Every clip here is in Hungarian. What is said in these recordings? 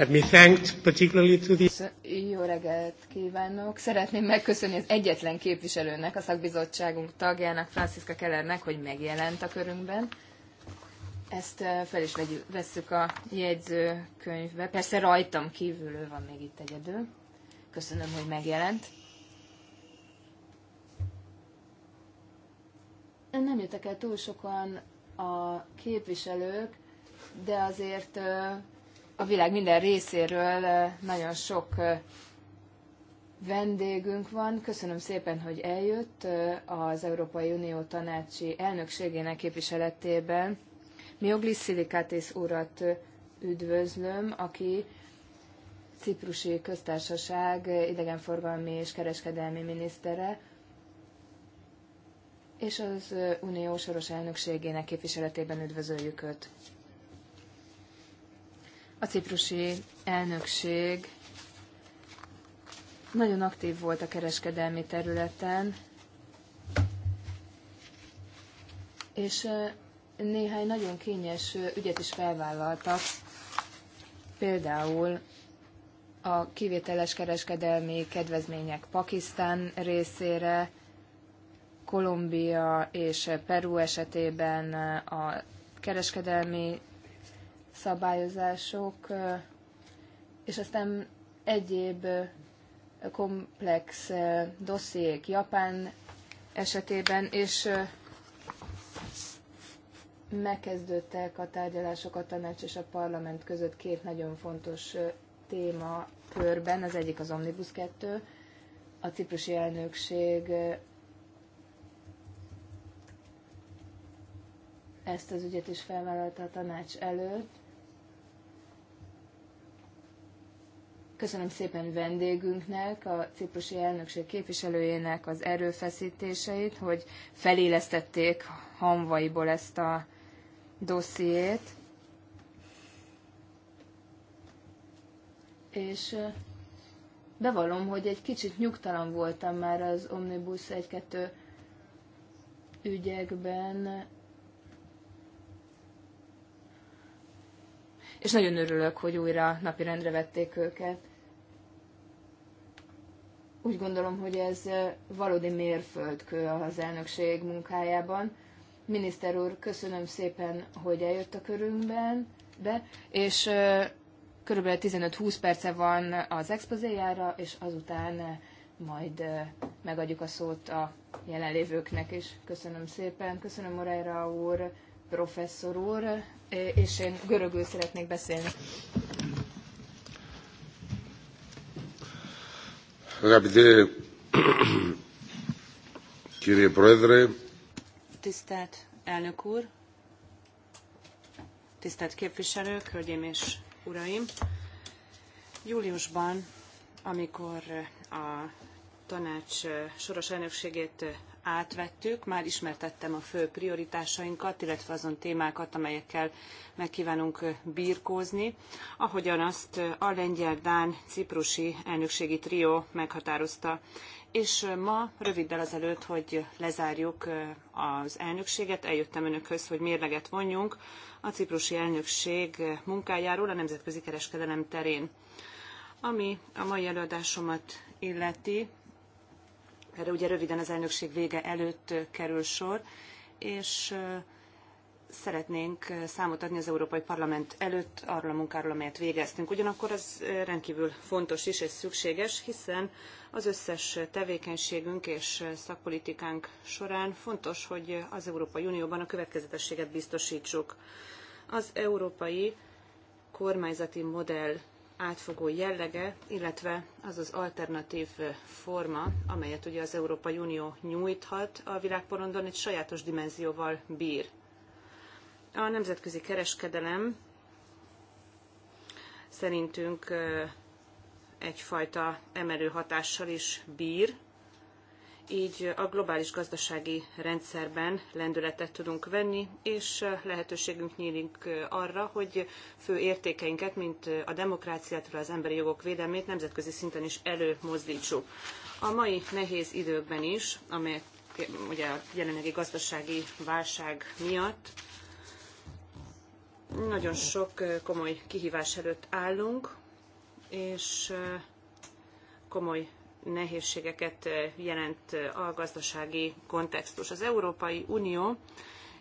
Let me thank particularly to the... Jó reggelt kívánok! Szeretném megköszönni az egyetlen képviselőnek, a szakbizottságunk tagjának, Franciska Kellernek, hogy megjelent a körünkben. Ezt eh, fel is vesszük a jegyzőkönyvbe. Persze rajtam kívül ő van még itt egyedül. Köszönöm, hogy megjelent. Nem jöttek el túl sokan a képviselők, de azért eh, a világ minden részéről nagyon sok vendégünk van. Köszönöm szépen, hogy eljött az Európai Unió tanácsi elnökségének képviseletében. Mioglis Szilikátis urat üdvözlöm, aki Ciprusi Köztársaság idegenforgalmi és kereskedelmi minisztere, és az Unió soros elnökségének képviseletében üdvözöljük őt. A ciprusi elnökség nagyon aktív volt a kereskedelmi területen, és néhány nagyon kényes ügyet is felvállaltak, például a kivételes kereskedelmi kedvezmények Pakisztán részére, Kolumbia és Peru esetében a kereskedelmi szabályozások, és aztán egyéb komplex dossziék Japán esetében, és megkezdődtek a tárgyalások a tanács és a parlament között két nagyon fontos téma körben. Az egyik az Omnibus 2, a ciprusi elnökség ezt az ügyet is felvállalta a tanács előtt, Köszönöm szépen vendégünknek, a ciprusi elnökség képviselőjének az erőfeszítéseit, hogy felélesztették hamvaiból ezt a dossziét. És bevallom, hogy egy kicsit nyugtalan voltam már az Omnibus 1-2 ügyekben, és nagyon örülök, hogy újra napirendre vették őket. Úgy gondolom, hogy ez valódi mérföldkő az elnökség munkájában. Miniszter úr, köszönöm szépen, hogy eljött a körünkben, be, és körülbelül 15-20 perce van az expozéjára, és azután majd megadjuk a szót a jelenlévőknek is. Köszönöm szépen, köszönöm Moreira úr, professzor úr, és én görögül szeretnék beszélni. Tisztelt elnök úr, tisztelt képviselők, hölgyeim és uraim! Júliusban, amikor a tanács soros elnökségét átvettük, már ismertettem a fő prioritásainkat, illetve azon témákat, amelyekkel megkívánunk birkózni, ahogyan azt a lengyel-dán ciprusi elnökségi trió meghatározta. És ma, röviddel azelőtt, hogy lezárjuk az elnökséget, eljöttem önökhöz, hogy mérleget vonjunk a ciprusi elnökség munkájáról a nemzetközi kereskedelem terén. Ami a mai előadásomat illeti, erre ugye röviden az elnökség vége előtt kerül sor, és szeretnénk számot adni az Európai Parlament előtt arról a munkáról, amelyet végeztünk. Ugyanakkor az rendkívül fontos is és szükséges, hiszen az összes tevékenységünk és szakpolitikánk során fontos, hogy az Európai Unióban a következetességet biztosítsuk. Az európai kormányzati modell átfogó jellege, illetve az az alternatív forma, amelyet ugye az Európai Unió nyújthat a világporondon, egy sajátos dimenzióval bír. A nemzetközi kereskedelem szerintünk egyfajta emelő hatással is bír, így a globális gazdasági rendszerben lendületet tudunk venni, és lehetőségünk nyílik arra, hogy fő értékeinket, mint a demokráciát, az emberi jogok védelmét nemzetközi szinten is előmozdítsuk. A mai nehéz időkben is, amelyek ugye a jelenlegi gazdasági válság miatt nagyon sok komoly kihívás előtt állunk, és komoly nehézségeket eh, jelent eh, a gazdasági kontextus. Az Európai Unió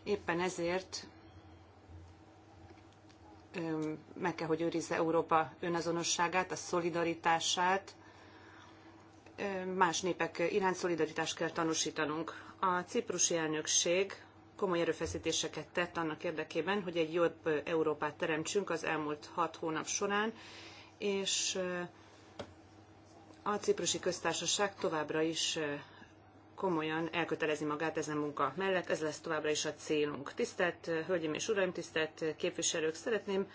éppen ezért meg kell, hogy őrizze Európa önazonosságát, a szolidaritását, más népek iránt szolidaritást kell tanúsítanunk. A ciprusi elnökség komoly erőfeszítéseket tett annak érdekében, hogy egy jobb eh, Európát teremtsünk az elmúlt hat hónap során, és a ciprusi köztársaság továbbra is komolyan elkötelezi magát ezen munka mellett, ez lesz továbbra is a célunk. Tisztelt Hölgyeim és Uraim, tisztelt képviselők, szeretném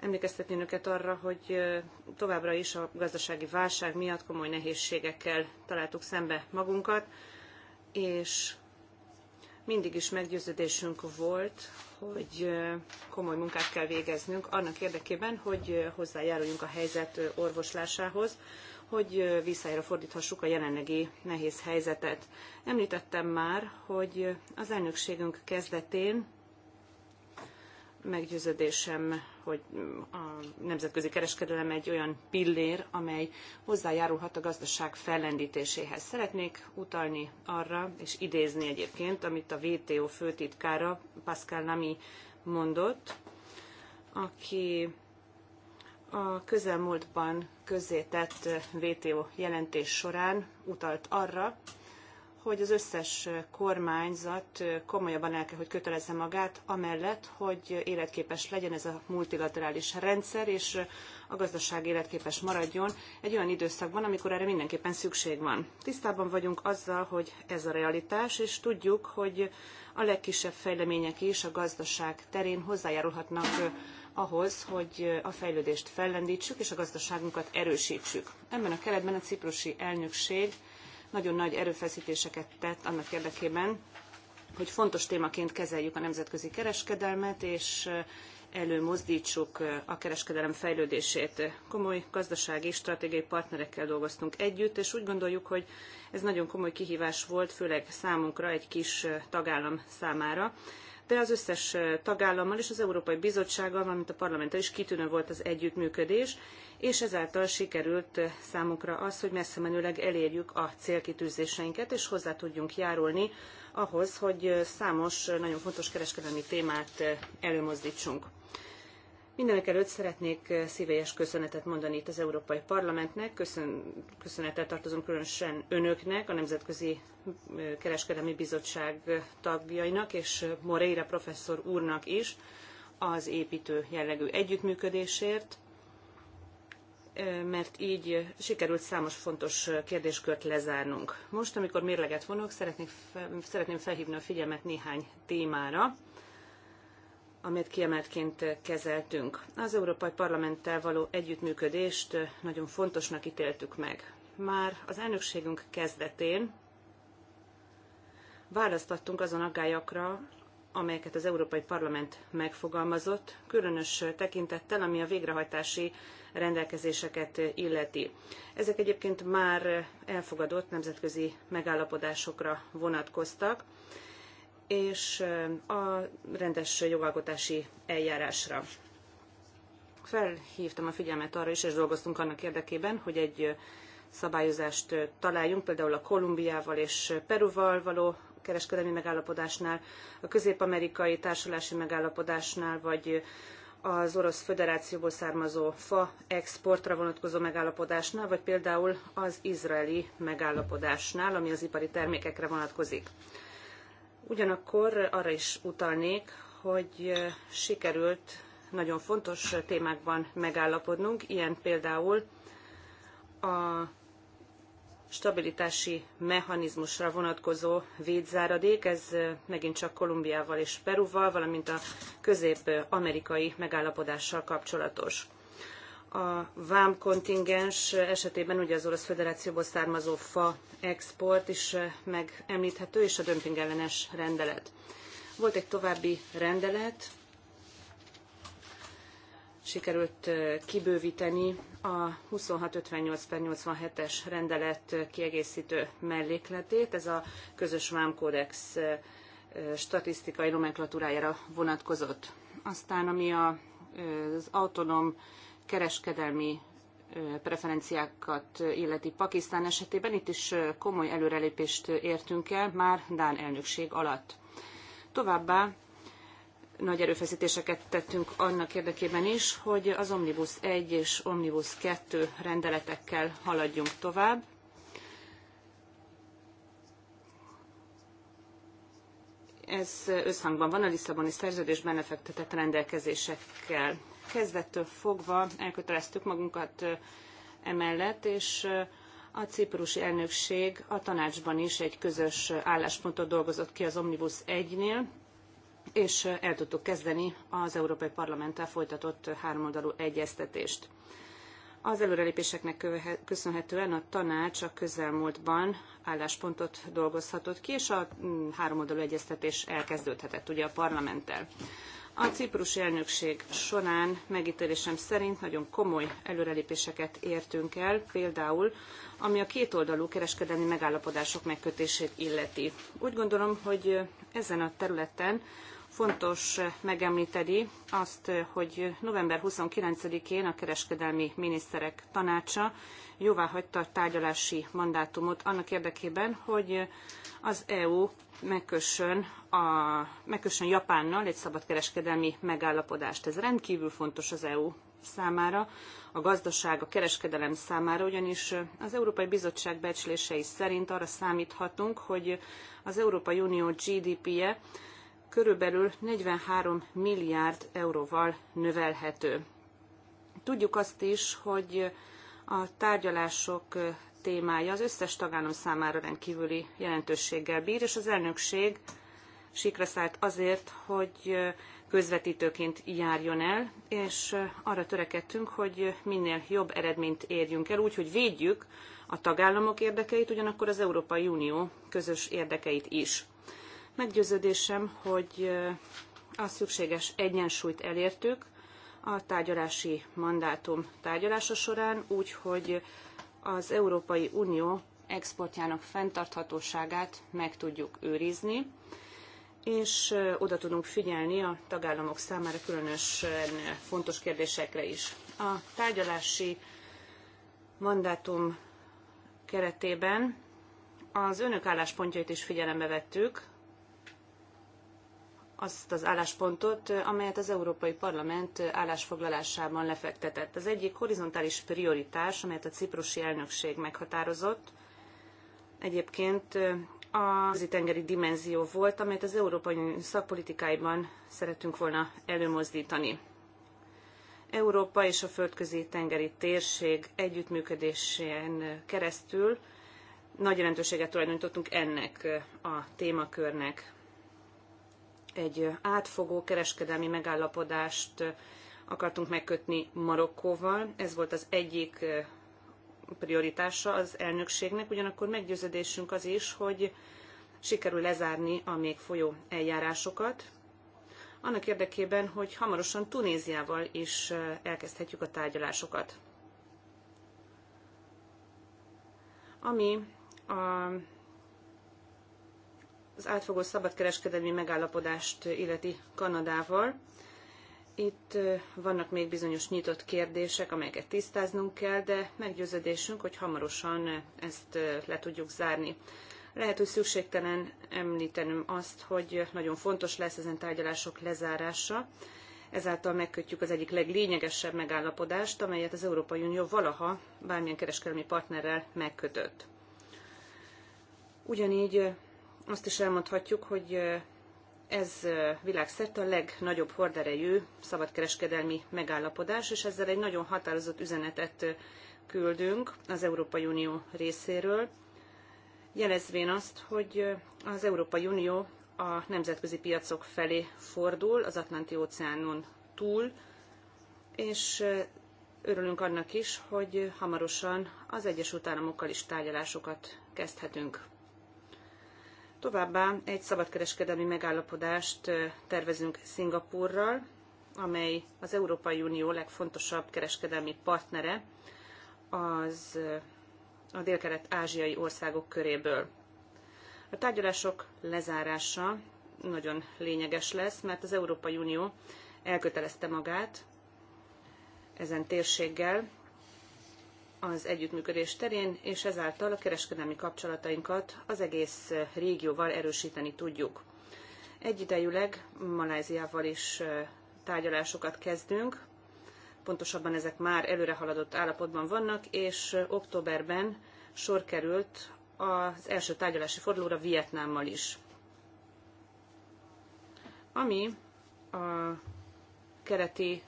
emlékeztetni önöket arra, hogy továbbra is a gazdasági válság miatt komoly nehézségekkel találtuk szembe magunkat, és mindig is meggyőződésünk volt, hogy komoly munkát kell végeznünk annak érdekében, hogy hozzájáruljunk a helyzet orvoslásához hogy visszájára fordíthassuk a jelenlegi nehéz helyzetet. Említettem már, hogy az elnökségünk kezdetén meggyőződésem, hogy a nemzetközi kereskedelem egy olyan pillér, amely hozzájárulhat a gazdaság fellendítéséhez. Szeretnék utalni arra, és idézni egyébként, amit a WTO főtitkára Pascal Nami mondott, aki a közelmúltban közzétett WTO jelentés során utalt arra, hogy az összes kormányzat komolyabban el kell, hogy kötelezze magát, amellett, hogy életképes legyen ez a multilaterális rendszer, és a gazdaság életképes maradjon egy olyan időszakban, amikor erre mindenképpen szükség van. Tisztában vagyunk azzal, hogy ez a realitás, és tudjuk, hogy a legkisebb fejlemények is a gazdaság terén hozzájárulhatnak ahhoz, hogy a fejlődést fellendítsük és a gazdaságunkat erősítsük. Ebben a keretben a ciprusi elnökség nagyon nagy erőfeszítéseket tett annak érdekében, hogy fontos témaként kezeljük a nemzetközi kereskedelmet, és előmozdítsuk a kereskedelem fejlődését. Komoly gazdasági, stratégiai partnerekkel dolgoztunk együtt, és úgy gondoljuk, hogy ez nagyon komoly kihívás volt, főleg számunkra, egy kis tagállam számára, de az összes tagállammal és az Európai Bizottsággal, valamint a parlamenttel is kitűnő volt az együttműködés, és ezáltal sikerült számunkra az, hogy messzemenőleg elérjük a célkitűzéseinket, és hozzá tudjunk járulni ahhoz, hogy számos nagyon fontos kereskedelmi témát előmozdítsunk. Mindenek előtt szeretnék eh, szívélyes köszönetet mondani itt az Európai Parlamentnek, Köszön, köszönettel tartozunk különösen önöknek, a Nemzetközi eh, Kereskedelmi Bizottság eh, tagjainak és Moreira professzor úrnak is az építő jellegű együttműködésért, mert így sikerült számos fontos kérdéskört lezárnunk. Most, amikor mérleget vonok, szeretnék, szeretném felhívni a figyelmet néhány témára, amit kiemeltként kezeltünk. Az Európai Parlamenttel való együttműködést nagyon fontosnak ítéltük meg. Már az elnökségünk kezdetén választattunk azon aggályokra, amelyeket az Európai Parlament megfogalmazott, különös tekintettel, ami a végrehajtási rendelkezéseket illeti. Ezek egyébként már elfogadott nemzetközi megállapodásokra vonatkoztak, és a rendes jogalkotási eljárásra. Felhívtam a figyelmet arra is, és dolgoztunk annak érdekében, hogy egy szabályozást találjunk, például a Kolumbiával és Peruval való kereskedelmi megállapodásnál, a közép-amerikai társulási megállapodásnál, vagy az Orosz Föderációból származó fa exportra vonatkozó megállapodásnál, vagy például az izraeli megállapodásnál, ami az ipari termékekre vonatkozik. Ugyanakkor arra is utalnék, hogy sikerült nagyon fontos témákban megállapodnunk, ilyen például a stabilitási mechanizmusra vonatkozó védzáradék, ez megint csak Kolumbiával és Peruval, valamint a közép-amerikai megállapodással kapcsolatos a vámkontingens kontingens esetében ugye az Orosz Föderációból származó fa export is eh, megemlíthető, és a dömpingellenes rendelet. Volt egy további rendelet, sikerült eh, kibővíteni a 2658 87-es rendelet eh, kiegészítő mellékletét. Ez a közös vámkódex statisztikai nomenklatúrájára vonatkozott. Aztán, ami az autonóm kereskedelmi preferenciákat illeti Pakisztán esetében, itt is komoly előrelépést értünk el már Dán elnökség alatt. Továbbá nagy erőfeszítéseket tettünk annak érdekében is, hogy az Omnibus 1 és Omnibus 2 rendeletekkel haladjunk tovább. Ez összhangban van a Lisszaboni szerződésben lefektetett rendelkezésekkel kezdettől fogva elköteleztük magunkat emellett, és a ciprusi elnökség a tanácsban is egy közös álláspontot dolgozott ki az Omnibus 1-nél, és el tudtuk kezdeni az Európai Parlamenttel folytatott háromoldalú egyeztetést. Az előrelépéseknek köszönhetően a tanács a közelmúltban álláspontot dolgozhatott ki, és a háromoldalú egyeztetés elkezdődhetett ugye a parlamenttel. A ciprusi elnökség során megítélésem szerint nagyon komoly előrelépéseket értünk el, például ami a kétoldalú kereskedelmi megállapodások megkötését illeti. Úgy gondolom, hogy ezen a területen fontos megemlíteni azt, hogy november 29-én a kereskedelmi miniszterek tanácsa jóváhagyta a tárgyalási mandátumot annak érdekében, hogy az EU megkössön, a, megkössön Japánnal egy szabadkereskedelmi megállapodást. Ez rendkívül fontos az EU számára, a gazdaság, a kereskedelem számára, ugyanis az Európai Bizottság becslései szerint arra számíthatunk, hogy az Európai Unió GDP-je körülbelül 43 milliárd euróval növelhető. Tudjuk azt is, hogy a tárgyalások témája az összes tagállam számára rendkívüli jelentőséggel bír, és az elnökség sikra szállt azért, hogy közvetítőként járjon el, és arra törekedtünk, hogy minél jobb eredményt érjünk el, úgy, hogy védjük a tagállamok érdekeit, ugyanakkor az Európai Unió közös érdekeit is. Meggyőződésem, hogy a szükséges egyensúlyt elértük a tárgyalási mandátum tárgyalása során, úgy, hogy az Európai Unió exportjának fenntarthatóságát meg tudjuk őrizni, és oda tudunk figyelni a tagállamok számára különösen fontos kérdésekre is. A tárgyalási mandátum keretében az önök álláspontjait is figyelembe vettük, azt az álláspontot, amelyet az Európai Parlament állásfoglalásában lefektetett. Az egyik horizontális prioritás, amelyet a ciprusi elnökség meghatározott, egyébként a tengeri dimenzió volt, amelyet az európai szakpolitikáiban szeretünk volna előmozdítani. Európa és a földközi tengeri térség együttműködésén keresztül nagy jelentőséget tulajdonítottunk ennek a témakörnek egy átfogó kereskedelmi megállapodást akartunk megkötni Marokkóval. Ez volt az egyik prioritása az elnökségnek, ugyanakkor meggyőződésünk az is, hogy sikerül lezárni a még folyó eljárásokat, annak érdekében, hogy hamarosan Tunéziával is elkezdhetjük a tárgyalásokat. Ami a az átfogó szabadkereskedelmi megállapodást illeti Kanadával. Itt vannak még bizonyos nyitott kérdések, amelyeket tisztáznunk kell, de meggyőződésünk, hogy hamarosan ezt le tudjuk zárni. Lehet, hogy szükségtelen említenem azt, hogy nagyon fontos lesz ezen tárgyalások lezárása. Ezáltal megkötjük az egyik leglényegesebb megállapodást, amelyet az Európai Unió valaha bármilyen kereskedelmi partnerrel megkötött. Ugyanígy azt is elmondhatjuk, hogy ez világszerte a legnagyobb horderejű szabadkereskedelmi megállapodás, és ezzel egy nagyon határozott üzenetet küldünk az Európai Unió részéről, jelezvén azt, hogy az Európai Unió a nemzetközi piacok felé fordul, az Atlanti-óceánon túl, és örülünk annak is, hogy hamarosan az Egyesült Államokkal is tárgyalásokat kezdhetünk. Továbbá egy szabadkereskedelmi megállapodást tervezünk Szingapúrral, amely az Európai Unió legfontosabb kereskedelmi partnere az a délkelet-ázsiai országok köréből. A tárgyalások lezárása nagyon lényeges lesz, mert az Európai Unió elkötelezte magát ezen térséggel, az együttműködés terén, és ezáltal a kereskedelmi kapcsolatainkat az egész régióval erősíteni tudjuk. Egyidejűleg Maláziával is tárgyalásokat kezdünk, pontosabban ezek már előrehaladott állapotban vannak, és októberben sor került az első tárgyalási fordulóra Vietnámmal is. Ami a kereti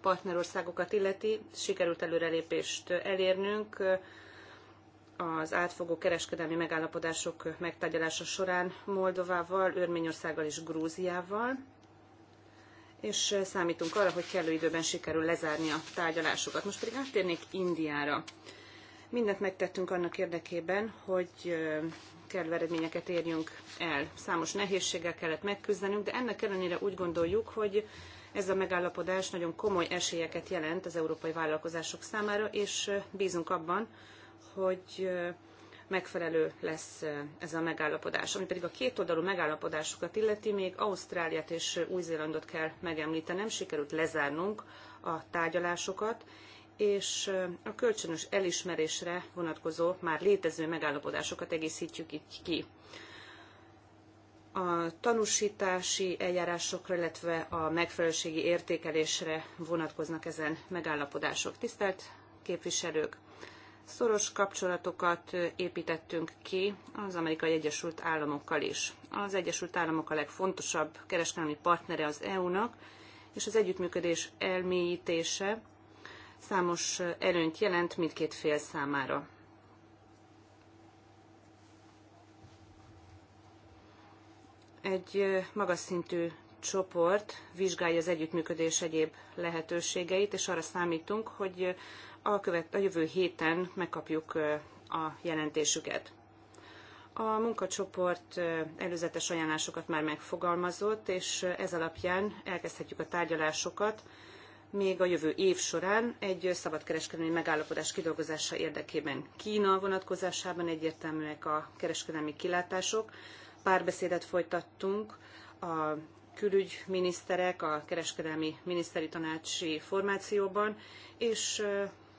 partnerországokat illeti, sikerült előrelépést elérnünk az átfogó kereskedelmi megállapodások megtárgyalása során Moldovával, Örményországgal és Grúziával, és számítunk arra, hogy kellő időben sikerül lezárni a tárgyalásokat. Most pedig áttérnék Indiára. Mindent megtettünk annak érdekében, hogy kellő eredményeket érjünk el. Számos nehézséggel kellett megküzdenünk, de ennek ellenére úgy gondoljuk, hogy ez a megállapodás nagyon komoly esélyeket jelent az európai vállalkozások számára, és bízunk abban, hogy megfelelő lesz ez a megállapodás. Ami pedig a kétoldalú megállapodásokat illeti, még Ausztráliát és Új-Zélandot kell megemlítenem, sikerült lezárnunk a tárgyalásokat, és a kölcsönös elismerésre vonatkozó már létező megállapodásokat egészítjük itt ki a tanúsítási eljárásokra, illetve a megfelelőségi értékelésre vonatkoznak ezen megállapodások. Tisztelt képviselők! Szoros kapcsolatokat építettünk ki az Amerikai Egyesült Államokkal is. Az Egyesült Államok a legfontosabb kereskedelmi partnere az EU-nak, és az együttműködés elmélyítése számos előnyt jelent mindkét fél számára. Egy magas szintű csoport vizsgálja az együttműködés egyéb lehetőségeit, és arra számítunk, hogy a, követ, a jövő héten megkapjuk a jelentésüket. A munkacsoport előzetes ajánlásokat már megfogalmazott, és ez alapján elkezdhetjük a tárgyalásokat még a jövő év során egy szabadkereskedelmi megállapodás kidolgozása érdekében. Kína vonatkozásában egyértelműek a kereskedelmi kilátások, párbeszédet folytattunk a külügyminiszterek, a kereskedelmi miniszteri tanácsi formációban, és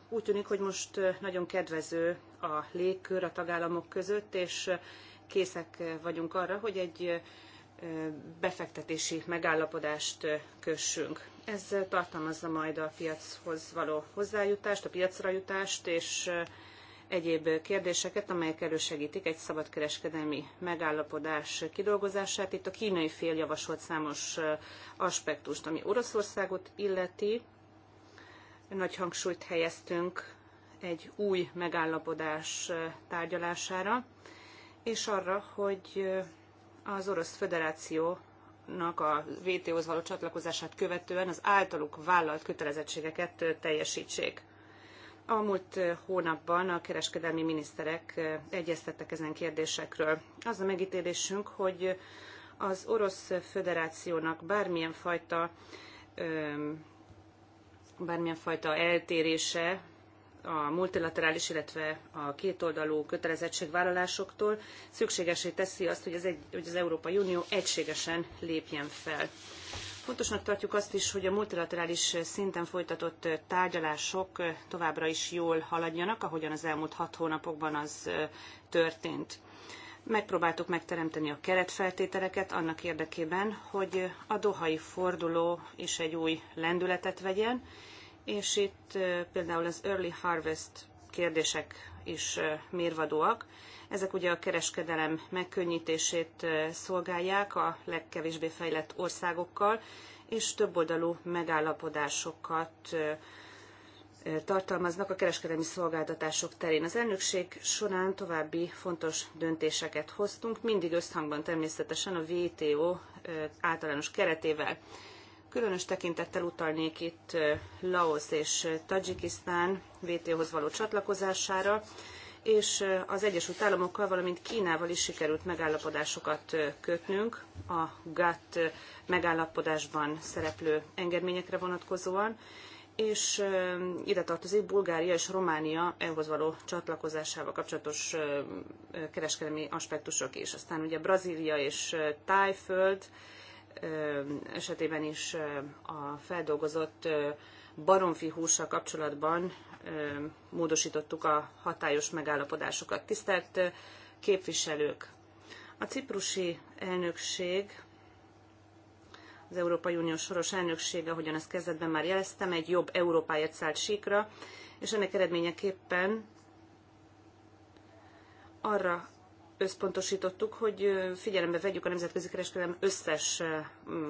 úgy tűnik, hogy most nagyon kedvező a légkör a tagállamok között, és készek vagyunk arra, hogy egy befektetési megállapodást kössünk. Ez tartalmazza majd a piachoz való hozzájutást, a piacra jutást, és egyéb kérdéseket, amelyek elősegítik egy szabadkereskedelmi megállapodás kidolgozását. Itt a kínai fél javasolt számos aspektust, ami Oroszországot illeti. Nagy hangsúlyt helyeztünk egy új megállapodás tárgyalására, és arra, hogy az Orosz Föderáció a VTO-hoz való csatlakozását követően az általuk vállalt kötelezettségeket teljesítsék. A múlt hónapban a kereskedelmi miniszterek egyeztettek ezen kérdésekről. Az a megítélésünk, hogy az Orosz Föderációnak bármilyen fajta bármilyen fajta eltérése a multilaterális, illetve a kétoldalú kötelezettségvállalásoktól szükségesé teszi azt, hogy az, egy, hogy az Európai Unió egységesen lépjen fel. Fontosnak tartjuk azt is, hogy a multilaterális szinten folytatott tárgyalások továbbra is jól haladjanak, ahogyan az elmúlt hat hónapokban az történt. Megpróbáltuk megteremteni a keretfeltételeket annak érdekében, hogy a dohai forduló is egy új lendületet vegyen, és itt például az Early Harvest kérdések is mérvadóak. Ezek ugye a kereskedelem megkönnyítését szolgálják a legkevésbé fejlett országokkal, és többoldalú megállapodásokat tartalmaznak a kereskedelmi szolgáltatások terén. Az elnökség során további fontos döntéseket hoztunk, mindig összhangban természetesen a WTO általános keretével. Különös tekintettel utalnék itt Laos és Tajikisztán WTO-hoz való csatlakozására, és az Egyesült Államokkal, valamint Kínával is sikerült megállapodásokat kötnünk a GATT megállapodásban szereplő engedményekre vonatkozóan, és ide tartozik Bulgária és Románia ehhoz való csatlakozásával kapcsolatos kereskedelmi aspektusok is. Aztán ugye Brazília és Tájföld, esetében is a feldolgozott baromfi hússal kapcsolatban módosítottuk a hatályos megállapodásokat. Tisztelt képviselők! A ciprusi elnökség, az Európai Unió soros elnöksége, ahogyan ezt kezdetben már jeleztem, egy jobb Európáért szállt síkra, és ennek eredményeképpen arra összpontosítottuk, hogy figyelembe vegyük a nemzetközi kereskedelem összes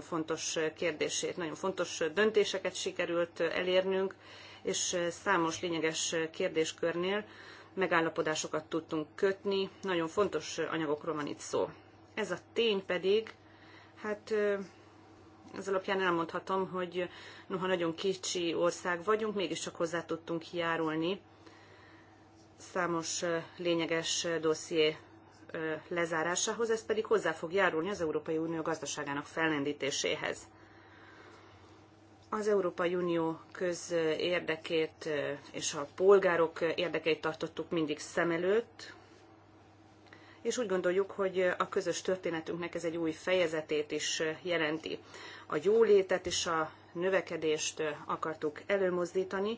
fontos kérdését. Nagyon fontos döntéseket sikerült elérnünk, és számos lényeges kérdéskörnél megállapodásokat tudtunk kötni. Nagyon fontos anyagokról van itt szó. Ez a tény pedig, hát ez alapján elmondhatom, hogy noha nagyon kicsi ország vagyunk, mégiscsak hozzá tudtunk járulni számos lényeges dosszié lezárásához, ez pedig hozzá fog járulni az Európai Unió gazdaságának fellendítéséhez. Az Európai Unió közérdekét és a polgárok érdekeit tartottuk mindig szem előtt, és úgy gondoljuk, hogy a közös történetünknek ez egy új fejezetét is jelenti. A jólétet és a növekedést akartuk előmozdítani,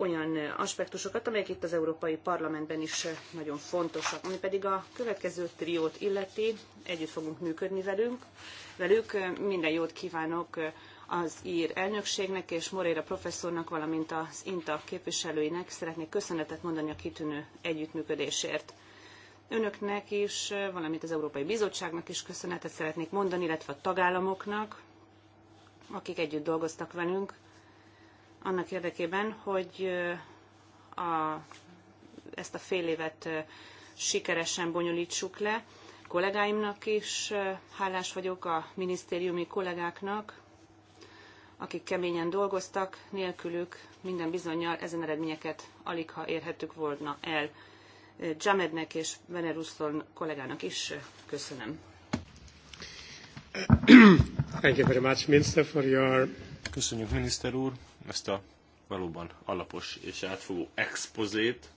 olyan aspektusokat, amelyek itt az Európai Parlamentben is nagyon fontosak. Ami pedig a következő triót illeti, együtt fogunk működni velünk, velük. Minden jót kívánok az ír elnökségnek és Moreira professzornak, valamint az INTA képviselőinek. Szeretnék köszönetet mondani a kitűnő együttműködésért. Önöknek is, valamint az Európai Bizottságnak is köszönetet szeretnék mondani, illetve a tagállamoknak, akik együtt dolgoztak velünk annak érdekében, hogy a, ezt a fél évet sikeresen bonyolítsuk le. Kollégáimnak is hálás vagyok, a minisztériumi kollégáknak, akik keményen dolgoztak, nélkülük minden bizonyal ezen eredményeket alig ha érhettük volna el. Jamednek és Veneruszton kollégának is köszönöm. Thank you very much, Minister, for your... Köszönjük, miniszter úr, ezt a valóban alapos és átfogó expozét.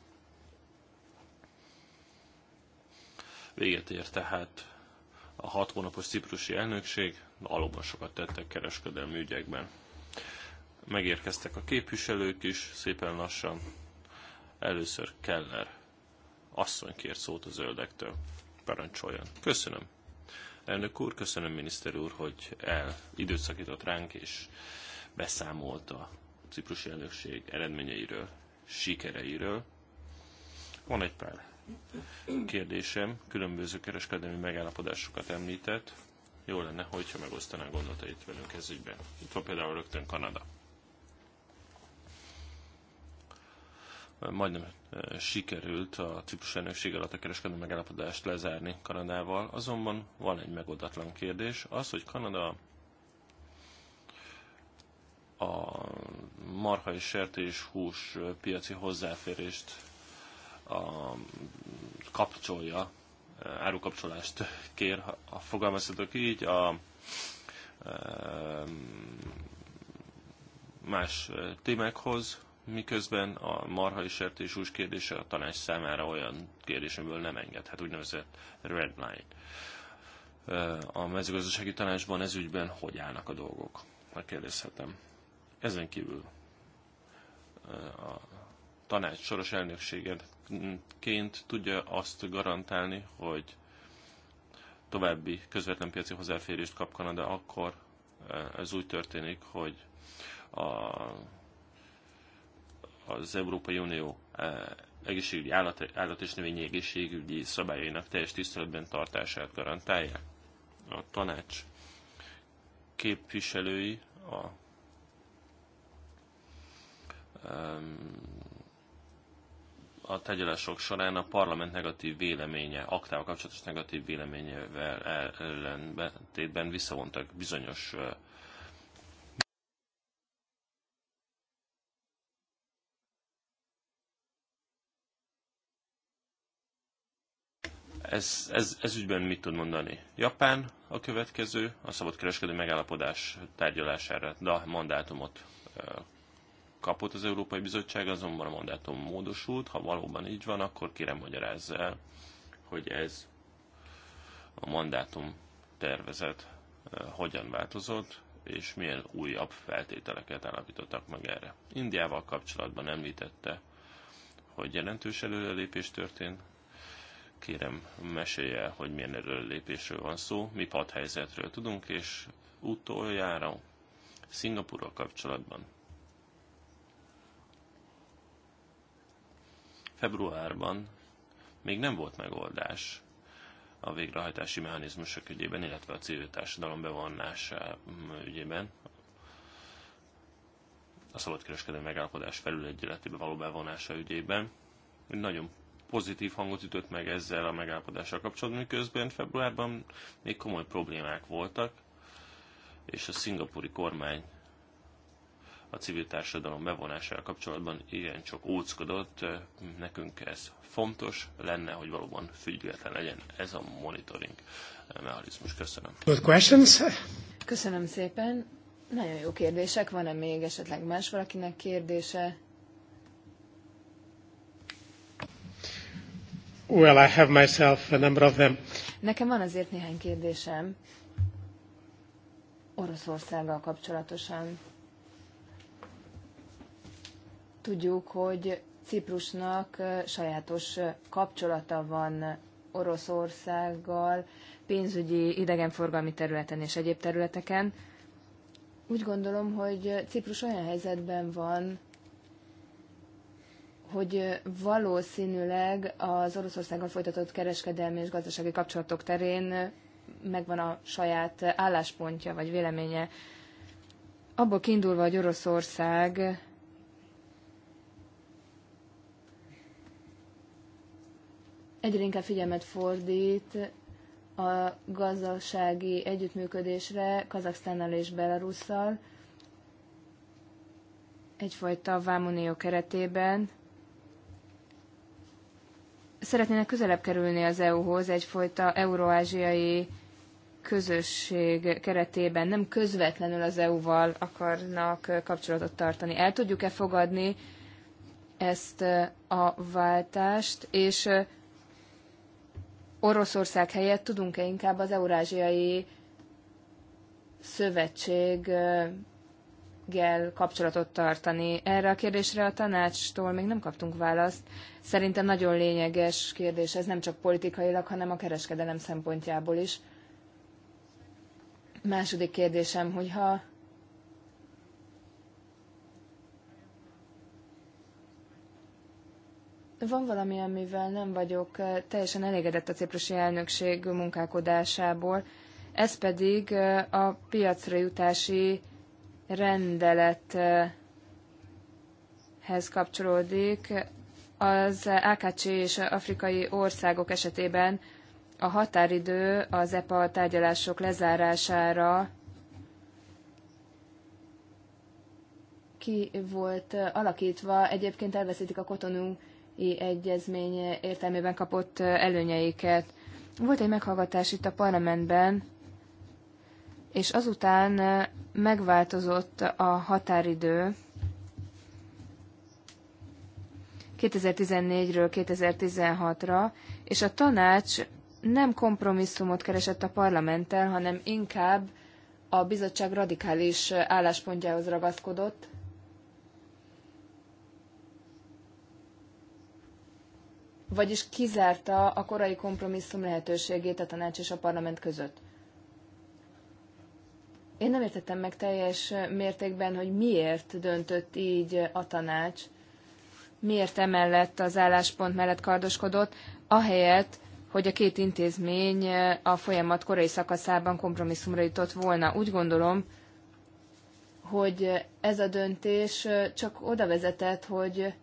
Véget ér tehát a hat hónapos ciprusi elnökség, valóban sokat tettek kereskedelmi ügyekben. Megérkeztek a képviselők is, szépen lassan. Először Keller asszony kért szót a zöldektől. Parancsoljon. Köszönöm. Elnök úr, köszönöm miniszter úr, hogy el időszakított ránk, és beszámolt a ciprusi elnökség eredményeiről, sikereiről. Van egy pár kérdésem, különböző kereskedelmi megállapodásokat említett. Jó lenne, hogyha megosztaná gondolatait velünk ez ügyben. Itt van például rögtön Kanada. Majdnem e, sikerült a ciprus elnökség alatt a kereskedelmi megállapodást lezárni Kanadával, azonban van egy megoldatlan kérdés, az, hogy Kanada a marha és hús piaci hozzáférést a, kapcsolja, árukapcsolást kér, ha fogalmazhatok így, a, más témákhoz, miközben a marha és hús kérdése a tanács számára olyan kérdés, amiből nem engedhet, úgynevezett red line. A mezőgazdasági tanácsban ügyben hogy állnak a dolgok? Megkérdezhetem. Ezen kívül a tanács soros elnökségeként tudja azt garantálni, hogy további közvetlen piaci hozzáférést kap Kanada, akkor ez úgy történik, hogy a, az Európai Unió egészségügyi állat, állat és növényi egészségügyi szabályainak teljes tiszteletben tartását garantálja. A tanács képviselői a a tegyelások során a parlament negatív véleménye, aktával kapcsolatos negatív véleményevel ellentétben visszavontak bizonyos ez, ez, ez ügyben mit tud mondani? Japán a következő, a szabadkereskedő megállapodás tárgyalására, de a mandátumot kapott az Európai Bizottság, azonban a mandátum módosult. Ha valóban így van, akkor kérem magyarázz el, hogy ez a mandátum tervezet eh, hogyan változott, és milyen újabb feltételeket állapítottak meg erre. Indiával kapcsolatban említette, hogy jelentős előrelépés történt. Kérem, mesélje el, hogy milyen előrelépésről van szó, mi padhelyzetről tudunk, és utoljára Szingapurral kapcsolatban Februárban még nem volt megoldás a végrehajtási mechanizmusok ügyében, illetve a civil társadalom bevonása mm, ügyében. A szabadkereskedelmi megállapodás felülegyületébe való bevonása ügyében. Nagyon pozitív hangot ütött meg ezzel a megállapodással kapcsolatban, miközben februárban még komoly problémák voltak, és a szingapúri kormány a civil társadalom bevonásával kapcsolatban ilyen csak óckodott, nekünk ez fontos lenne, hogy valóban független legyen ez a monitoring mechanizmus. Köszönöm. Good questions. Köszönöm szépen. Nagyon jó kérdések. Van-e még esetleg más valakinek kérdése? Well, I have myself a number of them. Nekem van azért néhány kérdésem Oroszországgal kapcsolatosan. Tudjuk, hogy Ciprusnak sajátos kapcsolata van Oroszországgal, pénzügyi, idegenforgalmi területen és egyéb területeken. Úgy gondolom, hogy Ciprus olyan helyzetben van, hogy valószínűleg az Oroszországgal folytatott kereskedelmi és gazdasági kapcsolatok terén megvan a saját álláspontja vagy véleménye. Abból kiindulva, hogy Oroszország egyre inkább figyelmet fordít a gazdasági együttműködésre Kazaksztánnal és Belarusszal egyfajta vámunió keretében. Szeretnének közelebb kerülni az EU-hoz egyfajta euróázsiai közösség keretében, nem közvetlenül az EU-val akarnak kapcsolatot tartani. El tudjuk-e fogadni ezt a váltást, és Oroszország helyett tudunk-e inkább az Eurázsiai Szövetséggel kapcsolatot tartani? Erre a kérdésre a tanácstól még nem kaptunk választ. Szerintem nagyon lényeges kérdés ez nem csak politikailag, hanem a kereskedelem szempontjából is. Második kérdésem, hogyha Van valami, amivel nem vagyok teljesen elégedett a ciprusi elnökség munkálkodásából, ez pedig a piacra jutási rendelethez kapcsolódik. Az AKC és afrikai országok esetében a határidő az EPA tárgyalások lezárására ki volt alakítva. Egyébként elveszítik a kotonú egyezmény értelmében kapott előnyeiket. Volt egy meghallgatás itt a parlamentben, és azután megváltozott a határidő 2014-ről 2016-ra, és a tanács nem kompromisszumot keresett a parlamenttel, hanem inkább a bizottság radikális álláspontjához ragaszkodott, vagyis kizárta a korai kompromisszum lehetőségét a tanács és a parlament között. Én nem értettem meg teljes mértékben, hogy miért döntött így a tanács, miért emellett az álláspont mellett kardoskodott, ahelyett, hogy a két intézmény a folyamat korai szakaszában kompromisszumra jutott volna. Úgy gondolom, hogy ez a döntés csak oda vezetett, hogy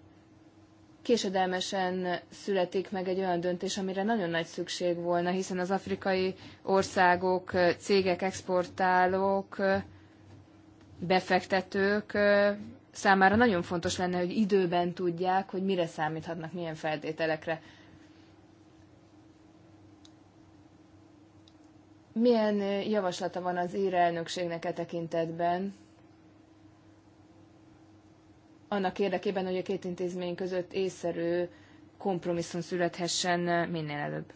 késedelmesen születik meg egy olyan döntés, amire nagyon nagy szükség volna, hiszen az afrikai országok, cégek, exportálók, befektetők számára nagyon fontos lenne, hogy időben tudják, hogy mire számíthatnak, milyen feltételekre. Milyen javaslata van az ír elnökségnek e tekintetben? annak érdekében, hogy a két intézmény között észszerű kompromisszum születhessen minél előbb.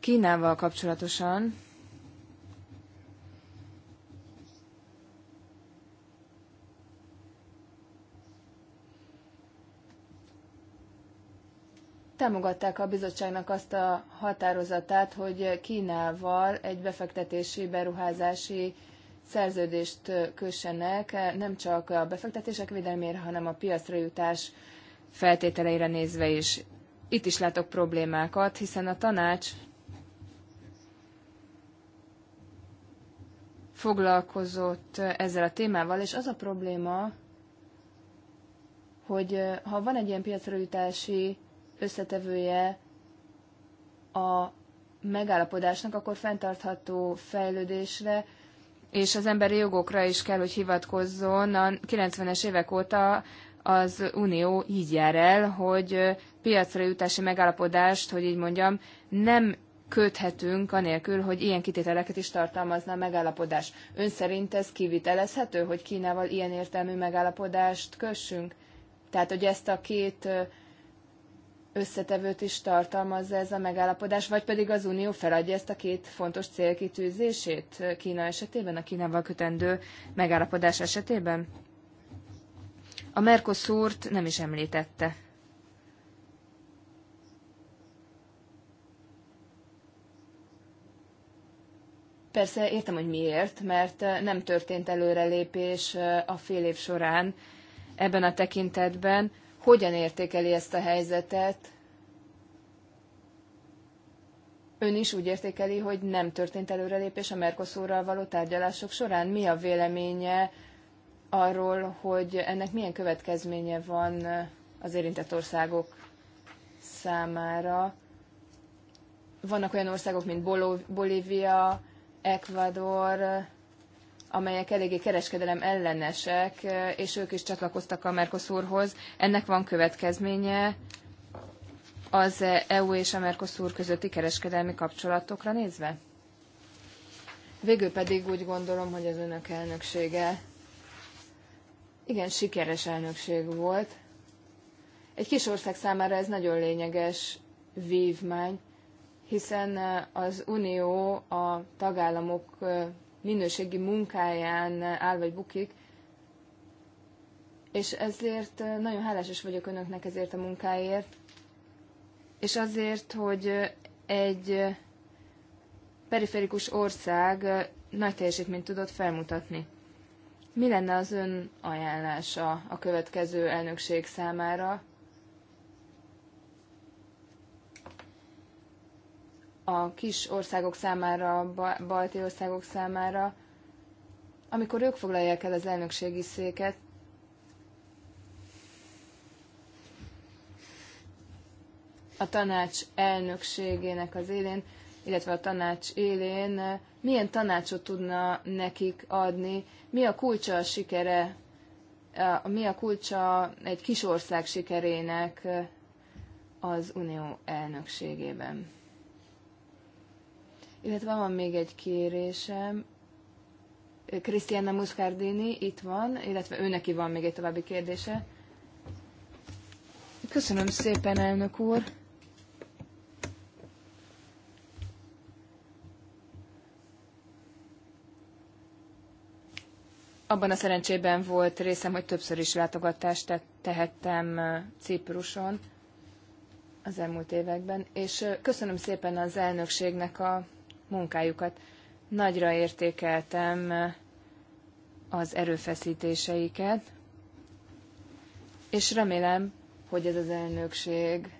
Kínával kapcsolatosan támogatták a bizottságnak azt a határozatát, hogy Kínával egy befektetési, beruházási szerződést kössenek nem csak a befektetések védelmére, hanem a piacra jutás feltételeire nézve is. Itt is látok problémákat, hiszen a tanács foglalkozott ezzel a témával, és az a probléma, hogy ha van egy ilyen piacra jutási összetevője a megállapodásnak, akkor fenntartható fejlődésre és az emberi jogokra is kell, hogy hivatkozzon. A 90-es évek óta az Unió így jár el, hogy piacra jutási megállapodást, hogy így mondjam, nem köthetünk anélkül, hogy ilyen kitételeket is tartalmazna a megállapodás. Ön szerint ez kivitelezhető, hogy Kínával ilyen értelmű megállapodást kössünk? Tehát, hogy ezt a két összetevőt is tartalmazza ez a megállapodás, vagy pedig az Unió feladja ezt a két fontos célkitűzését Kína esetében, a Kínával kötendő megállapodás esetében? A Mercosurt nem is említette. Persze értem, hogy miért, mert nem történt előrelépés a fél év során ebben a tekintetben hogyan értékeli ezt a helyzetet. Ön is úgy értékeli, hogy nem történt előrelépés a Mercosurral való tárgyalások során. Mi a véleménye arról, hogy ennek milyen következménye van az érintett országok számára? Vannak olyan országok, mint Bolívia, Ecuador, amelyek eléggé kereskedelem ellenesek, eh, és ők is csatlakoztak a Mercosurhoz. Ennek van következménye az EU és a Mercosur közötti kereskedelmi kapcsolatokra nézve? Végül pedig úgy gondolom, hogy az önök elnöksége igen sikeres elnökség volt. Egy kis ország számára ez nagyon lényeges vívmány, hiszen eh, az Unió a tagállamok eh, minőségi munkáján áll vagy bukik, és ezért eh, nagyon hálás is vagyok önöknek ezért a munkáért, és azért, hogy eh, egy eh, periférikus ország nagy teljesítményt tudott felmutatni. Mi lenne az ön ajánlása a következő elnökség számára? a kis országok számára, a balti országok számára, amikor ők foglalják el az elnökségi széket, a tanács elnökségének az élén, illetve a tanács élén, milyen tanácsot tudna nekik adni, mi a kulcsa a sikere, mi a kulcsa egy kis ország sikerének az unió elnökségében. Illetve van még egy kérésem. Krisztiana Muscardini itt van, illetve őneki van még egy további kérdése. Köszönöm szépen, elnök úr. Abban a szerencsében volt részem, hogy többször is látogatást tehettem Cipruson az elmúlt években, és köszönöm szépen az elnökségnek a munkájukat. Nagyra értékeltem eh, az erőfeszítéseiket, és remélem, hogy ez az elnökség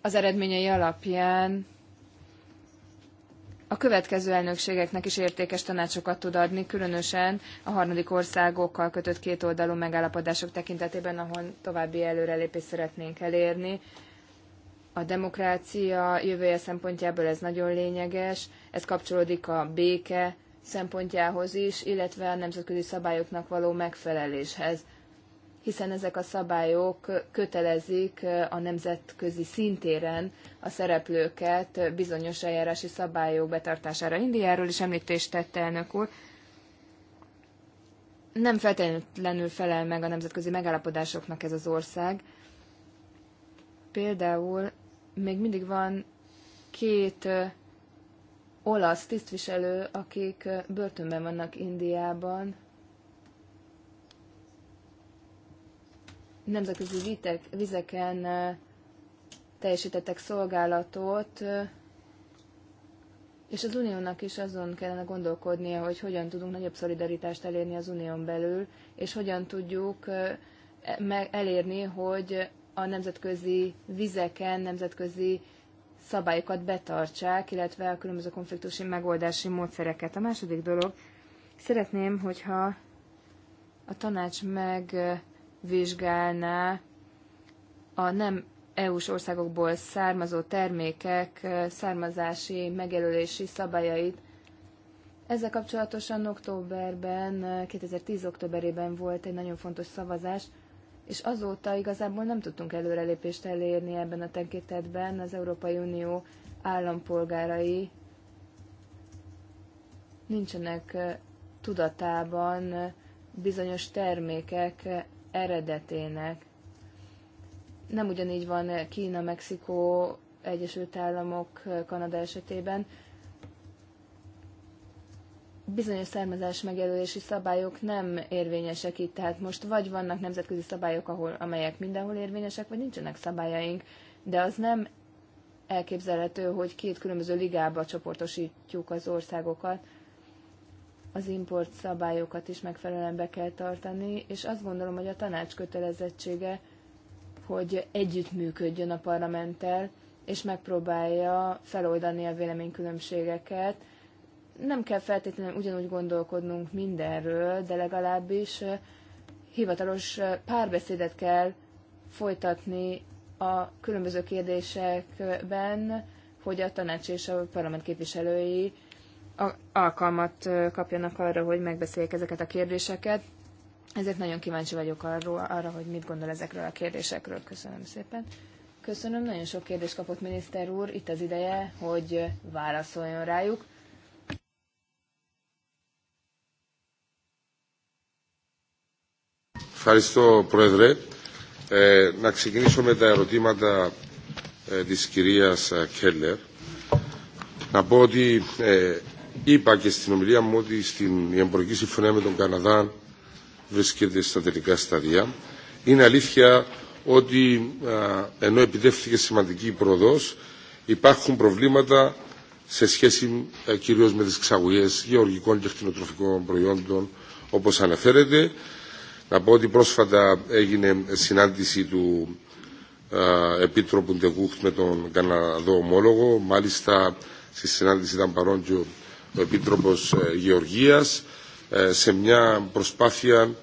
az eredményei alapján a következő elnökségeknek is értékes tanácsokat tud adni, különösen a harmadik országokkal kötött kétoldalú megállapodások tekintetében, ahol további előrelépést szeretnénk elérni, a demokrácia jövője szempontjából ez nagyon lényeges, ez kapcsolódik a béke szempontjához is, illetve a nemzetközi szabályoknak való megfeleléshez, hiszen ezek a szabályok kötelezik a nemzetközi szintéren a szereplőket bizonyos eljárási szabályok betartására. Indiáról is említést tette elnök úr, nem feltétlenül felel meg a nemzetközi megállapodásoknak ez az ország. Például még mindig van két olasz tisztviselő, akik börtönben vannak Indiában. Nemzetközi vitek, vizeken teljesítettek szolgálatot, és az uniónak is azon kellene gondolkodnia, hogy hogyan tudunk nagyobb szolidaritást elérni az unión belül, és hogyan tudjuk e-, elérni, hogy a nemzetközi vizeken nemzetközi szabályokat betartsák, illetve a különböző konfliktusi megoldási módszereket. A második dolog, szeretném, hogyha a tanács megvizsgálná a nem EU-s országokból származó termékek származási megjelölési szabályait. Ezzel kapcsolatosan októberben, 2010. októberében volt egy nagyon fontos szavazás, és azóta igazából nem tudtunk előrelépést elérni ebben a tekintetben. Az Európai Unió állampolgárai nincsenek tudatában bizonyos termékek eredetének. Nem ugyanígy van Kína, Mexikó, Egyesült Államok, Kanada esetében, bizonyos származás megjelölési szabályok nem érvényesek itt, tehát most vagy vannak nemzetközi szabályok, ahol, amelyek mindenhol érvényesek, vagy nincsenek szabályaink, de az nem elképzelhető, hogy két különböző ligába csoportosítjuk az országokat, az import szabályokat is megfelelően be kell tartani, és azt gondolom, hogy a tanács kötelezettsége, hogy együttműködjön a parlamenttel, és megpróbálja feloldani a véleménykülönbségeket, nem kell feltétlenül ugyanúgy gondolkodnunk mindenről, de legalábbis hivatalos párbeszédet kell folytatni a különböző kérdésekben, hogy a tanács és a parlament képviselői alkalmat kapjanak arra, hogy megbeszéljék ezeket a kérdéseket. Ezért nagyon kíváncsi vagyok arról, arra, hogy mit gondol ezekről a kérdésekről. Köszönöm szépen. Köszönöm, nagyon sok kérdést kapott miniszter úr, itt az ideje, hogy válaszoljon rájuk. Ευχαριστώ, Πρόεδρε. Ε, να ξεκινήσω με τα ερωτήματα ε, της κυρίας Κέλλερ. Να πω ότι ε, είπα και στην ομιλία μου ότι στην, εμπορική συμφωνία με τον Καναδά βρίσκεται στα τελικά σταδιά. Είναι αλήθεια ότι ε, ενώ επιτεύχθηκε σημαντική πρόοδος, υπάρχουν προβλήματα σε σχέση ε, κυρίως με τις εξαγωγές γεωργικών και χτινοτροφικών προϊόντων, όπως αναφέρεται, Να πω ότι πρόσφατα έγινε συνάντηση του Επίτροπου Ντεγούχτ με τον Καναδό ομόλογο. Μάλιστα στη συνάντηση ήταν παρόν και ο Επίτροπος Γεωργίας σε μια προσπάθεια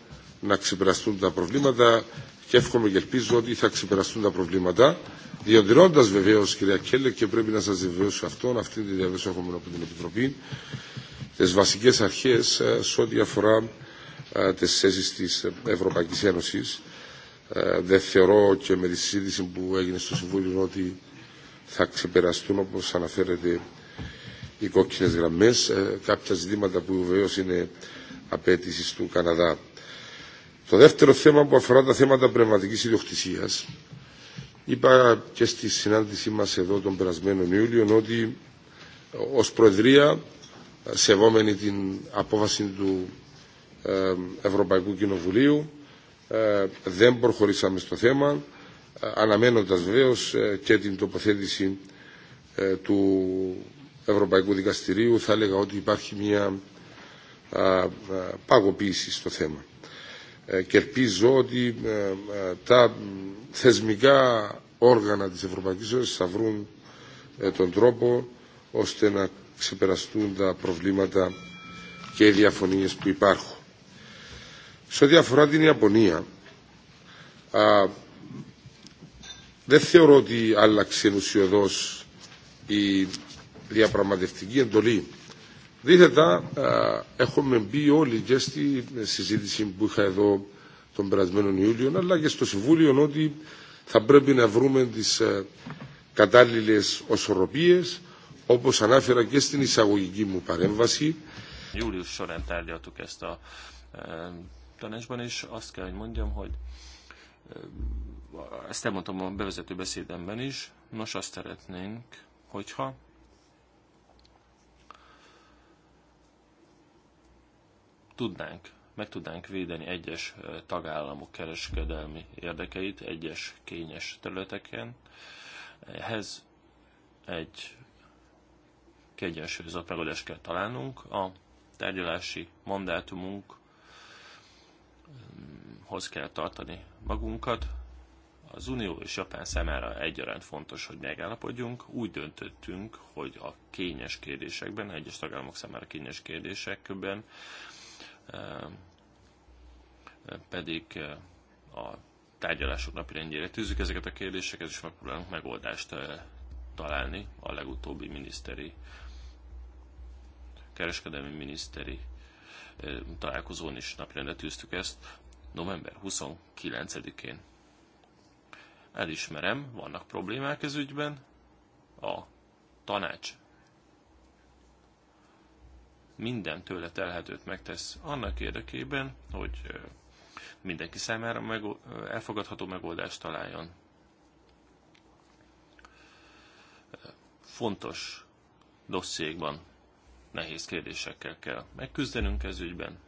να ξεπεραστούν τα προβλήματα και εύχομαι και ελπίζω ότι θα ξεπεραστούν τα προβλήματα. Διατηρώντα βεβαίω, κυρία Κέλλε, και πρέπει να σα διαβεβαιώσω αυτόν, αυτή τη διαβεβαίωση έχουμε από την Επιτροπή, τι βασικέ αρχέ σε ό,τι αφορά τις θέσεις της Ευρωπαϊκής Ένωσης. Δεν θεωρώ και με τη συζήτηση που έγινε στο Συμβούλιο ότι θα ξεπεραστούν όπως αναφέρεται οι κόκκινες γραμμές, κάποια ζητήματα που βεβαίω είναι απέτηση του Καναδά. Το δεύτερο θέμα που αφορά τα θέματα πνευματικής ιδιοκτησίας, είπα και στη συνάντησή μας εδώ τον περασμένο Ιούλιο ότι ως Προεδρία, σεβόμενη την απόφαση του Ευρωπαϊκού Κοινοβουλίου. Δεν προχωρήσαμε στο θέμα, αναμένοντας βεβαίω και την τοποθέτηση του Ευρωπαϊκού Δικαστηρίου. Θα έλεγα ότι υπάρχει μια παγοποίηση στο θέμα. Και ελπίζω ότι τα θεσμικά όργανα της Ευρωπαϊκής Ένωσης θα βρουν τον τρόπο ώστε να ξεπεραστούν τα προβλήματα και οι διαφωνίες που υπάρχουν. Σε ό,τι αφορά την Ιαπωνία, α, δεν θεωρώ ότι άλλαξε ενουσιοδός η διαπραγματευτική εντολή. Δίθετα, α, έχουμε μπει όλοι και στη συζήτηση που είχα εδώ τον περασμένο Ιούλιο, αλλά και στο Συμβούλιο ότι θα πρέπει να βρούμε τις κατάλληλες οσορροπίες, όπως ανάφερα και στην εισαγωγική μου παρέμβαση. Július során tárgyaltuk ezt a tanácsban, és azt kell, hogy mondjam, hogy ezt elmondtam a bevezető beszédemben is, nos azt szeretnénk, hogyha tudnánk, meg tudnánk védeni egyes tagállamok kereskedelmi érdekeit egyes kényes területeken. Ehhez egy kiegyensúlyozott megoldást kell találnunk. A tárgyalási mandátumunk hoz kell tartani magunkat. Az Unió és Japán számára egyaránt fontos, hogy megállapodjunk. Úgy döntöttünk, hogy a kényes kérdésekben, egyes tagállamok számára kényes kérdésekben eh, pedig eh, a tárgyalások napirendjére tűzzük ezeket a kérdéseket, és megpróbálunk megoldást eh, találni a legutóbbi miniszteri, kereskedelmi miniszteri találkozón is napirendre tűztük ezt november 29-én. Elismerem, vannak problémák ez ügyben. A tanács minden tőle telhetőt megtesz annak érdekében, hogy mindenki számára meg, elfogadható megoldást találjon. Fontos dossziékban nehéz kérdésekkel kell megküzdenünk ez ügyben,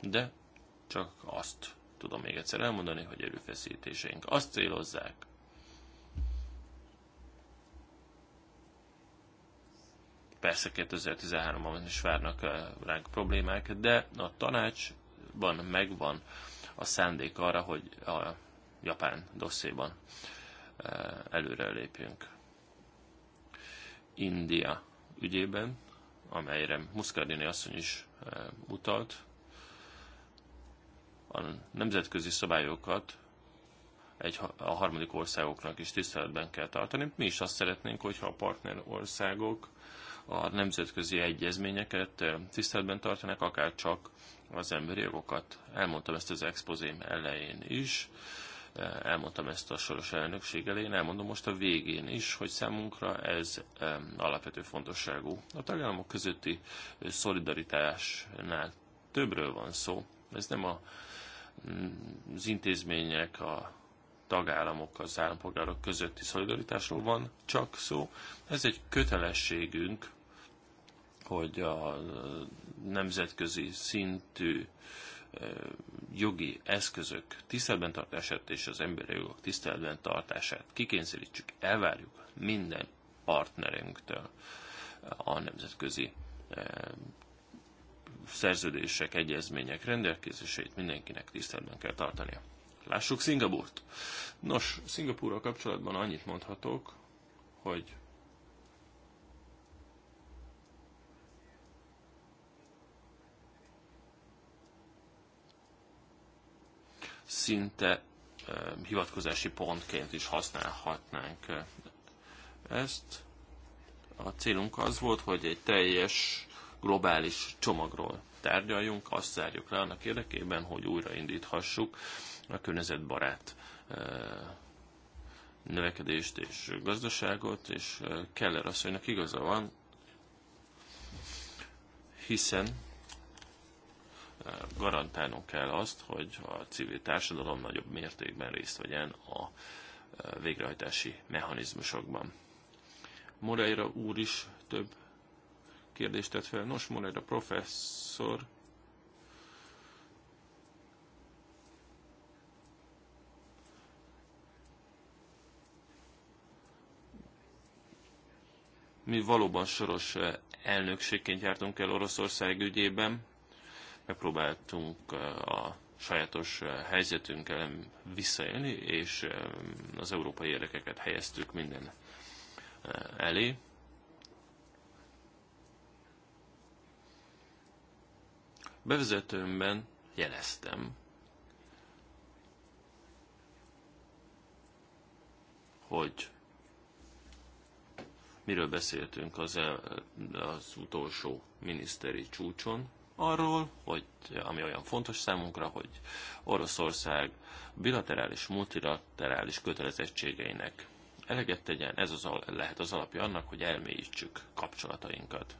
de csak azt tudom még egyszer elmondani, hogy erőfeszítéseink azt célozzák, persze 2013-ban is várnak eh, ránk problémák, de a tanácsban megvan a szándék arra, hogy a japán dosszéban eh, előre lépjünk. India ügyében, amelyre Muscardini asszony is eh, utalt, a nemzetközi szabályokat egy, a harmadik országoknak is tiszteletben kell tartani. Mi is azt szeretnénk, hogyha a partner országok a nemzetközi egyezményeket eh, tiszteletben tartanak, akár csak az emberi jogokat. Elmondtam ezt az expozém elején is, eh, elmondtam ezt a soros elnökség elején, elmondom most a végén is, hogy számunkra ez eh, alapvető fontosságú. A tagállamok közötti szolidaritásnál többről van szó, ez nem a Mm, az intézmények, a tagállamok, az állampolgárok közötti szolidaritásról van csak szó. Ez egy kötelességünk, hogy a nemzetközi szintű jogi eszközök tiszteletben tartását és az emberi jogok tiszteletben tartását kikényszerítsük, elvárjuk minden partnerünktől a nemzetközi szerződések, egyezmények rendelkezését mindenkinek tiszteletben kell tartania. Lássuk Szingapurt. Nos, Szingapúrral kapcsolatban annyit mondhatok, hogy szinte hivatkozási pontként is használhatnánk ezt. A célunk az volt, hogy egy teljes globális csomagról tárgyaljunk, azt zárjuk le annak érdekében, hogy újraindíthassuk a környezetbarát növekedést és gazdaságot, és Keller asszonynak igaza van, hiszen garantálnunk kell azt, hogy a civil társadalom nagyobb mértékben részt vegyen a végrehajtási mechanizmusokban. Moreira úr is több kérdést tett fel. Nos, a professzor mi valóban soros eh, elnökségként jártunk el Oroszország ügyében, megpróbáltunk eh, a sajátos eh, helyzetünkkel visszaélni, és az európai érdekeket helyeztük minden elé. bevezetőmben jeleztem, hogy miről beszéltünk az, el, az utolsó miniszteri csúcson, arról, hogy ami olyan fontos számunkra, hogy Oroszország bilaterális, multilaterális kötelezettségeinek eleget tegyen, ez az, lehet az alapja annak, hogy elmélyítsük kapcsolatainkat.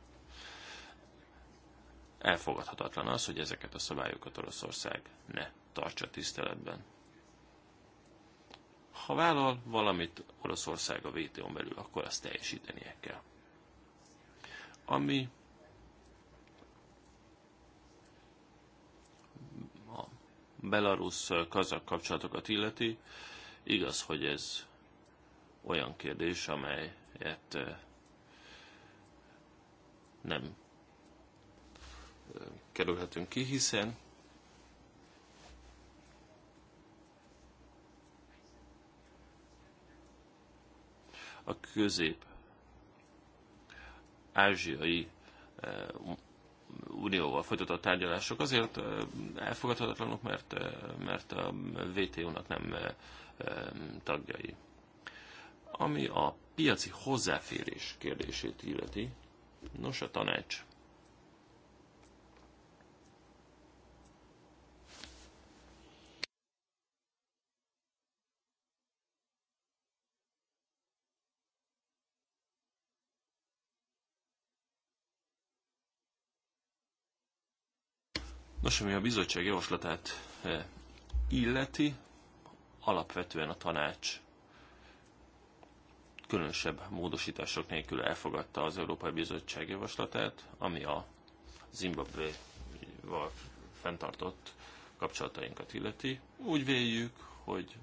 Elfogadhatatlan az, hogy ezeket a szabályokat Oroszország ne tartsa tiszteletben. Ha vállal valamit Oroszország a wto belül, akkor azt teljesítenie kell. Ami a belarusz-kazak kapcsolatokat illeti, igaz, hogy ez olyan kérdés, amelyet eh, nem kerülhetünk ki, hiszen a közép ázsiai eh, unióval folytatott tárgyalások azért eh, elfogadhatatlanok, mert, eh, mert a WTO-nak nem tagjai. Ami a piaci hozzáférés kérdését illeti, nos a tanács Nos, ami a bizottság javaslatát eh, illeti, alapvetően a tanács különösebb módosítások nélkül elfogadta az Európai Bizottság javaslatát, ami a Zimbabwe-val fenntartott kapcsolatainkat illeti. Úgy véljük, hogy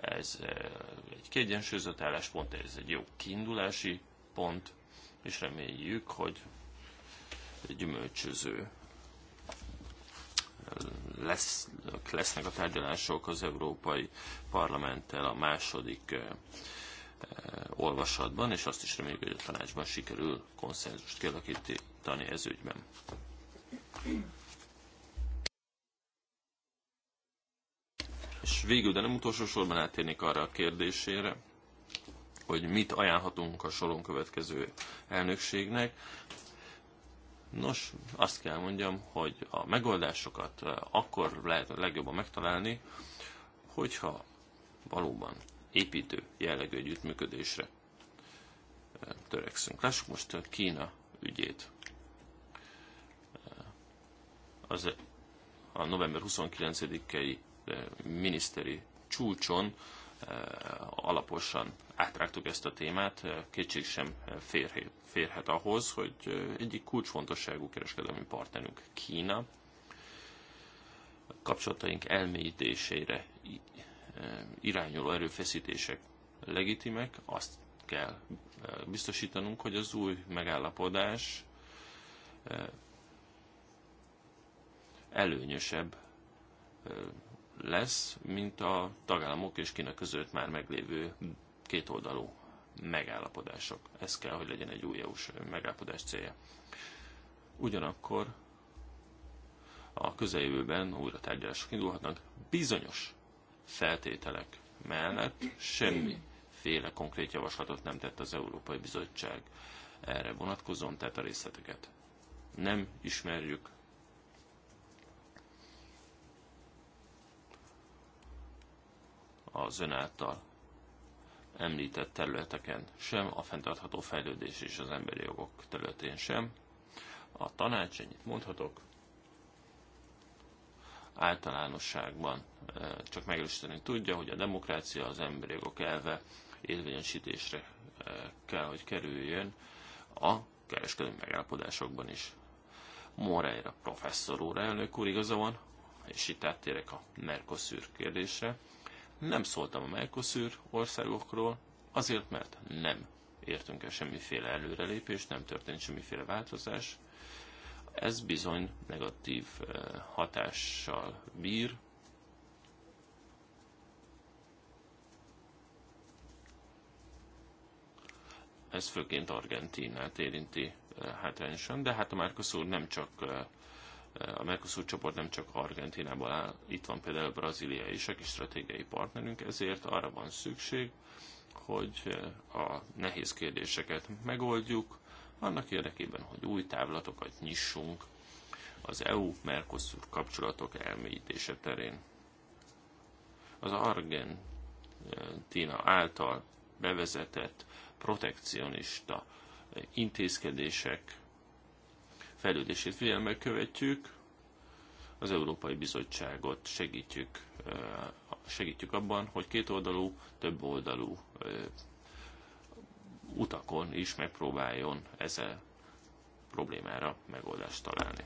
ez eh, egy kiegyensúlyozott álláspont, ez egy jó kiindulási pont, és reméljük, hogy gyümölcsöző lesz, lesznek a tárgyalások az Európai Parlamenttel a második eh, eh, olvasatban, és azt is reméljük, hogy a tanácsban sikerül konszenzust kialakítani ez ügyben. És végül, de nem utolsó sorban átérnék arra a kérdésére, hogy mit ajánlhatunk a soron következő elnökségnek. Nos, azt kell mondjam, hogy a megoldásokat akkor lehet legjobban megtalálni, hogyha valóban építő jellegű együttműködésre törekszünk. Lássuk most a Kína ügyét. Az a november 29-i miniszteri csúcson Eh, alaposan átrágtuk ezt a témát, eh, kétség sem eh, férhet, férhet ahhoz, hogy egyik kulcsfontosságú kereskedelmi partnerünk Kína kapcsolataink elmélyítésére irányuló erőfeszítések legitimek, azt kell biztosítanunk, hogy az új megállapodás előnyösebb lesz, mint a tagállamok és Kína között már meglévő kétoldalú megállapodások. Ez kell, hogy legyen egy új EU-s megállapodás célja. Ugyanakkor a közeljövőben újra tárgyalások indulhatnak bizonyos feltételek mellett semmi féle konkrét javaslatot nem tett az Európai Bizottság erre vonatkozóan, tehát a részleteket. Nem ismerjük az ön által említett területeken sem, a fenntartható fejlődés és az emberi jogok területén sem. A tanács, ennyit mondhatok, általánosságban eh, csak megerősíteni tudja, hogy a demokrácia az emberi jogok elve érvényesítésre eh, kell, hogy kerüljön a kereskedelmi megállapodásokban is. Moreira professzor úr elnök úr igaza van, és itt áttérek a Mercosur kérdésre nem szóltam a Mercosur országokról, azért, mert nem értünk el semmiféle előrelépést, nem történt semmiféle változás. Ez bizony negatív eh, hatással bír. Ez főként Argentinát érinti eh, hátrányosan, de hát a Márkusz úr nem csak eh, a Mercosur csoport nem csak Argentinából áll, itt van például Brazília is, aki stratégiai partnerünk, ezért arra van szükség, hogy a nehéz kérdéseket megoldjuk, annak érdekében, hogy új távlatokat nyissunk az EU-Mercosur kapcsolatok elmélyítése terén. Az Argentina által bevezetett protekcionista intézkedések fejlődését figyelemmel követjük, az Európai Bizottságot segítjük, eh, segítjük abban, hogy kétoldalú, többoldalú eh, utakon is megpróbáljon ezzel problémára megoldást találni.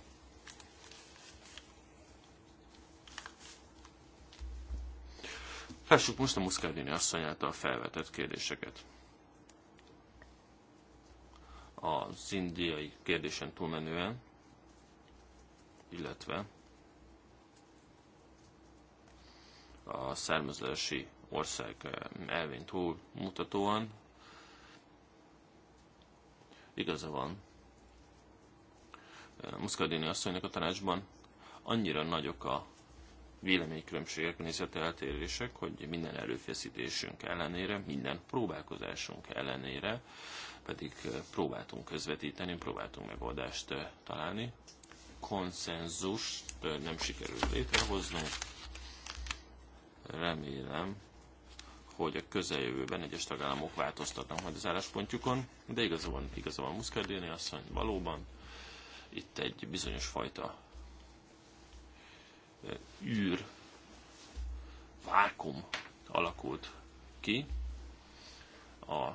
Lássuk most a Muscardini asszonyát a felvetett kérdéseket az indiai kérdésen túlmenően, illetve a származási ország eh, elvén túl mutatóan igaza van. Eh, Muszkadini asszonynak a tanácsban annyira nagyok a véleménykülönbségek, nézete eltérések, hogy minden erőfeszítésünk ellenére, minden próbálkozásunk ellenére pedig próbáltunk közvetíteni, próbáltunk megoldást találni. Konszenzus nem sikerült létrehoznunk. Remélem, hogy a közeljövőben egyes tagállamok változtatnak majd az álláspontjukon, de igazából, igazából igaza van Muscardini asszony, valóban itt egy bizonyos fajta űr, vákum alakult ki a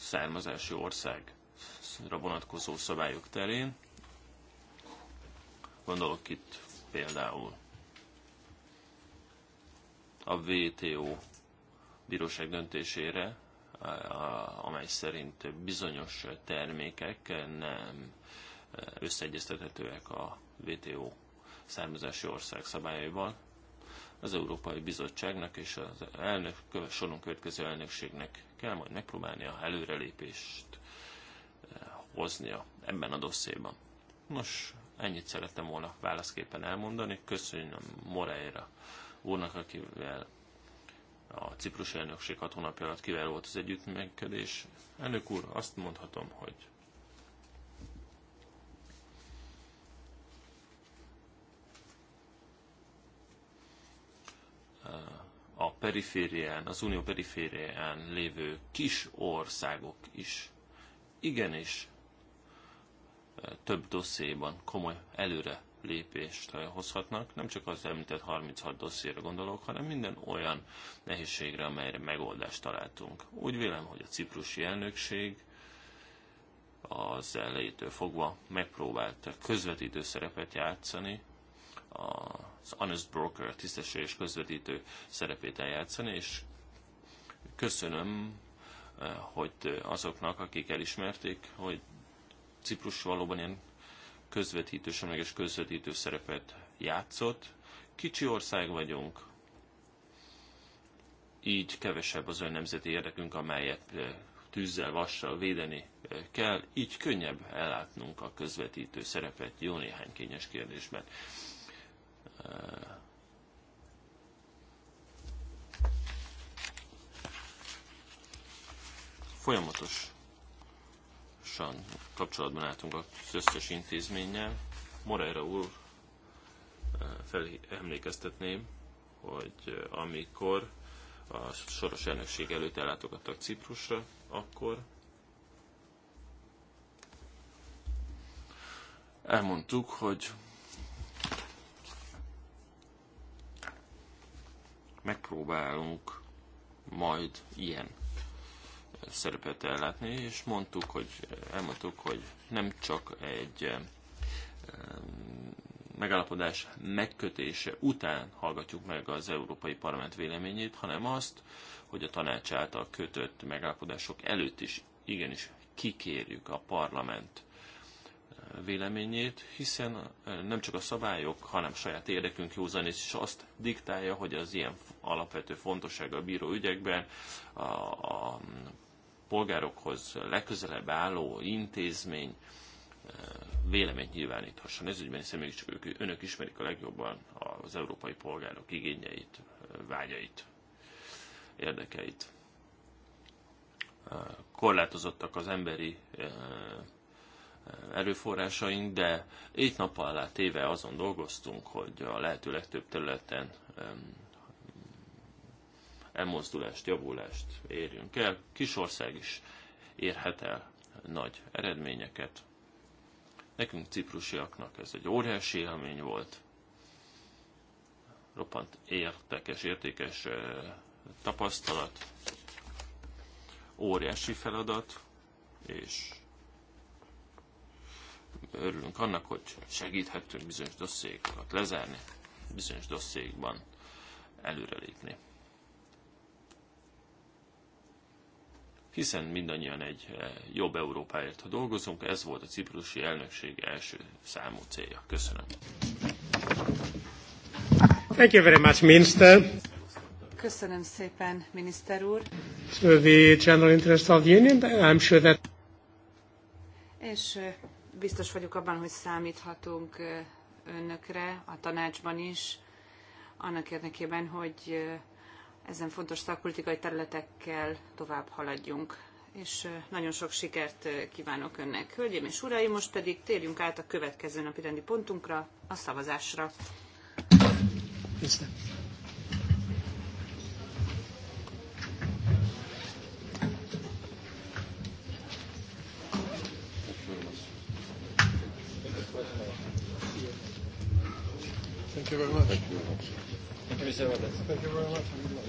származási országra vonatkozó szabályok terén. Gondolok itt például a WTO bíróság döntésére, amely szerint bizonyos termékek nem e, összeegyeztethetőek a WTO származási ország szabályaival. Az Európai Bizottságnak és az elnök, soron következő elnökségnek kell majd megpróbálni a előrelépést eh, hoznia ebben a dosszéban. Nos, ennyit szerettem volna válaszképpen elmondani. Köszönöm Moreira úrnak, akivel a ciprus elnökség hat hónapja alatt kivel volt az együttműködés. Elnök úr, azt mondhatom, hogy eh, a periférián, az unió periférián lévő kis országok is igenis e, több dosszéban komoly előre lépést e, hozhatnak. Nem csak az említett 36 dosszéra gondolok, hanem minden olyan nehézségre, amelyre megoldást találtunk. Úgy vélem, hogy a ciprusi elnökség az elejétől fogva megpróbált közvetítő szerepet játszani, az honest broker, tisztesség tisztességes közvetítő szerepét eljátszani, és köszönöm, eh, hogy eh, azoknak, akik elismerték, hogy Ciprus valóban ilyen közvetítő, semleges közvetítő szerepet játszott. Kicsi ország vagyunk, így kevesebb az olyan nemzeti érdekünk, amelyet eh, tűzzel, vassal védeni kell, így könnyebb ellátnunk a közvetítő szerepet jó néhány kényes kérdésben. Folyamatosan kapcsolatban álltunk az összes intézménnyel. Moreira úr eh, emlékeztetném, hogy eh, amikor a soros elnökség előtt ellátogattak Ciprusra, akkor elmondtuk, hogy megpróbálunk majd ilyen szerepet ellátni, és mondtuk, hogy elmondtuk, hogy nem csak egy megállapodás megkötése után hallgatjuk meg az Európai Parlament véleményét, hanem azt, hogy a tanács által kötött megállapodások előtt is igenis kikérjük a parlament véleményét, hiszen nem csak a szabályok, hanem saját érdekünk józan is azt diktálja, hogy az ilyen alapvető fontossága a bíró ügyekben a, a polgárokhoz legközelebb álló intézmény véleményt nyilváníthasson. Ez ügyben hiszen mégiscsak ők, önök ismerik a legjobban az európai polgárok igényeit, vágyait, érdekeit. Korlátozottak az emberi erőforrásaink, de egy nap alá téve azon dolgoztunk, hogy a lehető legtöbb területen elmozdulást, javulást érjünk el. Kis ország is érhet el nagy eredményeket. Nekünk ciprusiaknak ez egy óriási élmény volt. Roppant értekes, értékes tapasztalat, óriási feladat, és örülünk annak, hogy segíthettünk bizonyos dosszékokat lezárni, bizonyos dosszékban előrelépni. Hiszen mindannyian egy eh, jobb Európáért, ha dolgozunk, ez volt a ciprusi elnökség első számú célja. Köszönöm. Thank you very much, Minister. Köszönöm szépen, miniszter úr. So the general interest of the union, I'm sure that... És eh, biztos vagyok abban, hogy számíthatunk önökre a tanácsban is, annak érdekében, hogy ezen fontos szakpolitikai területekkel tovább haladjunk. És nagyon sok sikert kívánok önnek. Hölgyeim és uraim, most pedig térjünk át a következő napi rendi pontunkra, a szavazásra. Köszönöm. Thank you very much. Thank you Mr. Thank you very much. Thank you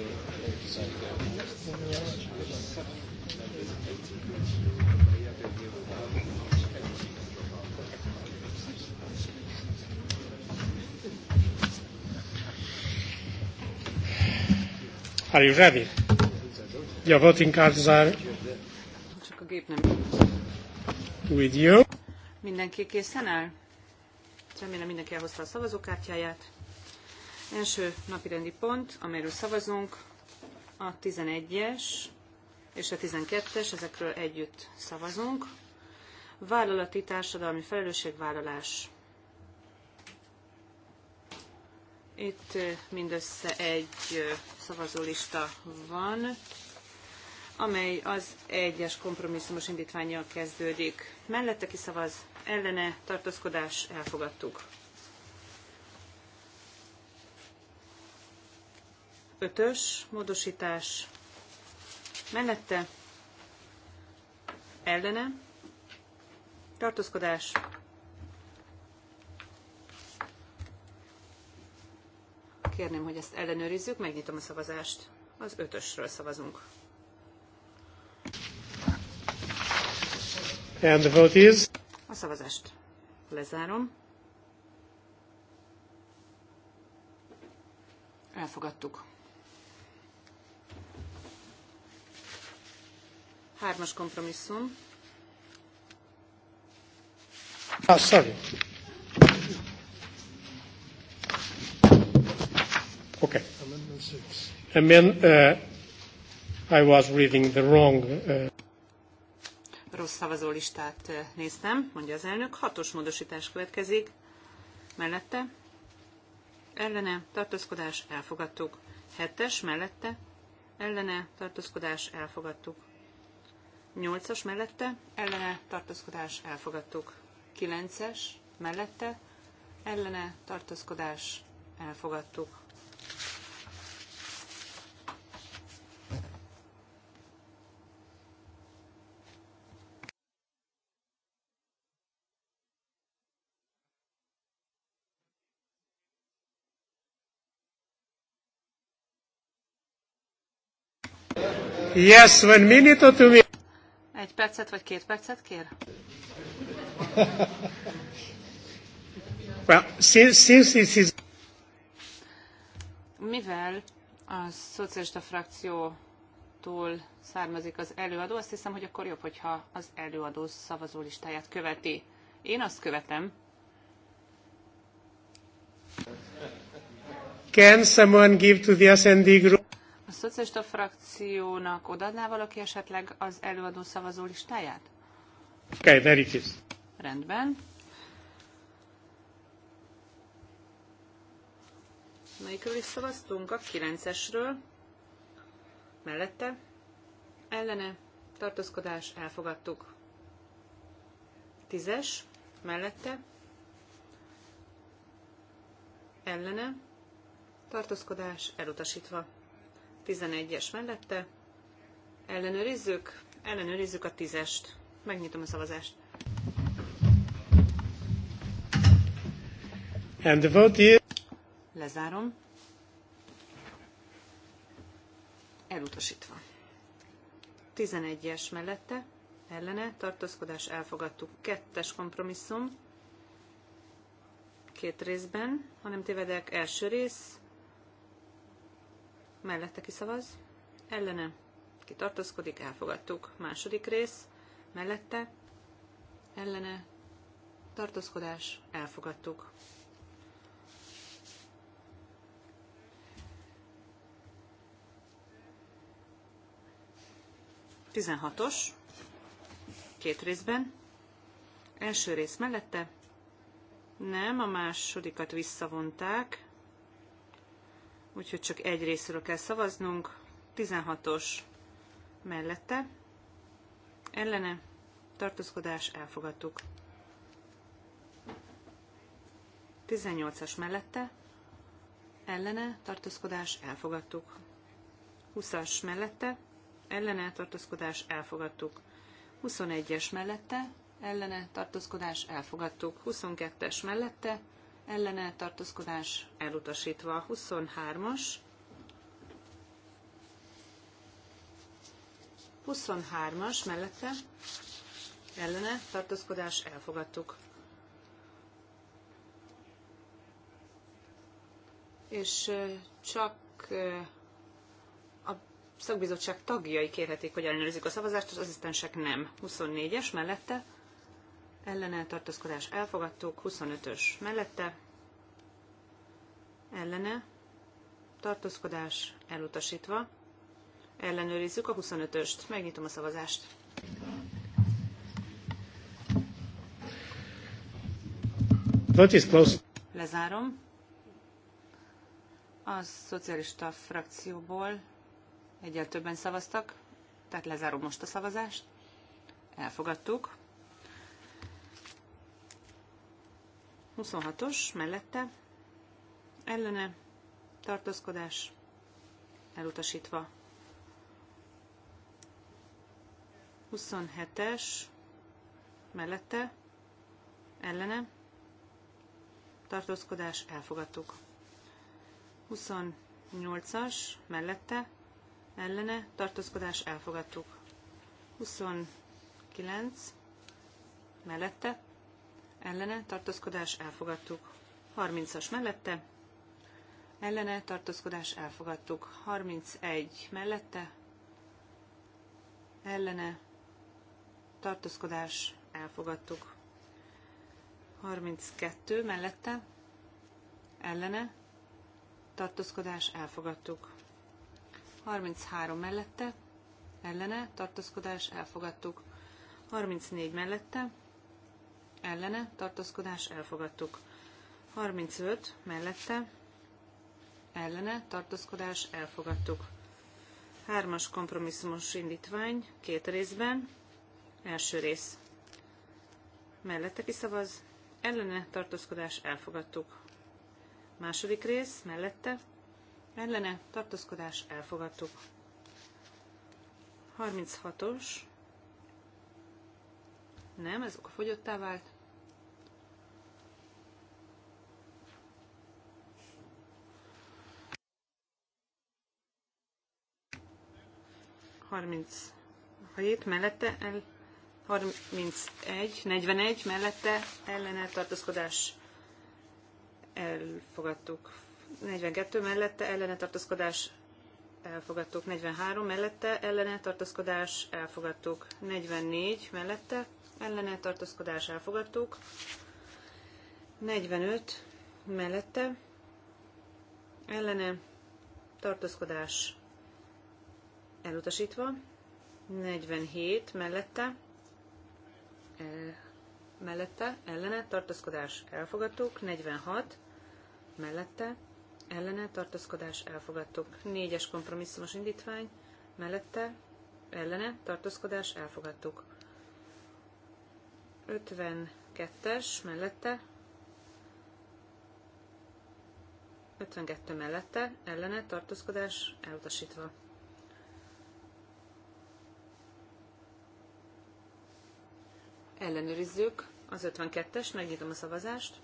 very much. Are you ready? Your voting cards are with you. Mindenki készen áll? Remélem mindenki elhozta a szavazókártyáját. Első rendi pont, amelyről szavazunk, a 11-es és a 12-es, ezekről együtt szavazunk. Vállalati társadalmi felelősségvállalás. Itt mindössze egy szavazólista van, amely az egyes kompromisszumos indítványjal kezdődik mellette kiszavaz, ellene tartózkodás elfogadtuk. Ötös módosítás mellette ellene tartózkodás kérném, hogy ezt ellenőrizzük, megnyitom a szavazást. Az ötösről szavazunk. And the vote is? A szavazást lezárom. Elfogadtuk. Hármas kompromisszum. Ah, sorry. Okay. Amendment 6. I then uh, I was reading the wrong... Uh rossz szavazólistát néztem, mondja az elnök. Hatos módosítás következik. Mellette. Ellene. Tartózkodás. Elfogadtuk. Hetes. Mellette. Ellene. Tartózkodás. Elfogadtuk. Nyolcas. Mellette. Ellene. Tartózkodás. Elfogadtuk. Kilences. Mellette. Ellene. Tartózkodás. Elfogadtuk. Yes, one minute or two minutes. Egy percet vagy két percet kér? well, since, since this is... Mivel a szocialista frakciótól származik az előadó, azt hiszem, hogy akkor jobb, hogyha az előadó szavazólistáját követi. Én azt követem. Can someone give to the SND group? szocialista frakciónak odaadná valaki esetleg az előadó szavazó listáját? Okay, there it is. Rendben. Melyikről is szavaztunk? A 9-esről. Mellette. Ellene. Tartózkodás. Elfogadtuk. 10-es. Mellette. Ellene. Tartózkodás. Elutasítva. 11-es mellette. Ellenőrizzük. Ellenőrizzük a 10-est. Megnyitom a szavazást. And the vote is... Lezárom. Elutasítva. 11-es mellette. Ellene. Tartózkodás elfogadtuk. Kettes kompromisszum. Két részben, ha nem tévedek, első rész mellette kiszavaz, ellene, ki tartózkodik, elfogadtuk. Második rész, mellette, ellene, tartózkodás, elfogadtuk. Tizenhatos, két részben, első rész mellette, nem, a másodikat visszavonták, úgyhogy csak egy részről kell szavaznunk. 16-os mellette, ellene, tartózkodás, elfogadtuk. 18-as mellette, ellene, tartózkodás, elfogadtuk. 20-as mellette, ellene, tartózkodás, elfogadtuk. 21-es mellette, ellene, tartózkodás, elfogadtuk. 22-es mellette, ellene tartózkodás elutasítva. 23-as. 23-as mellette ellene tartózkodás elfogadtuk. És csak a szakbizottság tagjai kérhetik, hogy ellenőrizzük a szavazást, az asszisztensek nem. 24-es mellette ellene tartózkodás elfogadtuk, 25-ös mellette, ellene tartózkodás elutasítva, ellenőrizzük a 25-öst, megnyitom a szavazást. is Lezárom. A szocialista frakcióból egyel többen szavaztak, tehát lezárom most a szavazást. Elfogadtuk. 26-os mellette ellene tartózkodás elutasítva. 27-es mellette ellene tartózkodás elfogadtuk. 28-as mellette ellene tartózkodás elfogadtuk. 29 mellette ellene tartózkodás elfogadtuk. 30-as mellette, ellene tartózkodás elfogadtuk. 31 mellette, ellene tartózkodás elfogadtuk. 32 mellette, ellene tartózkodás elfogadtuk. 33 mellette, ellene tartózkodás elfogadtuk. 34 mellette, ellene, tartózkodás elfogadtuk. 35 mellette, ellene, tartózkodás elfogadtuk. Hármas kompromisszumos indítvány, két részben, első rész. Mellette kiszavaz, ellene, tartózkodás elfogadtuk. Második rész, mellette, ellene, tartózkodás elfogadtuk. 36-os, nem, ez okafogyottá vált. 37 mellette, el, 31, 41 mellette ellene tartózkodás elfogadtuk. 42 mellette ellene tartózkodás elfogadtuk. 43 mellette ellene tartózkodás elfogadtuk. 44 mellette ellene tartózkodás elfogadtuk. 45 mellette ellene tartózkodás elutasítva, 47 mellette, el, mellette, ellene, tartózkodás elfogadtuk, 46 mellette, ellene, tartózkodás elfogadtuk, 4-es kompromisszumos indítvány, mellette, ellene, tartózkodás elfogadtuk. 52-es mellette, 52 mellette, ellene, tartózkodás elutasítva. ellenőrizzük az 52-es, megnyitom a szavazást.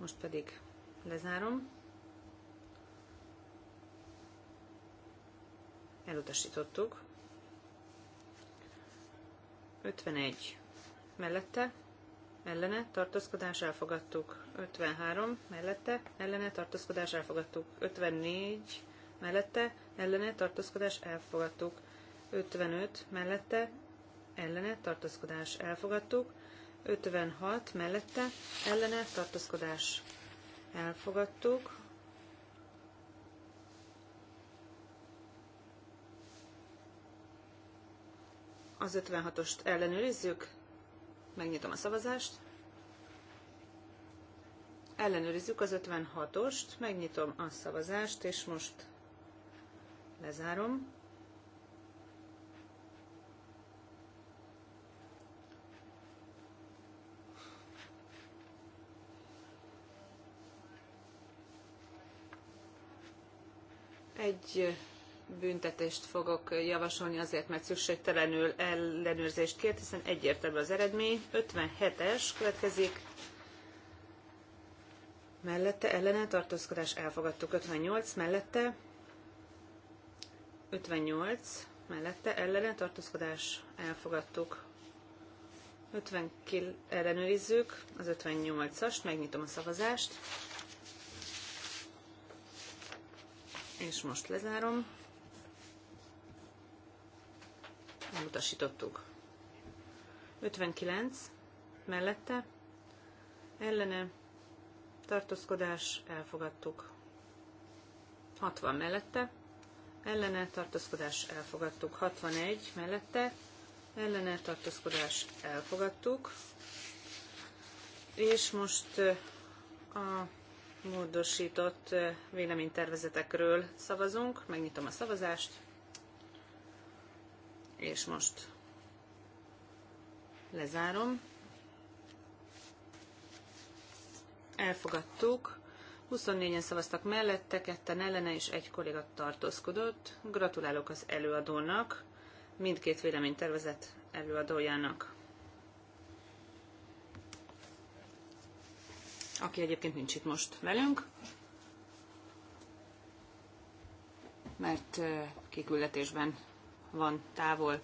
Most pedig lezárom. Elutasítottuk. 51 mellette, ellene, tartózkodás elfogadtuk. 53 mellette, ellene, tartózkodás elfogadtuk. 54 mellette, ellene, tartózkodás elfogadtuk. 55 mellette ellene tartózkodás elfogadtuk, 56 mellette ellene tartózkodás elfogadtuk, Az 56-ost ellenőrizzük, megnyitom a szavazást, ellenőrizzük az 56-ost, megnyitom a szavazást, és most lezárom. Egy büntetést fogok javasolni azért, mert szükségtelenül ellenőrzést kért, hiszen egyértelmű az eredmény. 57-es következik. Mellette ellene tartózkodás elfogadtuk. 58 mellette. 58 mellette ellene tartózkodás elfogadtuk. 50 kill ellenőrizzük az 58-ast, megnyitom a szavazást. és most lezárom. Elutasítottuk. 59 mellette, ellene, tartózkodás, elfogadtuk. 60 mellette, ellene, tartózkodás, elfogadtuk. 61 mellette, ellene, tartózkodás, elfogadtuk. És most a módosított eh, véleménytervezetekről szavazunk. Megnyitom a szavazást. És most lezárom. Elfogadtuk. 24-en szavaztak mellette, ketten ellene és egy kolléga tartózkodott. Gratulálok az előadónak, mindkét véleménytervezet előadójának. aki egyébként nincs itt most velünk, mert kiküldetésben van távol.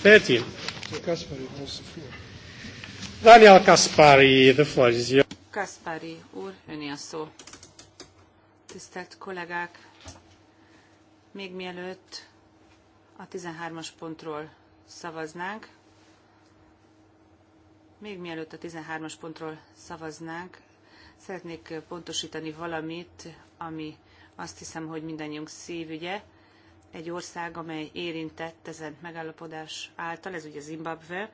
Thirteen. Daniel Kaspari, the floor is yours. Kaspari úr, öné a szó. Tisztelt kollégák, még mielőtt a 13-as pontról szavaznánk, még mielőtt a 13-as pontról szavaznánk, szeretnék pontosítani valamit, ami azt hiszem, hogy mindannyiunk szívügye. Egy ország, amely érintett ezen megállapodás által, ez ugye Zimbabwe.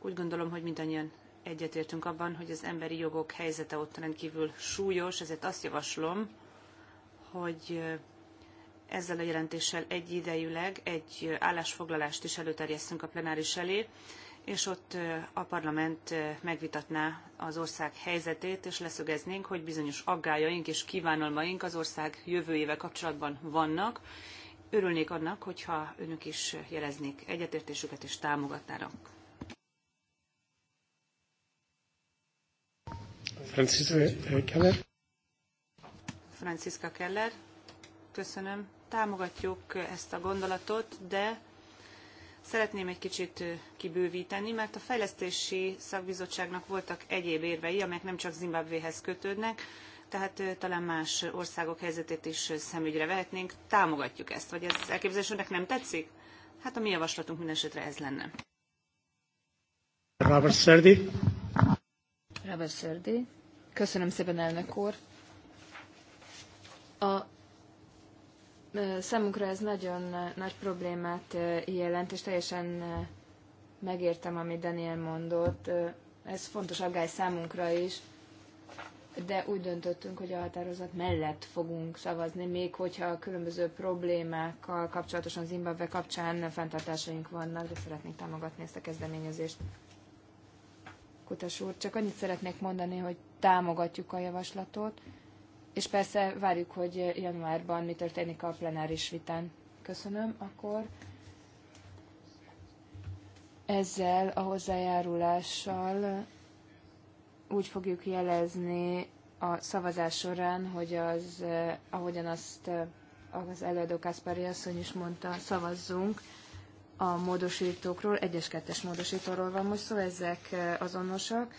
Úgy gondolom, hogy mindannyian egyetértünk abban, hogy az emberi jogok helyzete ott rendkívül súlyos, ezért azt javaslom, hogy ezzel a jelentéssel egyidejűleg egy állásfoglalást is előterjesztünk a plenáris elé, és ott a parlament megvitatná az ország helyzetét, és leszögeznénk, hogy bizonyos aggályaink és kívánalmaink az ország jövőjével kapcsolatban vannak. Örülnék annak, hogyha önök is jeleznék egyetértésüket és támogatnának. Franciszka eh, Keller. Franciszka Keller, köszönöm. Támogatjuk ezt a gondolatot, de szeretném egy kicsit eh, kibővíteni, mert a fejlesztési szakbizottságnak voltak egyéb érvei, amelyek nem csak Zimbabvéhez kötődnek, tehát eh, talán más országok helyzetét is szemügyre vehetnénk. Támogatjuk ezt, vagy ez elképzelésünknek nem tetszik? Hát a mi javaslatunk minden esetre ez lenne. Robert Serdi. Robert Köszönöm szépen, elnök úr. A Számunkra ez nagyon nagy problémát jelent, és teljesen megértem, amit Daniel mondott. Ez fontos aggály számunkra is, de úgy döntöttünk, hogy a határozat mellett fogunk szavazni, még hogyha a különböző problémákkal kapcsolatosan Zimbabwe kapcsán fenntartásaink vannak, de szeretnénk támogatni ezt a kezdeményezést. Kutas úr, csak annyit szeretnék mondani, hogy támogatjuk a javaslatot, és persze várjuk, hogy januárban mi történik a plenáris vitán. Köszönöm, akkor ezzel a hozzájárulással úgy fogjuk jelezni a szavazás során, hogy az, ahogyan azt az előadó Kászpári asszony is mondta, szavazzunk a módosítókról, egyes-kettes módosítóról van most szó, szóval ezek azonosak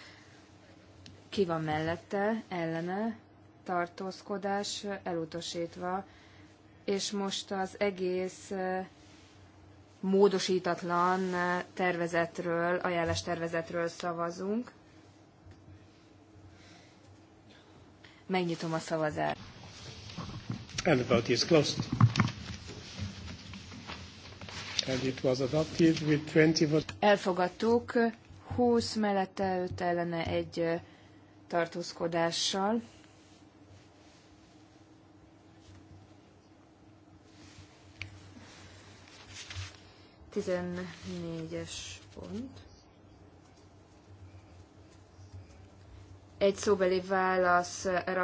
ki van mellette, ellene, tartózkodás elutasítva, és most az egész módosítatlan tervezetről, ajánlás tervezetről szavazunk. Megnyitom a szavazást. And the vote is closed. And it was adopted with 20 Elfogadtuk 20 mellette 5 ellene egy tartózkodással. Tizennégyes pont. Egy szóbeli a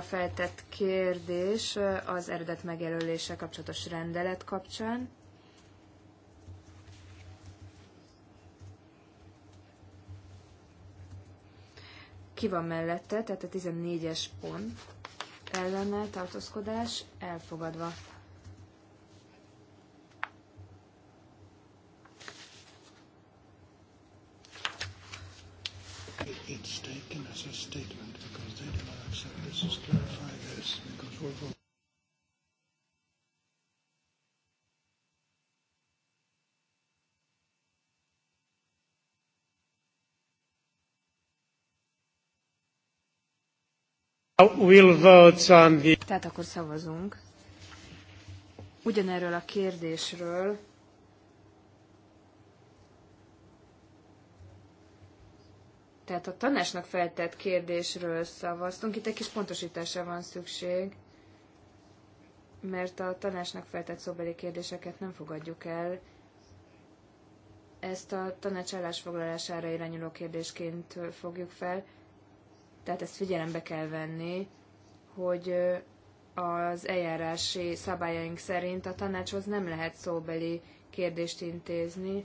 feltett kérdés az eredet megjelölése kapcsolatos rendelet kapcsán. ki van mellette, tehát a 14-es pont ellene tartózkodás elfogadva. It's taken as a statement because they do not accept this clarify this because we're We'll vote on the... Tehát akkor szavazunk. Ugyanerről a kérdésről. Tehát a tanásnak feltett kérdésről szavaztunk. Itt egy kis pontosításra van szükség, mert a tanácsnak feltett szóbeli kérdéseket nem fogadjuk el. Ezt a tanács állásfoglalására irányuló kérdésként fogjuk fel. Tehát ezt figyelembe kell venni, hogy az eljárási szabályaink szerint a tanácshoz nem lehet szóbeli kérdést intézni,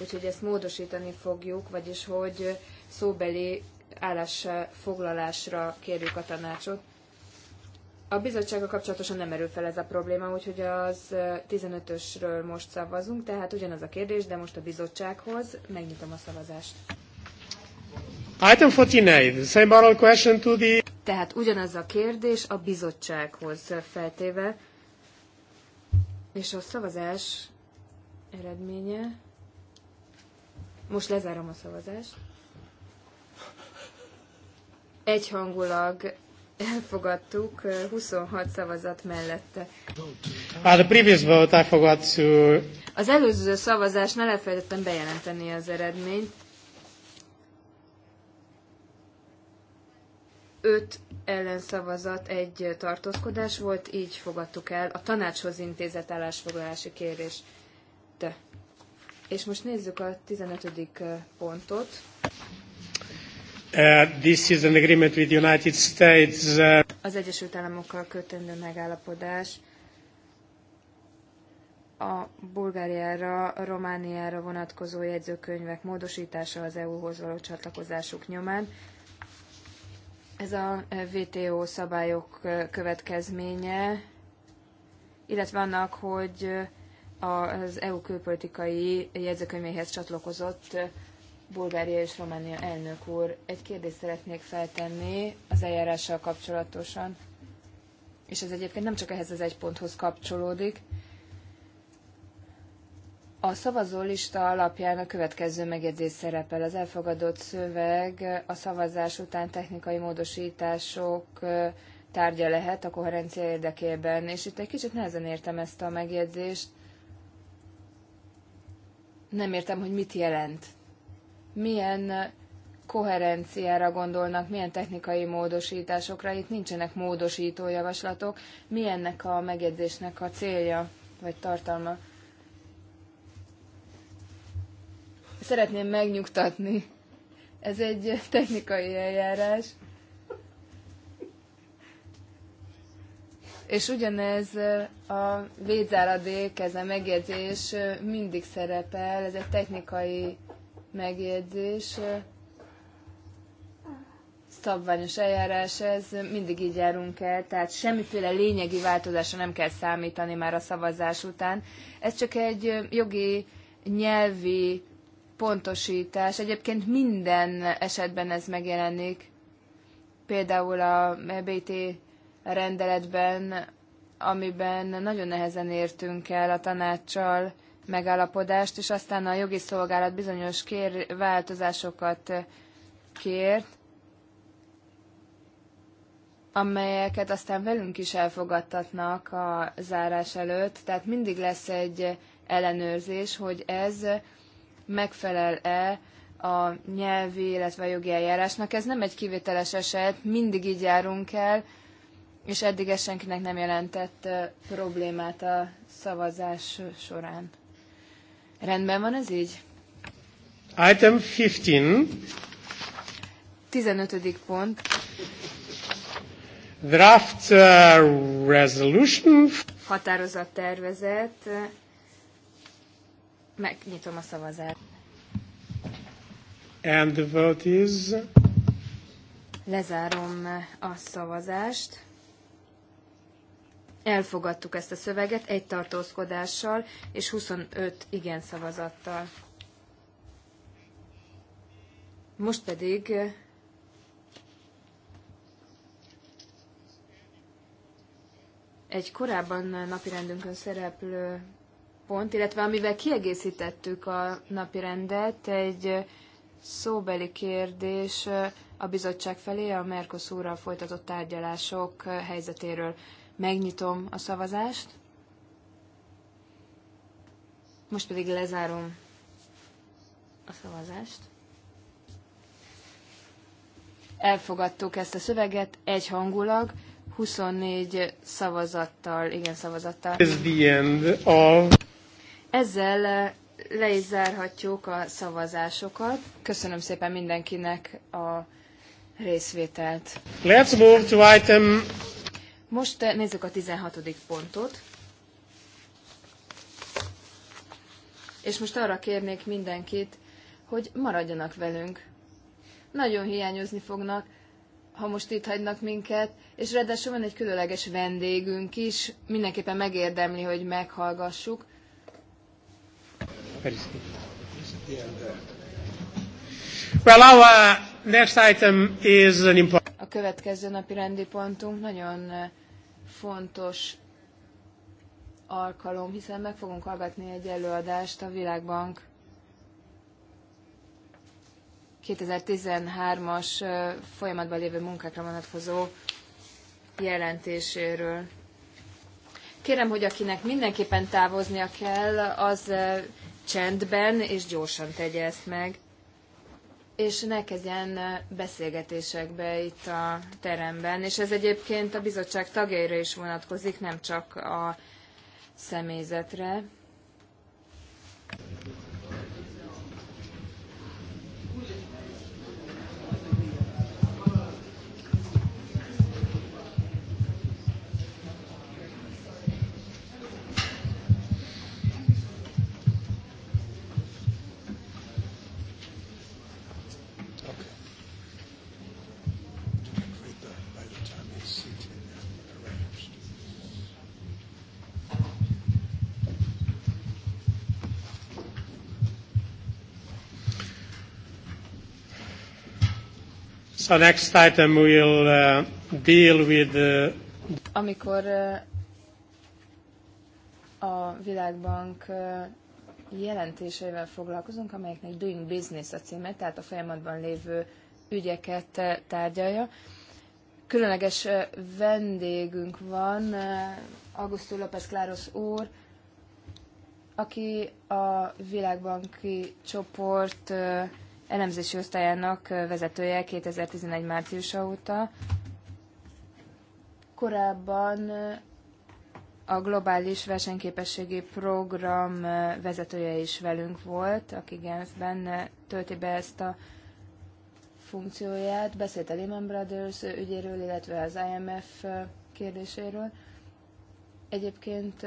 úgyhogy ezt módosítani fogjuk, vagyis hogy szóbeli állásfoglalásra kérjük a tanácsot. A bizottsága kapcsolatosan nem merül fel ez a probléma, úgyhogy az 15-ösről most szavazunk, tehát ugyanaz a kérdés, de most a bizottsághoz megnyitom a szavazást. Item 49, same oral question to the... Tehát ugyanaz a kérdés a bizottsághoz feltéve, és a szavazás eredménye... Most lezárom a szavazást. Egyhangulag elfogadtuk 26 szavazat mellette. Ah, the previous vote I forgot to... Az előző szavazásnál elfelejtettem bejelenteni az eredményt. öt ellenszavazat, egy tartózkodás volt, így fogadtuk el a tanácshoz intézett állásfoglalási kérést. És most nézzük a 15. pontot. Uh, this is an agreement with United States. Uh... Az Egyesült Államokkal kötendő megállapodás a Bulgáriára, Romániára vonatkozó jegyzőkönyvek módosítása az EU-hoz való csatlakozásuk nyomán. Ez a WTO e, szabályok e, következménye, illetve annak, hogy e, az EU külpolitikai jegyzőkönyvéhez csatlakozott Bulgária és Románia elnök úr. Egy kérdést szeretnék feltenni az eljárással kapcsolatosan, és ez egyébként nem csak ehhez az egy ponthoz kapcsolódik, a szavazólista alapján a következő megjegyzés szerepel. Az elfogadott szöveg a szavazás után technikai módosítások tárgya lehet a koherencia érdekében, és itt egy kicsit nehezen értem ezt a megjegyzést. Nem értem, hogy mit jelent. Milyen koherenciára gondolnak, milyen technikai módosításokra, itt nincsenek módosító javaslatok, mi ennek a megjegyzésnek a célja vagy tartalma. Szeretném megnyugtatni. Ez egy technikai eljárás. És ugyanez a védzáradék, ez a megjegyzés mindig szerepel, ez egy technikai megjegyzés, szabványos eljárás, ez mindig így járunk el, tehát semmiféle lényegi változásra nem kell számítani már a szavazás után. Ez csak egy jogi, nyelvi pontosítás. Egyébként minden esetben ez megjelenik. Például a BT rendeletben, amiben nagyon nehezen értünk el a tanácssal megállapodást, és aztán a jogi szolgálat bizonyos kér, változásokat kért, amelyeket aztán velünk is elfogadtatnak a zárás előtt. Tehát mindig lesz egy ellenőrzés, hogy ez megfelel-e a nyelvi, illetve a jogi eljárásnak. Ez nem egy kivételes eset, mindig így járunk el, és eddig ez senkinek nem jelentett problémát a szavazás során. Rendben van ez így? Item 15. 15. pont. Draft uh, resolution. Határozat tervezet Megnyitom a szavazást. And the vote is... Lezárom a szavazást. Elfogadtuk ezt a szöveget egy tartózkodással és 25 igen szavazattal. Most pedig egy korábban napirendünkön szereplő pont, illetve amivel kiegészítettük a napi rendet, egy szóbeli kérdés a bizottság felé a Mercosurral folytatott tárgyalások helyzetéről. Megnyitom a szavazást. Most pedig lezárom a szavazást. Elfogadtuk ezt a szöveget egyhangulag, 24 szavazattal, igen szavazattal. the end of... Ezzel eh, le is zárhatjuk a szavazásokat. Köszönöm szépen mindenkinek a részvételt. Let's move to item. Most eh, nézzük a 16. pontot. És most arra kérnék mindenkit, hogy maradjanak velünk. Nagyon hiányozni fognak, ha most itt hagynak minket, és ráadásul van egy különleges vendégünk is, mindenképpen megérdemli, hogy meghallgassuk. Well, our uh, next item is an important... A következő napi rendi pontunk nagyon uh, fontos alkalom, hiszen meg fogunk hallgatni egy előadást a Világbank 2013-as uh, folyamatban lévő munkákra vonatkozó jelentéséről. Kérem, hogy akinek mindenképpen távoznia kell, az csendben és gyorsan tegye ezt meg, és ne kezdjen beszélgetésekbe itt a teremben. És ez egyébként a bizottság tagjaira is vonatkozik, nem csak a személyzetre. A next item uh, deal with the... Uh, Amikor uh, a Világbank uh, jelentéseivel foglalkozunk, amelyeknek Doing Business a címe, tehát a folyamatban lévő ügyeket uh, tárgyalja. Különleges uh, vendégünk van, uh, Augusto López Claros úr, aki a Világbanki csoport uh, elemzési osztályának vezetője 2011 márciusa óta. Korábban a globális versenyképességi program vezetője is velünk volt, aki Genfben tölti be ezt a funkcióját, beszélt a Lehman Brothers ügyéről, illetve az IMF kérdéséről. Egyébként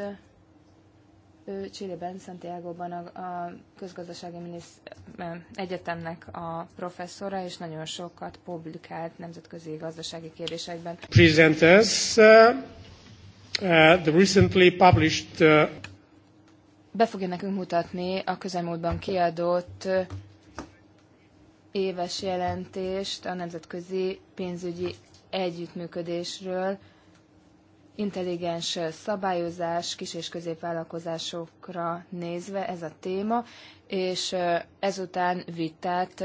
ő Csillében, Santiago-ban a, a közgazdasági miniszt- egyetemnek a professzora, és nagyon sokat publikált nemzetközi gazdasági kérdésekben. Presenters, uh, uh, the recently published uh... Be fogja nekünk mutatni a közelmúltban kiadott éves jelentést a nemzetközi pénzügyi együttműködésről, intelligens szabályozás kis- és középvállalkozásokra nézve ez a téma, és ezután vitát,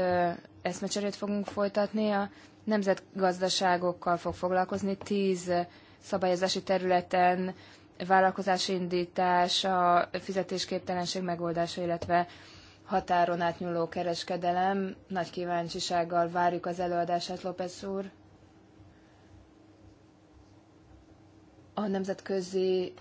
eszmecserét fogunk folytatni, a nemzetgazdaságokkal fog foglalkozni, tíz szabályozási területen vállalkozási indítás, a fizetésképtelenség megoldása, illetve határon átnyúló kereskedelem. Nagy kíváncsisággal várjuk az előadását, López úr. a nemzetközi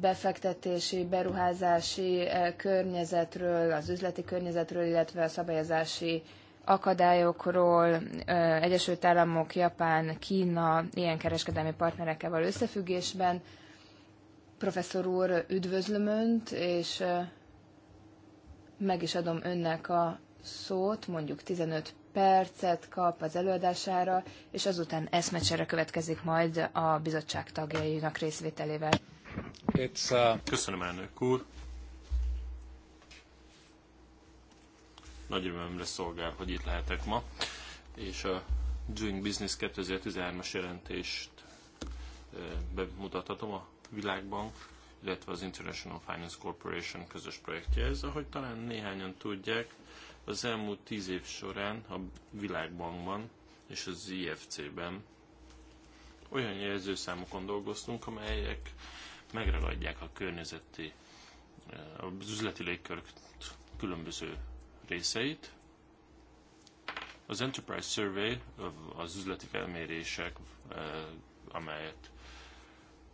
befektetési, beruházási eh, környezetről, az üzleti környezetről, illetve a szabályozási akadályokról, eh, Egyesült Államok, Japán, Kína ilyen kereskedelmi partnerekkel való összefüggésben. Professzor úr, üdvözlöm Önt, és eh, meg is adom Önnek a szót, mondjuk 15 percet kap az előadására, és azután eszmecsere következik majd a bizottság tagjainak részvételével. It's, uh... Köszönöm, elnök úr! Nagy örömömre szolgál, hogy itt lehetek ma, és a Doing Business 2013-as jelentést bemutathatom a Világbank, illetve az International Finance Corporation közös projektje. Ez, ahogy talán néhányan tudják, az elmúlt tíz év során a Világbankban és az IFC-ben olyan jelzőszámokon dolgoztunk, amelyek megragadják a környezeti, eh, az üzleti légkör különböző részeit. Az Enterprise Survey, az üzleti felmérések, eh, amelyet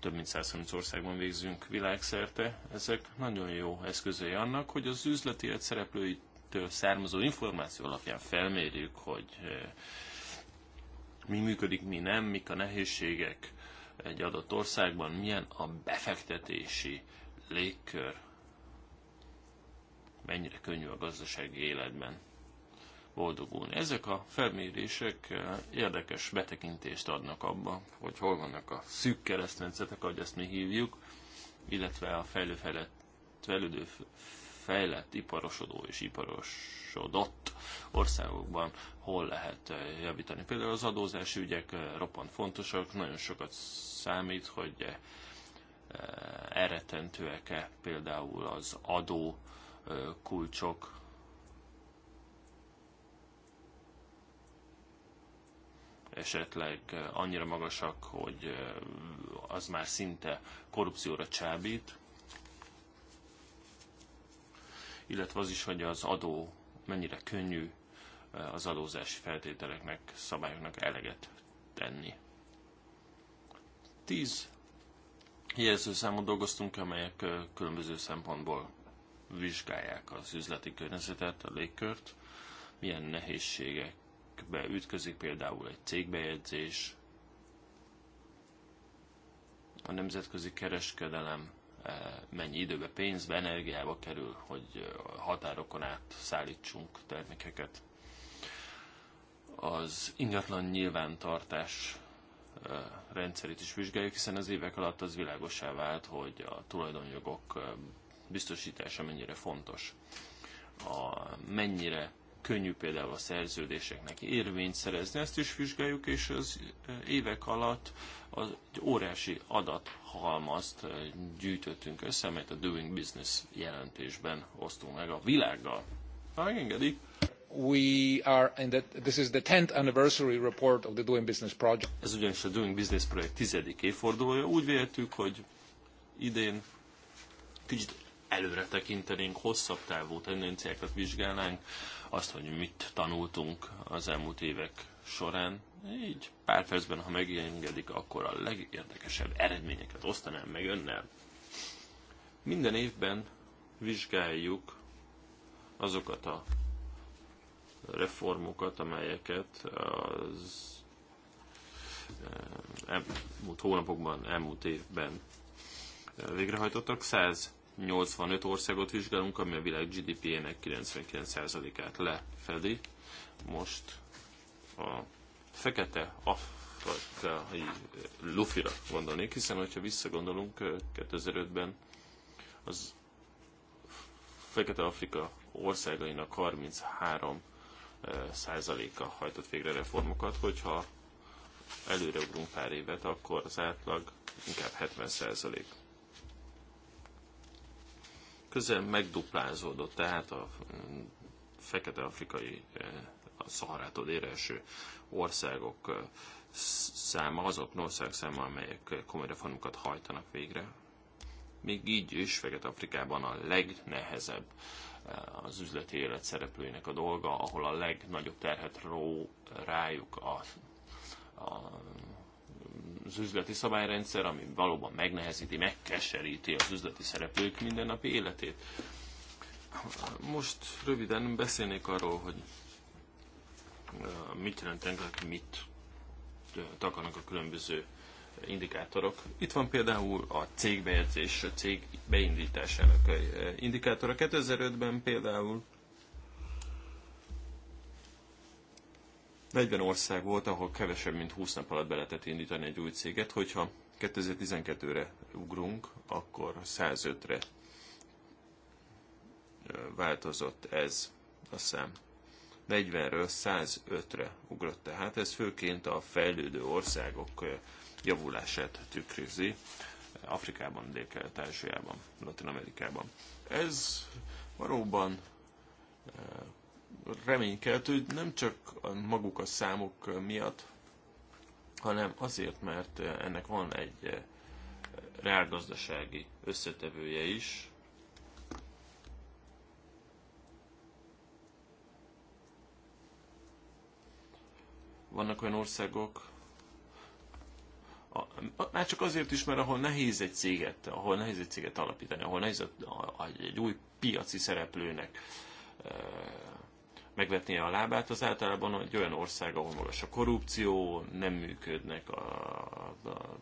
több mint 130 országban végzünk világszerte, ezek nagyon jó eszközei annak, hogy az üzleti élet szereplőit től származó információ alapján felmérjük, hogy mi működik, mi nem, mik a nehézségek egy adott országban, milyen a befektetési légkör, mennyire könnyű a gazdasági életben boldogulni. Ezek a felmérések érdekes betekintést adnak abba, hogy hol vannak a szűk keresztmetszetek, ahogy ezt mi hívjuk, illetve a fejlődő fejlett, iparosodó és iparosodott országokban hol lehet eh, javítani. Például az adózási ügyek eh, roppant fontosak, nagyon sokat számít, hogy eh, elretentőek-e például az adó kulcsok, esetleg annyira magasak, hogy az már szinte korrupcióra csábít, illetve az is, hogy az adó mennyire könnyű eh, az adózási feltételeknek, szabályoknak eleget tenni. 10. jelzőszámot dolgoztunk, amelyek eh, különböző szempontból vizsgálják az üzleti környezetet, a légkört, milyen nehézségekbe ütközik például egy cégbejegyzés, a nemzetközi kereskedelem mennyi időbe, pénzbe, energiába kerül, hogy határokon át szállítsunk termékeket. Az ingatlan nyilvántartás rendszerét is vizsgáljuk, hiszen az évek alatt az világosá vált, hogy a tulajdonjogok biztosítása mennyire fontos. A mennyire könnyű például a szerződéseknek érvényt szerezni, ezt is vizsgáljuk, és az e, évek alatt az egy órási adathalmazt e, gyűjtöttünk össze, amelyet a Doing Business jelentésben osztunk meg a világgal. Ha megengedik. We are, in that, this is the 10 anniversary report of the Doing Business project. Ez ugyanis a Doing Business projekt tizedik évfordulója. Úgy véltük, hogy idén kicsit előre tekintenénk, hosszabb távú tendenciákat vizsgálnánk, azt, hogy mit tanultunk az elmúlt évek során. Így pár percben, ha megengedik, akkor a legérdekesebb eredményeket osztanám meg önnel. Minden évben vizsgáljuk azokat a reformokat, amelyeket az eh, elmúlt hónapokban, elmúlt évben eh, végrehajtottak. 100 85 országot vizsgálunk, ami a világ GDP-ének 99%-át lefedi. Most a fekete afrikai lufira gondolnék, hiszen hogyha visszagondolunk 2005-ben az Fekete Afrika országainak 33 eh, százaléka hajtott végre reformokat, hogyha előreugrunk pár évet, akkor az átlag inkább 70 százalék közel megduplázódott, tehát a mm, fekete-afrikai, eh, a Szaharától éreső országok eh, száma, azok ország száma, amelyek komoly reformokat hajtanak végre. Még így is Fekete-Afrikában a legnehezebb eh, az üzleti élet szereplőinek a dolga, ahol a legnagyobb terhet ró rájuk a, a az üzleti szabályrendszer, ami valóban megnehezíti, megkeseríti az üzleti szereplők mindennapi életét. Most röviden beszélnék arról, hogy mit jelentenek, mit takarnak a különböző indikátorok. Itt van például a cégbejegyzés, a cég beindításának indikátora. 2005-ben például 40 ország volt, ahol kevesebb, mint 20 nap alatt be lehetett indítani egy új céget. Hogyha 2012-re ugrunk, akkor 105-re változott ez a szám. 40-ről 105-re ugrott tehát. Ez főként a fejlődő országok javulását tükrözi. Afrikában, Dél-Kelet, Ázsiában, Latin Amerikában. Ez valóban reménykelt, hogy nem csak maguk a számok miatt, hanem azért, mert ennek van egy eh, reálgazdasági összetevője is. Vannak olyan országok, már csak azért is, mert ahol nehéz egy céget, ahol nehéz egy céget alapítani, ahol nehéz egy új piaci szereplőnek eh, megvetnie a lábát, az általában egy olyan ország, ahol magas a korrupció, nem működnek a, a, a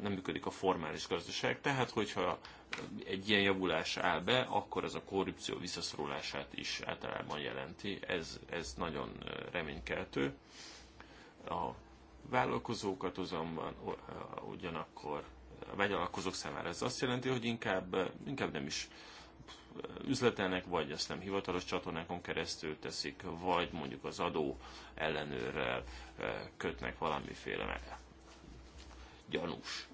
nem működik a formális gazdaság, tehát hogyha egy ilyen javulás áll be, akkor az a korrupció visszaszorulását is általában jelenti. Ez, ez nagyon reménykeltő. A vállalkozókat azonban ugyanakkor a vállalkozók számára ez azt jelenti, hogy inkább, inkább nem is üzletelnek, vagy ezt nem hivatalos csatornákon keresztül teszik, vagy mondjuk az adó ellenőrrel eh, kötnek valamiféle gyanús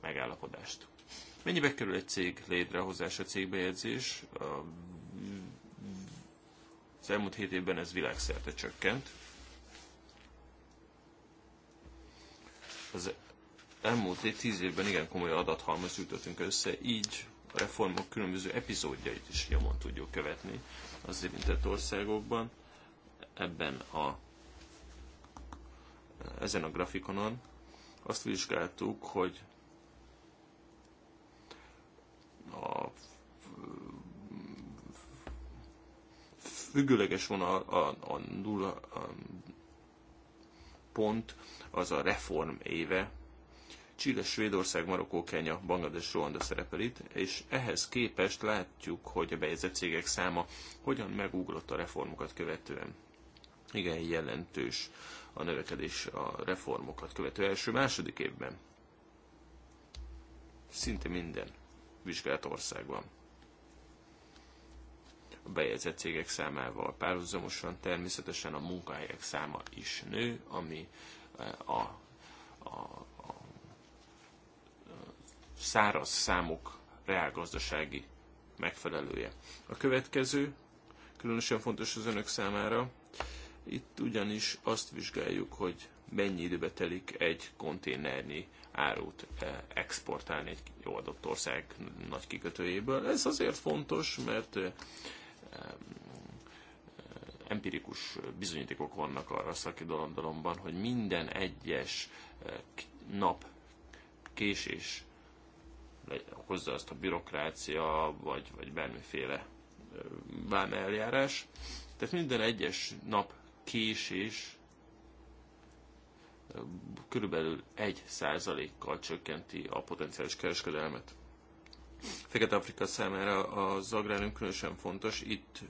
megállapodást. Mennyibe kerül egy cég létrehozása, cégbejegyzés? Az elmúlt hét évben ez világszerte csökkent. Az elmúlt hét tíz évben igen komoly adathalmaz ütöttünk össze, így a reformok különböző epizódjait is nyomon tudjuk követni az érintett országokban. Ebben a ezen a grafikonon azt vizsgáltuk, hogy a függőleges vonal a, a nulla a pont az a reform éve, Chile, Svédország, Marokkó, Kenya, Banglades, Rwanda szerepel itt, és ehhez képest látjuk, hogy a bejegyzett cégek száma hogyan megugrott a reformokat követően. Igen, jelentős a növekedés a reformokat követő első-második évben. Szinte minden vizsgált országban. A bejegyzett cégek számával párhuzamosan természetesen a munkahelyek száma is nő, ami eh, a, a száraz számok reálgazdasági megfelelője. A következő különösen fontos az önök számára. Itt ugyanis azt vizsgáljuk, hogy mennyi időbe telik egy konténernyi árut eh, exportálni egy jó adott ország nagy kikötőjéből. Ez azért fontos, mert eh, empirikus bizonyítékok vannak arra a szakidalandalomban, hogy minden egyes eh, nap késés hozza azt a bürokrácia, vagy, vagy bármiféle eljárás. Tehát minden egyes nap késés körülbelül 1%-kal csökkenti a potenciális kereskedelmet. Fekete-Afrika számára az agrárium különösen fontos, itt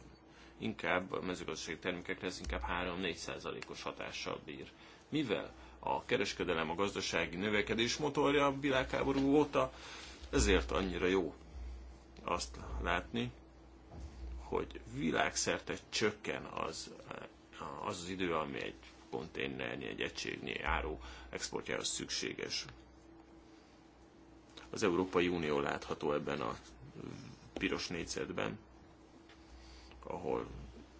inkább a mezőgazdasági termékekre ez inkább 3 4 százalékos hatással bír. Mivel a kereskedelem a gazdasági növekedés motorja a világháború óta, ezért annyira jó azt látni, hogy világszerte csökken az eh, az, az idő, ami egy konténernyi, egy egységnyi áru exportjához szükséges. Az Európai Unió látható ebben a piros négyzetben, ahol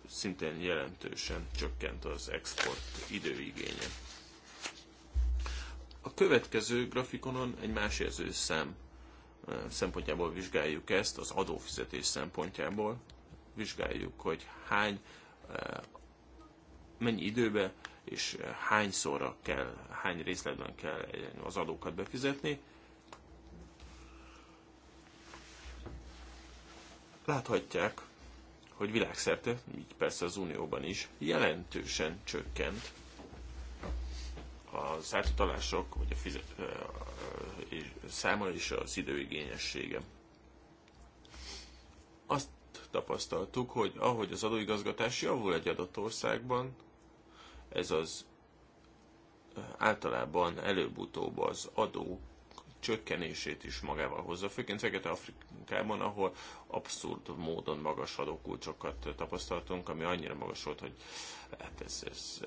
szintén jelentősen csökkent az export időigénye. A következő grafikonon egy más érzőszám szempontjából vizsgáljuk ezt, az adófizetés szempontjából vizsgáljuk, hogy hány, eh, mennyi időbe és hányszorra kell, hány részletben kell az adókat befizetni. Láthatják, hogy világszerte, így persze az Unióban is, jelentősen csökkent az átutalások vagy a fizet, száma és az időigényessége. Azt tapasztaltuk, hogy ahogy az adóigazgatás javul egy adott országban, ez az általában előbb-utóbb az adó csökkenését is magával hozza, főként Fekete Afrikában, ahol abszurd módon magas adókulcsokat tapasztaltunk, ami annyira magas volt, hogy hát ez, ez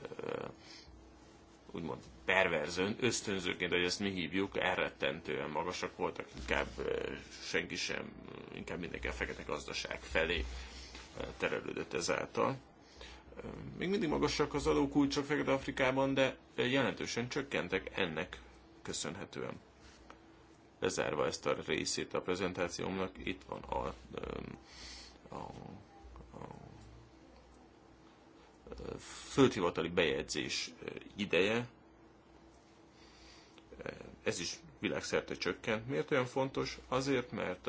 úgymond perverzőn, ösztönzőként, hogy ezt mi hívjuk, elrettentően magasak voltak, inkább senki sem, inkább mindenki a fekete gazdaság felé terelődött ezáltal. Még mindig magasak az adókulcsok Fekete Afrikában, de jelentősen csökkentek ennek köszönhetően. Lezárva ezt a részét a prezentációmnak, itt van a, a földhivatali bejegyzés ideje, ez is világszerte csökkent. Miért olyan fontos? Azért, mert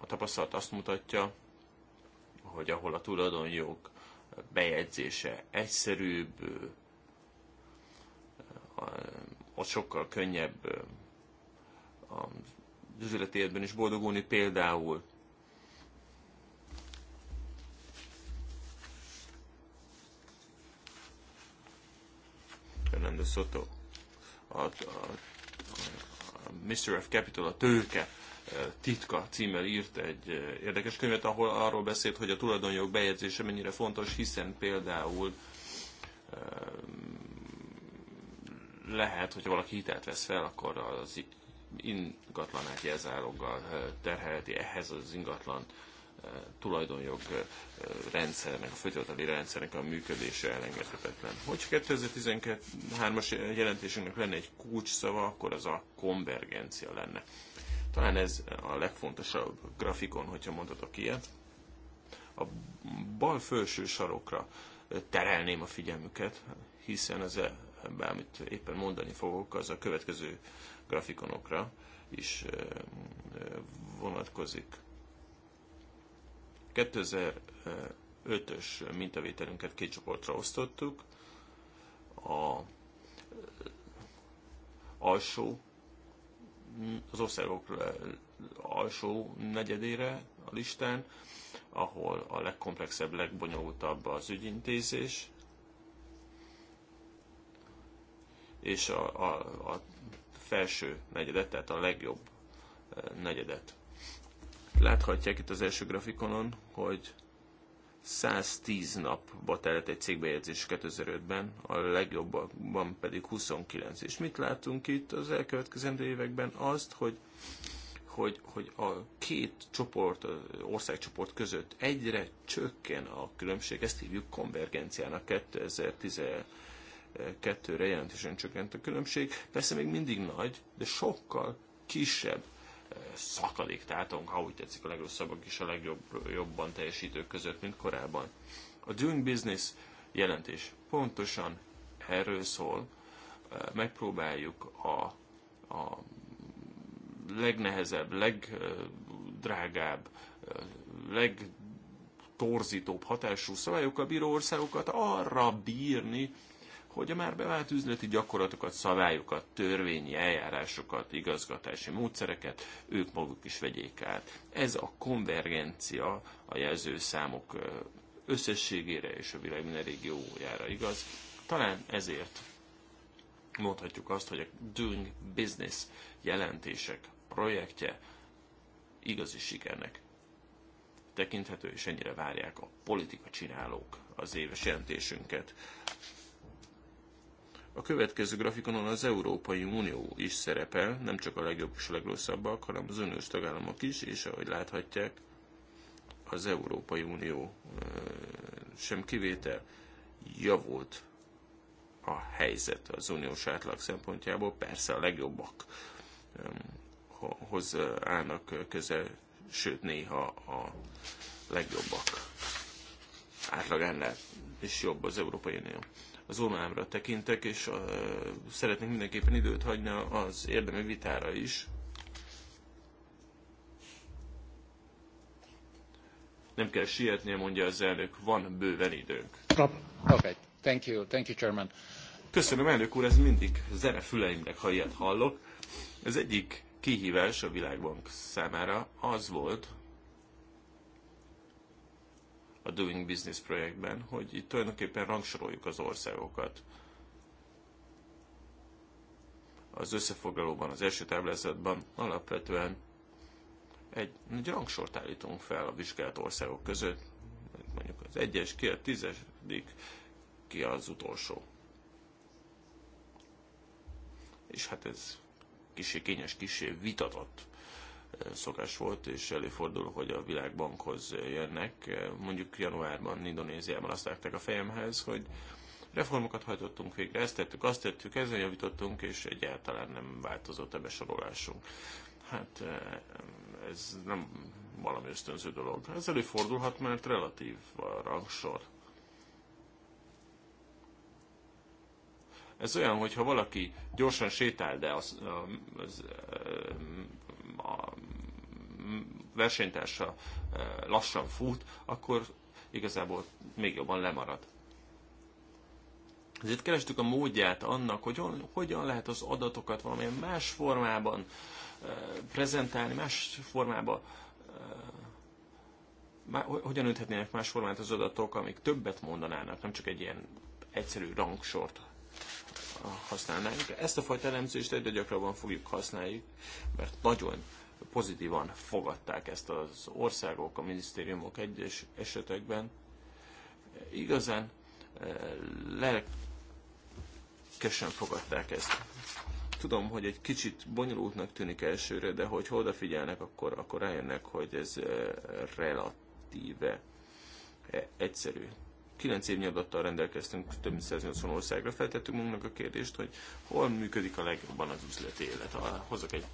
a tapasztalat azt mutatja, hogy ahol a tulajdonjog bejegyzése egyszerűbb, ott sokkal könnyebb az üzleti életben is boldogulni, például Fernando Soto. A, a, a Mr. F. Capital, a tőke e, titka címmel írt egy e, érdekes könyvet, ahol arról beszélt, hogy a tulajdonjog bejegyzése mennyire fontos, hiszen például e, lehet, hogyha valaki hitelt vesz fel, akkor az ingatlanát jelzáloggal terhelheti ehhez az ingatlan tulajdonjog eh, rendszernek, a föltölteli rendszernek a működése elengedhetetlen. Hogy 2013-as jelentésünknek lenne egy kulcs szava, akkor az a konvergencia lenne. Talán ez a legfontosabb grafikon, hogyha mondhatok ilyet. A bal felső sarokra eh, terelném a figyelmüket, hiszen az e- ebben, amit éppen mondani fogok, az a következő grafikonokra is eh, vonatkozik. 2005-ös mintavételünket két csoportra osztottuk. A alsó, az országok alsó negyedére a listán, ahol a legkomplexebb, legbonyolultabb az ügyintézés, és a, a, a felső negyedet, tehát a legjobb negyedet Láthatják itt az első grafikonon, hogy 110 napba telt egy cégbejegyzés 2005-ben, a legjobban pedig 29. És mit látunk itt az elkövetkezendő években? Azt, hogy hogy, hogy a két csoport, országcsoport között egyre csökken a különbség, ezt hívjuk konvergenciának 2012-re jelentősen csökkent a különbség. Persze még mindig nagy, de sokkal kisebb szakadék tehát ha úgy tetszik a legrosszabbak és a legjobban teljesítők között, mint korábban. A Doing Business jelentés pontosan erről szól, megpróbáljuk a, a legnehezebb, legdrágább, legtorzítóbb hatású szabályokkal bíró országokat arra bírni, hogy a már bevált üzleti gyakorlatokat, szabályokat, törvényi eljárásokat, igazgatási módszereket ők maguk is vegyék át. Ez a konvergencia a jelzőszámok összességére és a világ minden régiójára igaz. Talán ezért mondhatjuk azt, hogy a Doing Business jelentések projektje igazi sikernek tekinthető, és ennyire várják a politika csinálók az éves jelentésünket. A következő grafikonon az Európai Unió is szerepel, nem csak a legjobb és a legrosszabbak, hanem az uniós tagállamok is, és ahogy láthatják, az Európai Unió sem kivétel javult a helyzet az uniós átlag szempontjából. Persze a legjobbak hoz állnak közel, sőt néha a legjobbak átlagánál is jobb az Európai Unió az órámra tekintek, és uh, szeretnék mindenképpen időt hagyni az érdemi vitára is. Nem kell sietnie, mondja az elnök, van bőven időnk. Okay. Thank you. Thank you, Chairman. Köszönöm, elnök úr, ez mindig zene füleimnek, ha ilyet hallok. Az egyik kihívás a világbank számára az volt, a Doing Business projektben, hogy itt tulajdonképpen rangsoroljuk az országokat. Az összefoglalóban, az első táblázatban alapvetően egy, egy rangsort állítunk fel a vizsgált országok között, mondjuk az egyes, ki a tizedik, ki az utolsó. És hát ez kicsi kényes, kicsi vitatott szokás volt, és előfordul, hogy a világbankhoz jönnek. Mondjuk januárban Indonéziában azt látták a fejemhez, hogy reformokat hajtottunk végre, ezt tettük, azt tettük, ezen javítottunk, és egyáltalán nem változott a besorolásunk. Hát eh, ez nem valami ösztönző dolog. Ez előfordulhat, mert relatív a rangsor. Ez olyan, hogyha valaki gyorsan sétál, de az, az, az a versenytársa e, lassan fut, akkor igazából még jobban lemarad. Ezért kerestük a módját annak, hogy hogyan lehet az adatokat valamilyen más formában e, prezentálni, más formában, e, hogyan üthetnének más formát az adatok, amik többet mondanának, nem csak egy ilyen egyszerű rangsort használnánk. Ezt a fajta elemzést egyre gyakrabban fogjuk használni, mert nagyon pozitívan fogadták ezt az országok, a minisztériumok egyes esetekben. Igazán eh, lelkesen fogadták ezt. Tudom, hogy egy kicsit bonyolultnak tűnik elsőre, de hogy odafigyelnek, akkor, akkor rájönnek, hogy ez eh, relatíve eh, egyszerű. 9 évnyi adattal rendelkeztünk, több mint 180 országra feltettünk magunknak a kérdést, hogy hol működik a legjobban az üzleti élet. A, hozok egy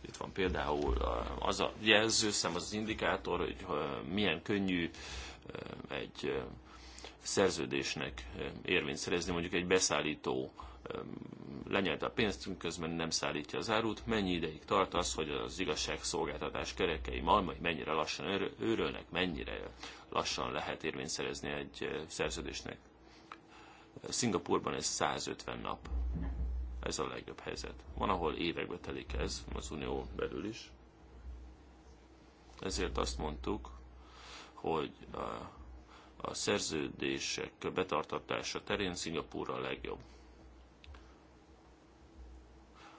itt van például az a jelzőszem, az, az indikátor, hogy milyen könnyű egy szerződésnek érvényt szerezni mondjuk egy beszállító lenyelte a pénzt, közben nem szállítja az árut, mennyi ideig tart az, hogy az igazságszolgáltatás kerekei malmai mennyire lassan őrölnek, mennyire lassan lehet érvényt szerezni egy szerződésnek. Szingapurban ez 150 nap. Ez a legjobb helyzet. Van, ahol évekbe telik ez, az unió belül is. Ezért azt mondtuk, hogy a, a szerződések betartatása terén Szingapúr a legjobb.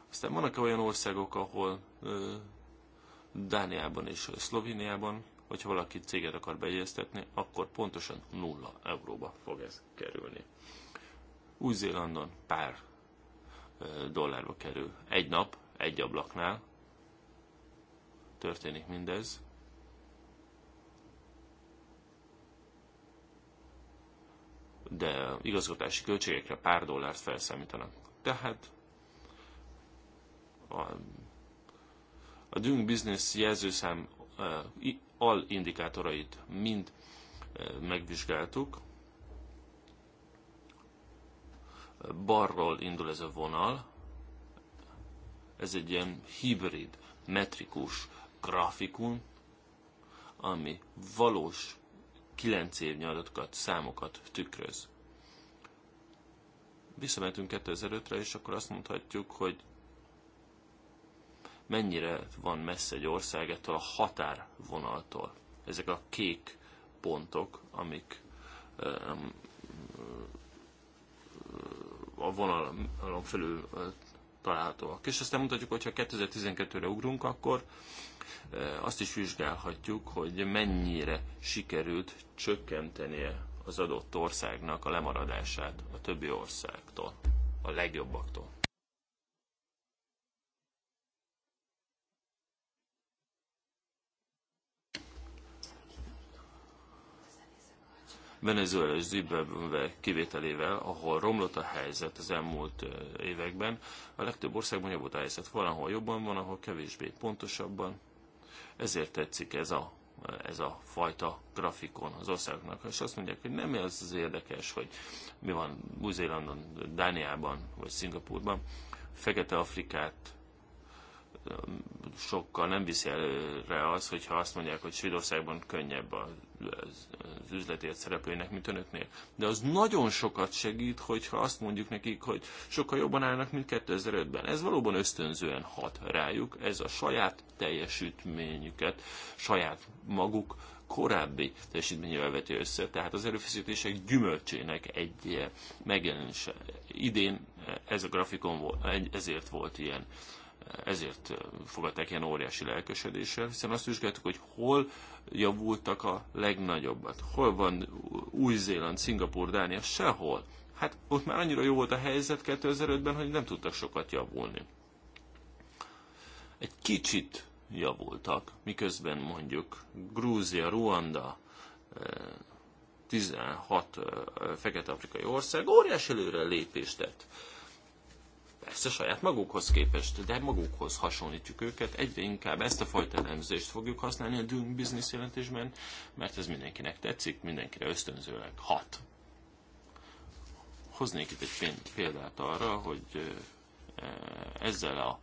Aztán vannak -e olyan országok, ahol Dániában és Szlovéniában, hogyha valaki céget akar bejegyeztetni, akkor pontosan nulla euróba fog ez kerülni. Új-Zélandon pár dollárba kerül. Egy nap, egy ablaknál történik mindez. De igazgatási költségekre pár dollárt felszámítanak. Tehát a, a Doing Business jelzőszám al indikátorait mind megvizsgáltuk. Barról indul ez a vonal. Ez egy ilyen hibrid, metrikus grafikon, ami valós 9 évnyi adatokat, számokat tükröz. Visszamentünk 2005-re, és akkor azt mondhatjuk, hogy mennyire van messze egy ország ettől a határvonaltól. Ezek a kék pontok, amik a vonalon felül találhatóak. És aztán mutatjuk, hogyha 2012-re ugrunk, akkor azt is vizsgálhatjuk, hogy mennyire sikerült csökkentenie az adott országnak a lemaradását a többi országtól, a legjobbaktól. Venezuela és Zimbabwe kivételével, ahol romlott a helyzet az elmúlt években, a legtöbb országban jobb a helyzet. Valahol jobban van, ahol kevésbé pontosabban. Ezért tetszik ez a ez a fajta grafikon az országnak. És azt mondják, hogy nem az az érdekes, hogy mi van Új-Zélandon, Dániában vagy Szingapurban. Fekete Afrikát sokkal nem viszi előre az, hogyha azt mondják, hogy Svédországban könnyebb a az üzletért szereplőinek, mint önöknél. De az nagyon sokat segít, hogyha azt mondjuk nekik, hogy sokkal jobban állnak, mint 2005-ben. Ez valóban ösztönzően hat rájuk, ez a saját teljesítményüket, saját maguk korábbi teljesítményével veti össze, tehát az erőfeszítések gyümölcsének egy megjelenése. Idén ez a grafikon volt, ezért volt ilyen ezért fogadták ilyen óriási lelkesedéssel, hiszen azt vizsgáltuk, hogy hol javultak a legnagyobbat. Hol van Új-Zéland, Szingapur, Dánia? Sehol. Hát ott már annyira jó volt a helyzet 2005-ben, hogy nem tudtak sokat javulni. Egy kicsit javultak, miközben mondjuk Grúzia, Ruanda, 16 fekete-afrikai ország óriási előre lépést tett ezt a saját magukhoz képest, de magukhoz hasonlítjuk őket, egyre inkább ezt a fajta elemzést fogjuk használni a Doing Business jelentésben, mert ez mindenkinek tetszik, mindenkire ösztönzőleg hat. Hoznék itt egy példát arra, hogy ezzel a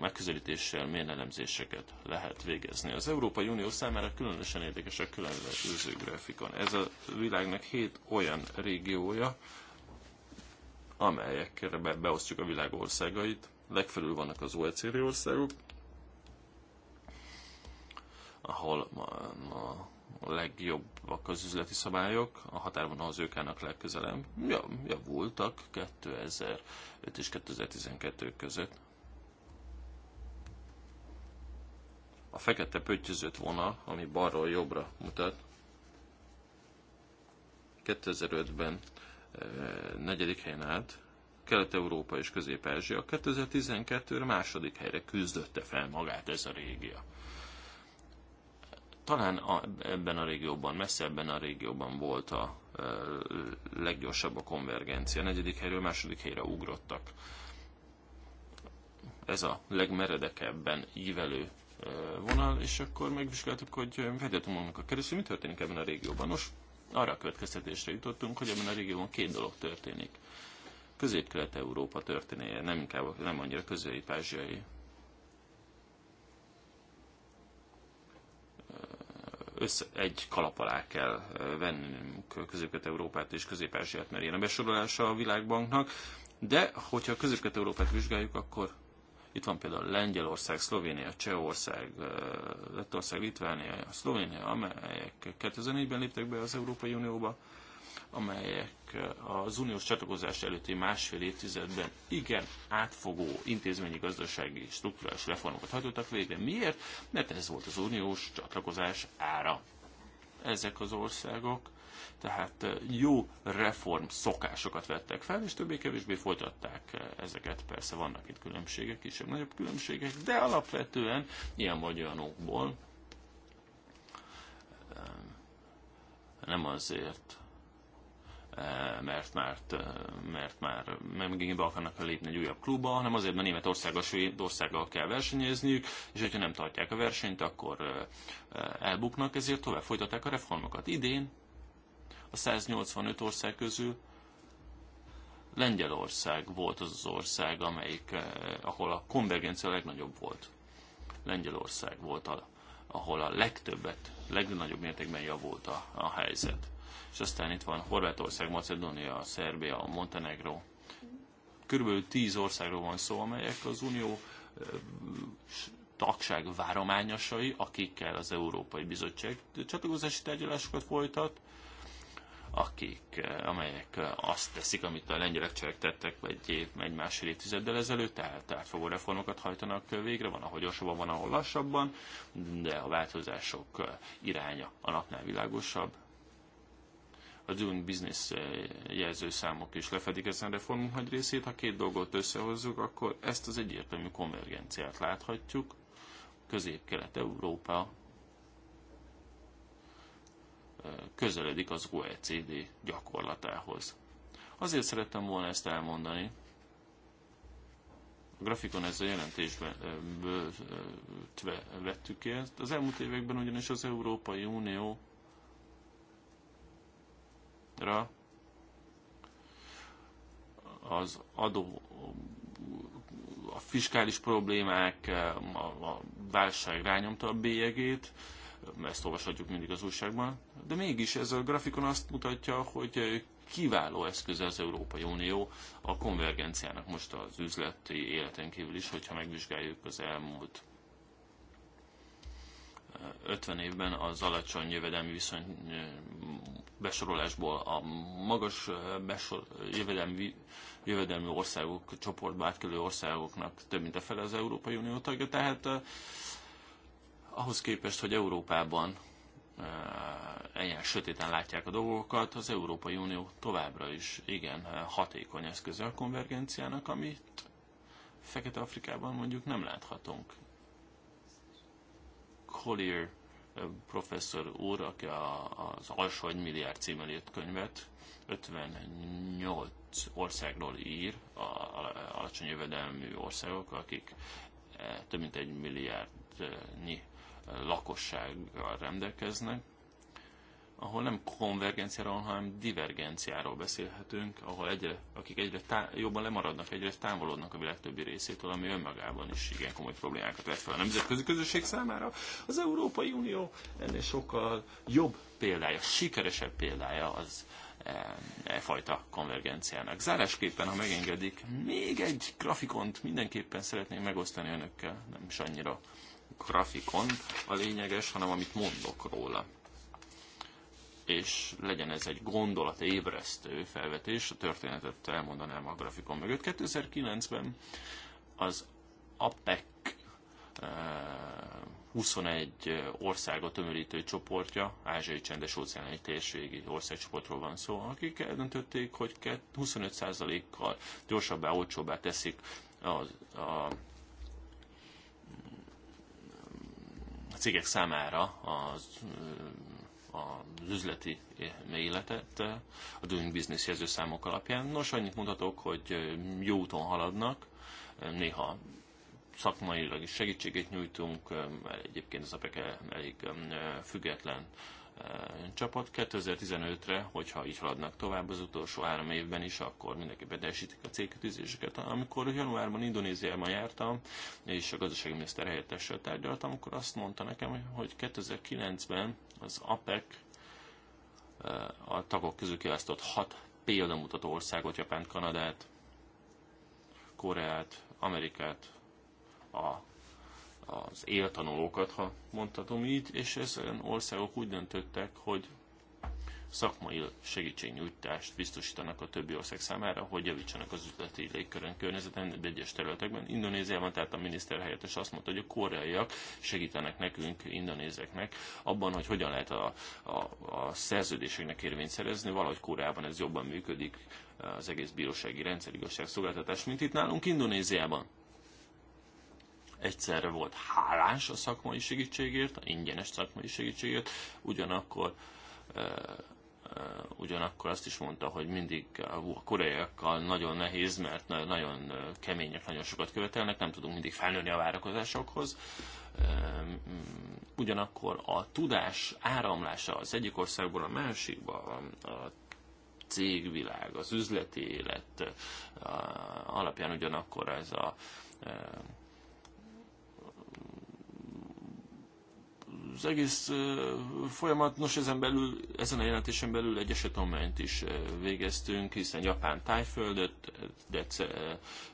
megközelítéssel milyen elemzéseket lehet végezni. Az Európai Unió számára különösen érdekes a különböző grafikon. Ez a világnak hét olyan régiója, amelyekre beosztjuk a világ országait. Legfelül vannak az OECD országok, ahol a legjobbak az üzleti szabályok, a határvonalhoz ők állnak legközelebb. Ja, voltak 2005 és 2012 között. A fekete pöttyözött vonal, ami balról jobbra mutat, 2005-ben Eh, negyedik helyen állt, Kelet-Európa és Közép-Ázsia 2012-re második helyre küzdötte fel magát ez a régia. Talán a, ebben a régióban, messze ebben a régióban volt a e, leggyorsabb a konvergencia. negyedik helyről második helyre ugrottak. Ez a legmeredekebben ívelő e, vonal, és akkor megvizsgáltuk, hogy a keresztül mi történik ebben a régióban. Nos, arra a következtetésre jutottunk, hogy ebben a régióban két dolog történik. Közép-Kelet-Európa történéje, nem inkább, nem annyira közép-ázsiai. Össze, egy kalap alá kell vennünk közöket európát és Közép-Ázsiát, mert ilyen a besorolása a világbanknak. De, hogyha a közöket európát vizsgáljuk, akkor itt van például Lengyelország, Szlovénia, Csehország, Lettország, Litvánia, Szlovénia, amelyek 2004-ben léptek be az Európai Unióba, amelyek az uniós csatlakozás előtti másfél évtizedben igen átfogó intézményi gazdasági struktúrális reformokat hajtottak végre. Miért? Mert ez volt az uniós csatlakozás ára. Ezek az országok tehát jó reform szokásokat vettek fel, és többé-kevésbé folytatták ezeket. Persze vannak itt különbségek, kisebb-nagyobb különbségek, de alapvetően ilyen vagy olyan okból nem azért, mert, mert, mert már megint be akarnak lépni egy újabb klubba, hanem azért, mert Németországgal, Svédországgal kell versenyezniük, és hogyha nem tartják a versenyt, akkor elbuknak, ezért tovább folytatják a reformokat. Idén a 185 ország közül Lengyelország volt az az ország, amelyik, eh, ahol a konvergencia legnagyobb volt. Lengyelország volt, a, ahol a legtöbbet, legnagyobb mértékben javult a, a helyzet. És aztán itt van Horvátország, Macedónia, Szerbia, Montenegro. Körülbelül 10 országról van szó, amelyek az unió eh, tagság várományosai, akikkel az Európai Bizottság csatlakozási tárgyalásokat folytat, akik, eh, amelyek eh, azt teszik, amit a lengyelek cselekedtek egy év, egy másfél évtizeddel ezelőtt, tehát átfogó reformokat hajtanak eh, végre, van ahol gyorsabban, van ahol lassabban, de a változások iránya a napnál világosabb. A Dune Business jelzőszámok is lefedik ezen reformunk nagy részét. Ha két dolgot összehozzuk, akkor ezt az egyértelmű konvergenciát láthatjuk. Közép-Kelet-Európa közeledik az OECD gyakorlatához. Azért szerettem volna ezt elmondani. A grafikon ez a jelentésben tve, vettük ki ezt. Az elmúlt években ugyanis az Európai Unió az adó a fiskális problémák, a, a válság rányomta a bélyegét, ezt olvashatjuk mindig az újságban, de mégis ez a grafikon azt mutatja, hogy kiváló eszköze az Európai Unió a konvergenciának most az üzleti életen kívül is, hogyha megvizsgáljuk az elmúlt 50 eh, évben az alacsony jövedelmi viszony eh, besorolásból a magas eh, besor, jövedelmi, jövedelmi országok csoportba átkelő országoknak több mint a fele az Európai Unió tagja, tehát ahhoz képest, hogy Európában eh, ilyen sötéten látják a dolgokat, az Európai Unió továbbra is igen eh, hatékony eszköze a konvergenciának, amit Fekete-Afrikában mondjuk nem láthatunk. Collier eh, professzor úr, aki az Alsó egy milliárd címmel írt könyvet, 58 országról ír, a alacsony jövedelmű országok, akik több mint egy milliárdnyi lakossággal rendelkeznek, ahol nem konvergenciáról, hanem divergenciáról beszélhetünk, ahol egyre, akik egyre tá- jobban lemaradnak, egyre távolodnak a világ többi részétől, ami önmagában is igen komoly problémákat vet fel a nemzetközi közösség számára. Az Európai Unió ennél sokkal jobb példája, sikeresebb példája az e, e fajta konvergenciának. Zárásképpen, ha megengedik, még egy grafikont mindenképpen szeretném megosztani önökkel, nem is annyira grafikon a lényeges, hanem amit mondok róla. És legyen ez egy gondolatébresztő felvetés, a történetet elmondanám a grafikon mögött. 2009-ben az APEC 21 eh, eh, országot ömörítő csoportja, ázsiai csendes óceáni térségi országcsoportról van szó, akik eldöntötték, hogy 25%-kal gyorsabbá, olcsóbbá teszik az, a a cégek számára az, az üzleti életet a Doing Business jelzőszámok alapján. Nos, annyit mutatok, hogy jó úton haladnak, néha szakmailag is segítséget nyújtunk, egyébként az APEK elég független Eh, csapat 2015-re, hogyha így haladnak tovább az utolsó három évben is, akkor mindenki teljesítik a célkötőzéseket. Amikor januárban Indonéziában jártam, és a gazdasági miniszter helyettessel tárgyaltam, akkor azt mondta nekem, hogy 2009-ben az APEC eh, a tagok közül kiválasztott hat példamutató országot, Japánt, Kanadát, Koreát, Amerikát, a az éltanulókat, ha mondhatom így, és ezen országok úgy döntöttek, hogy szakmai segítségnyújtást biztosítanak a többi ország számára, hogy javítsanak az üzleti légkörön környezeten egyes területekben. Indonéziában tehát a miniszter helyettes azt mondta, hogy a koreaiak segítenek nekünk, indonézeknek, abban, hogy hogyan lehet a, a, a szerződéseknek érvényt szerezni. Valahogy Koreában ez jobban működik az egész bírósági rendszer igazságszolgáltatás, mint itt nálunk Indonéziában egyszerre volt hálás a szakmai segítségért, a ingyenes szakmai segítségért, ugyanakkor ugyanakkor azt is mondta, hogy mindig a koreaiakkal nagyon nehéz, mert nagyon kemények, nagyon sokat követelnek, nem tudunk mindig felnőni a várakozásokhoz. Ugyanakkor a tudás áramlása az egyik országból a másikba, a cégvilág, az üzleti élet alapján ugyanakkor ez a az egész folyamat, nos ezen belül, ezen a jelentésen belül egy esetanmányt is végeztünk, hiszen Japán tájföldöt de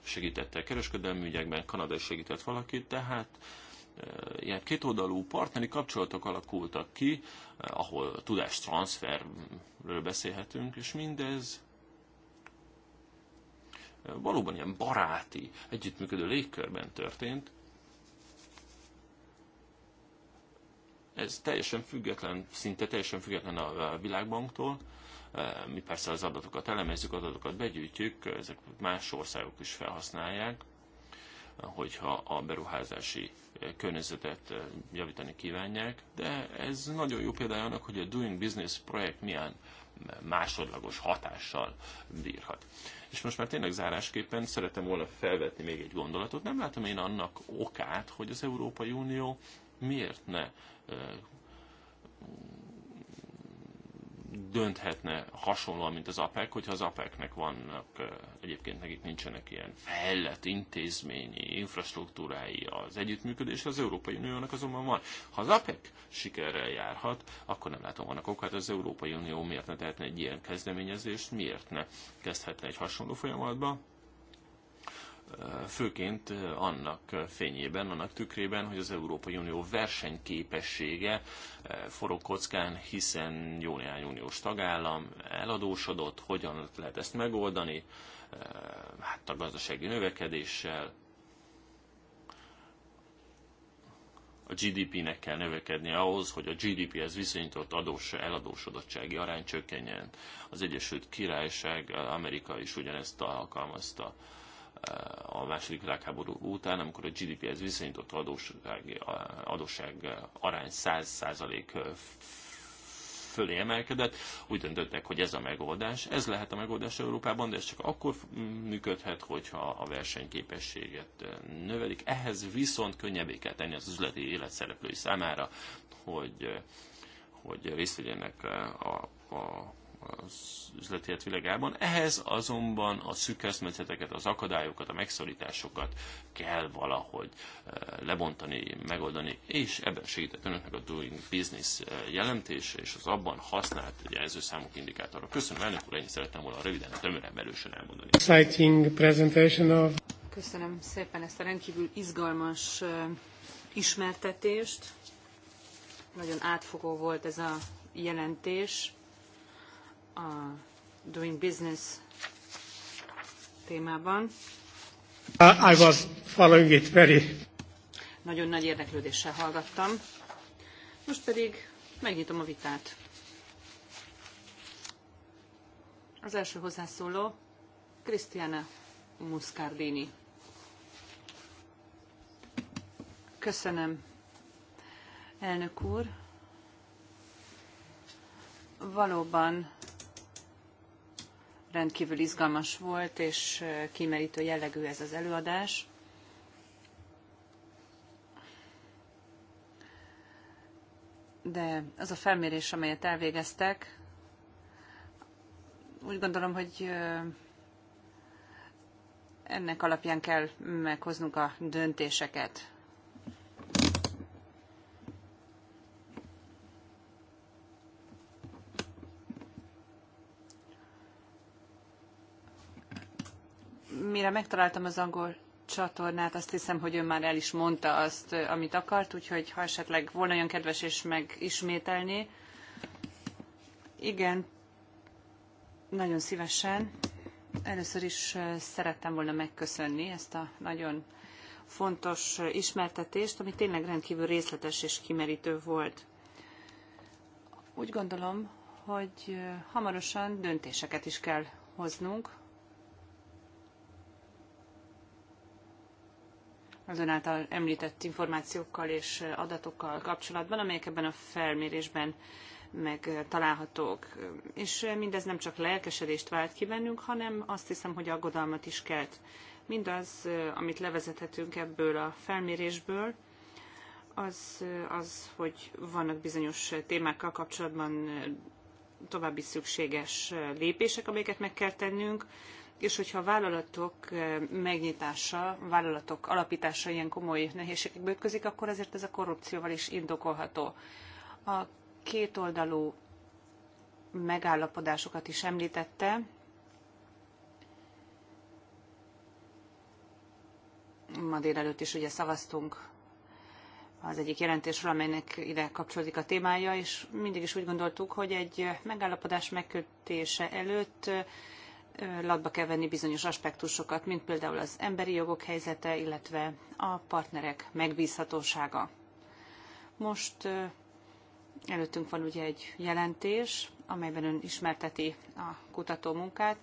segítette kereskedelmi ügyekben, Kanada is segített valakit, tehát ilyen kétoldalú partneri kapcsolatok alakultak ki, ahol tudás transferről beszélhetünk, és mindez valóban ilyen baráti, együttműködő légkörben történt, Ez teljesen független, szinte teljesen független a világbanktól. E, mi persze az adatokat elemezzük, az adatokat begyűjtjük, ezek más országok is felhasználják, hogyha a beruházási e, környezetet e, javítani kívánják, de ez nagyon jó példája annak, hogy a Doing Business projekt milyen másodlagos hatással bírhat. És most már tényleg zárásképpen szeretem volna felvetni még egy gondolatot. Nem látom én annak okát, hogy az Európai Unió miért ne dönthetne hasonlóan, mint az APEC, hogyha az APEC-nek vannak, egyébként nekik nincsenek ilyen fejlett intézményi, infrastruktúrái az együttműködés, az Európai Uniónak azonban van. Ha az APEC sikerrel járhat, akkor nem látom annak okát, az Európai Unió miért ne tehetne egy ilyen kezdeményezést, miért ne kezdhetne egy hasonló folyamatba, főként annak fényében, annak tükrében, hogy az Európai Unió versenyképessége forog kockán, hiszen jó néhány uniós tagállam eladósodott, hogyan lehet ezt megoldani, hát a gazdasági növekedéssel, a GDP-nek kell növekedni ahhoz, hogy a GDP-hez viszonyított adós, eladósodottsági arány csökkenjen. Az Egyesült Királyság, Amerika is ugyanezt alkalmazta a második világháború után, amikor a GDP-hez viszonyított adósság, adósság arány 100% fölé emelkedett, úgy döntöttek, hogy ez a megoldás. Ez lehet a megoldás Európában, de ez csak akkor működhet, hogyha a versenyképességet növelik. Ehhez viszont könnyebbé kell tenni az üzleti élet szereplői számára, hogy, hogy részt vegyenek a, a az üzleti élet világában. Ehhez azonban a szűk az akadályokat, a megszorításokat kell valahogy eh, lebontani, megoldani, és ebben segített önöknek a Doing Business eh, jelentése és az abban használt jelzőszámok indikátorra. Köszönöm, elnök úr, ennyit szerettem volna röviden, tömören, erősen elmondani. Exciting presentation of... Köszönöm szépen ezt a rendkívül izgalmas eh, ismertetést. Nagyon átfogó volt ez a jelentés a Doing Business témában. I was following it very. Nagyon nagy érdeklődéssel hallgattam. Most pedig megnyitom a vitát. Az első hozzászóló Krisztiana Muscardini. Köszönöm, elnök úr. Valóban rendkívül izgalmas volt és kimerítő jellegű ez az előadás. De az a felmérés, amelyet elvégeztek, úgy gondolom, hogy ennek alapján kell meghoznunk a döntéseket. mire megtaláltam az angol csatornát, azt hiszem, hogy ön már el is mondta azt, amit akart, úgyhogy ha esetleg volna olyan kedves és megismételni. Igen, nagyon szívesen. Először is szerettem volna megköszönni ezt a nagyon fontos ismertetést, ami tényleg rendkívül részletes és kimerítő volt. Úgy gondolom, hogy hamarosan döntéseket is kell hoznunk az önáltal említett információkkal és adatokkal kapcsolatban, amelyek ebben a felmérésben megtalálhatók. És mindez nem csak lelkesedést vált ki bennünk, hanem azt hiszem, hogy aggodalmat is kelt. Mindaz, amit levezethetünk ebből a felmérésből, az, az, hogy vannak bizonyos témákkal kapcsolatban további szükséges lépések, amelyeket meg kell tennünk, és hogyha a vállalatok eh, megnyitása, vállalatok alapítása ilyen komoly nehézségekbe ütközik, akkor azért ez a korrupcióval is indokolható. A kétoldalú megállapodásokat is említette, ma délelőtt is ugye szavaztunk az egyik jelentésről, amelynek ide kapcsolódik a témája, és mindig is úgy gondoltuk, hogy egy megállapodás megkötése előtt latba kell venni bizonyos aspektusokat, mint például az emberi jogok helyzete, illetve a partnerek megbízhatósága. Most előttünk van ugye egy jelentés, amelyben ön ismerteti a kutató munkát.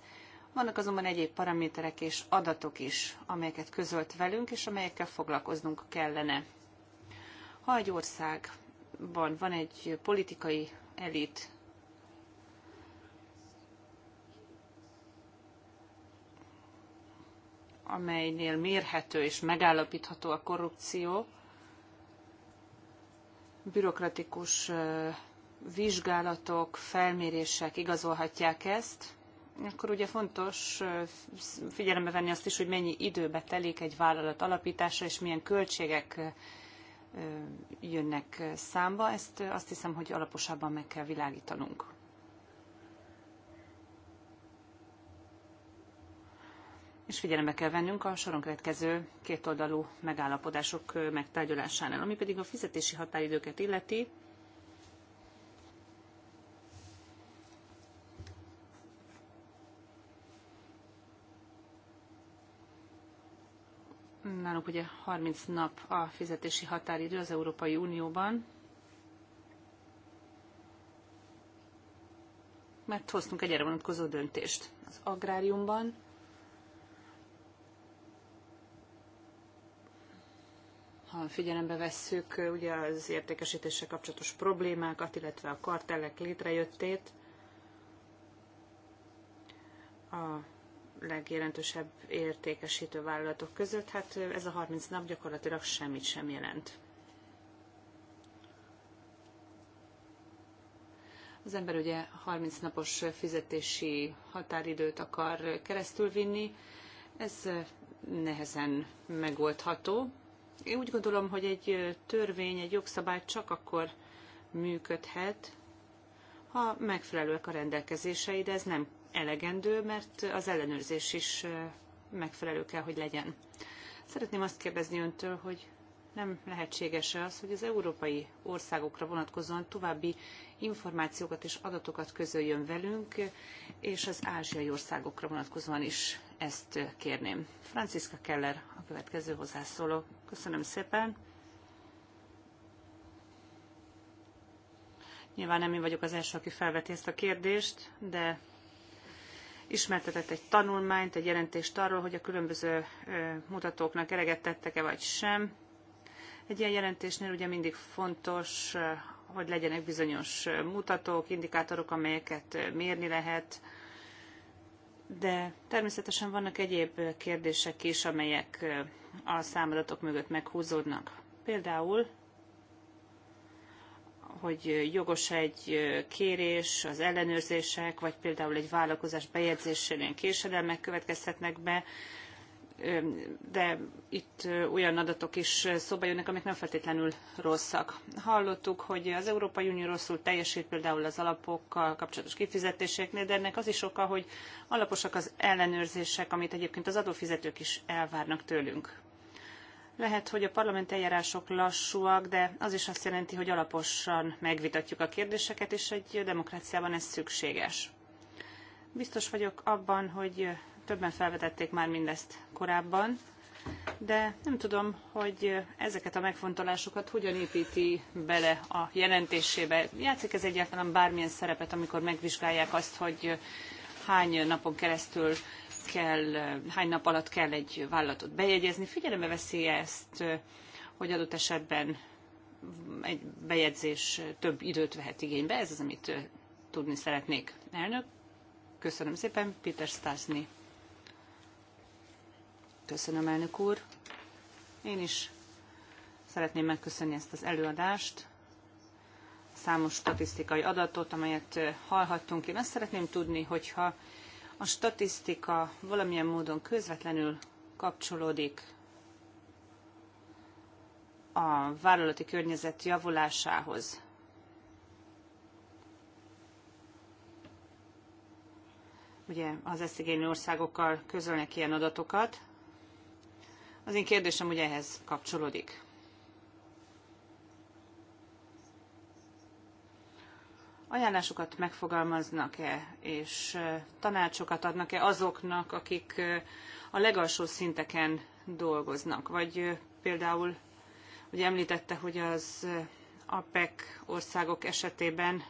Vannak azonban egyéb paraméterek és adatok is, amelyeket közölt velünk, és amelyekkel foglalkoznunk kellene. Ha egy országban van egy politikai elit, amelynél mérhető és megállapítható a korrupció, bürokratikus vizsgálatok, felmérések igazolhatják ezt, akkor ugye fontos figyelembe venni azt is, hogy mennyi időbe telik egy vállalat alapítása, és milyen költségek jönnek számba. Ezt azt hiszem, hogy alaposabban meg kell világítanunk. és figyelembe kell vennünk a soron következő kétoldalú megállapodások megtárgyalásánál. Ami pedig a fizetési határidőket illeti, nálunk ugye 30 nap a fizetési határidő az Európai Unióban, mert hoztunk egy erre vonatkozó döntést az agráriumban, ha figyelembe vesszük ugye az értékesítéssel kapcsolatos problémákat, illetve a kartellek létrejöttét, a legjelentősebb értékesítő vállalatok között, hát ez a 30 nap gyakorlatilag semmit sem jelent. Az ember ugye 30 napos fizetési határidőt akar keresztül vinni, ez nehezen megoldható, én úgy gondolom, hogy egy törvény, egy jogszabály csak akkor működhet, ha megfelelőek a rendelkezései, de ez nem elegendő, mert az ellenőrzés is megfelelő kell, hogy legyen. Szeretném azt kérdezni öntől, hogy nem lehetséges az, hogy az európai országokra vonatkozóan további információkat és adatokat közöljön velünk, és az ázsiai országokra vonatkozóan is ezt kérném. Franciska Keller a következő hozzászóló. Köszönöm szépen. Nyilván nem én vagyok az első, aki felveti ezt a kérdést, de ismertetett egy tanulmányt, egy jelentést arról, hogy a különböző mutatóknak eleget tettek-e vagy sem egy ilyen jelentésnél ugye mindig fontos, hogy legyenek bizonyos mutatók, indikátorok, amelyeket mérni lehet, de természetesen vannak egyéb kérdések is, amelyek a számadatok mögött meghúzódnak. Például, hogy jogos egy kérés, az ellenőrzések, vagy például egy vállalkozás bejegyzésénél késedelmek következhetnek be, de itt olyan adatok is szóba jönnek, amik nem feltétlenül rosszak. Hallottuk, hogy az Európai Unió rosszul teljesít például az alapokkal kapcsolatos kifizetéseknél, de ennek az is oka, hogy alaposak az ellenőrzések, amit egyébként az adófizetők is elvárnak tőlünk. Lehet, hogy a parlament eljárások lassúak, de az is azt jelenti, hogy alaposan megvitatjuk a kérdéseket, és egy demokráciában ez szükséges. Biztos vagyok abban, hogy Többen felvetették már mindezt korábban, de nem tudom, hogy ezeket a megfontolásokat hogyan építi bele a jelentésébe. Játszik ez egyáltalán bármilyen szerepet, amikor megvizsgálják azt, hogy hány napon keresztül kell, hány nap alatt kell egy vállalatot bejegyezni. Figyelembe veszi ezt, hogy adott esetben egy bejegyzés több időt vehet igénybe. Ez az, amit tudni szeretnék. Elnök, köszönöm szépen, Péter Köszönöm, elnök úr. Én is szeretném megköszönni ezt az előadást, számos statisztikai adatot, amelyet hallhattunk. Én azt szeretném tudni, hogyha a statisztika valamilyen módon közvetlenül kapcsolódik a vállalati környezet javulásához. Ugye az eszigényi országokkal közölnek ilyen adatokat, az én kérdésem ugye ehhez kapcsolódik. Ajánlásokat megfogalmaznak-e, és tanácsokat adnak-e azoknak, akik a legalsó szinteken dolgoznak? Vagy például, ugye említette, hogy az APEC országok esetében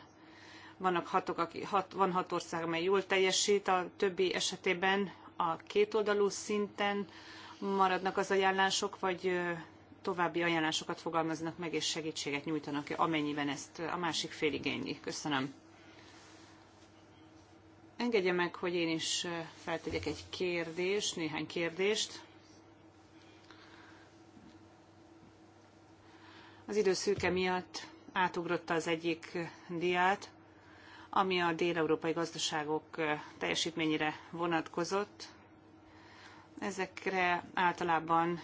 vannak hatok, hat, van hat ország, amely jól teljesít, a többi esetében a kétoldalú szinten maradnak az ajánlások, vagy további ajánlásokat fogalmaznak meg, és segítséget nyújtanak, amennyiben ezt a másik fél igényli. Köszönöm. Engedje meg, hogy én is feltegyek egy kérdést, néhány kérdést. Az időszűke miatt átugrotta az egyik diát, ami a déleurópai gazdaságok teljesítményére vonatkozott. Ezekre általában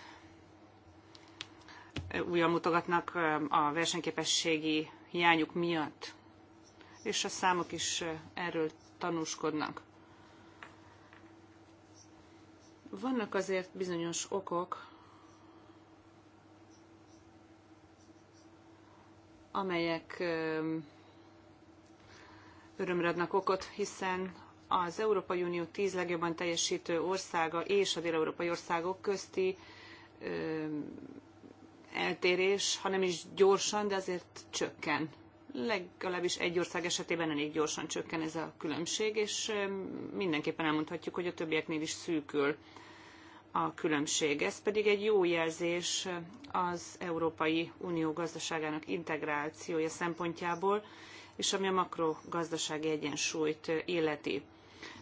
újra mutogatnak a versenyképességi hiányuk miatt, és a számok is erről tanúskodnak. Vannak azért bizonyos okok, amelyek örömre adnak okot, hiszen az Európai Unió tíz legjobban teljesítő országa és a dél-európai országok közti eltérés, hanem is gyorsan, de azért csökken. Legalábbis egy ország esetében elég gyorsan csökken ez a különbség, és mindenképpen elmondhatjuk, hogy a többieknél is szűkül a különbség. Ez pedig egy jó jelzés az Európai Unió gazdaságának integrációja szempontjából, és ami a makrogazdasági egyensúlyt illeti.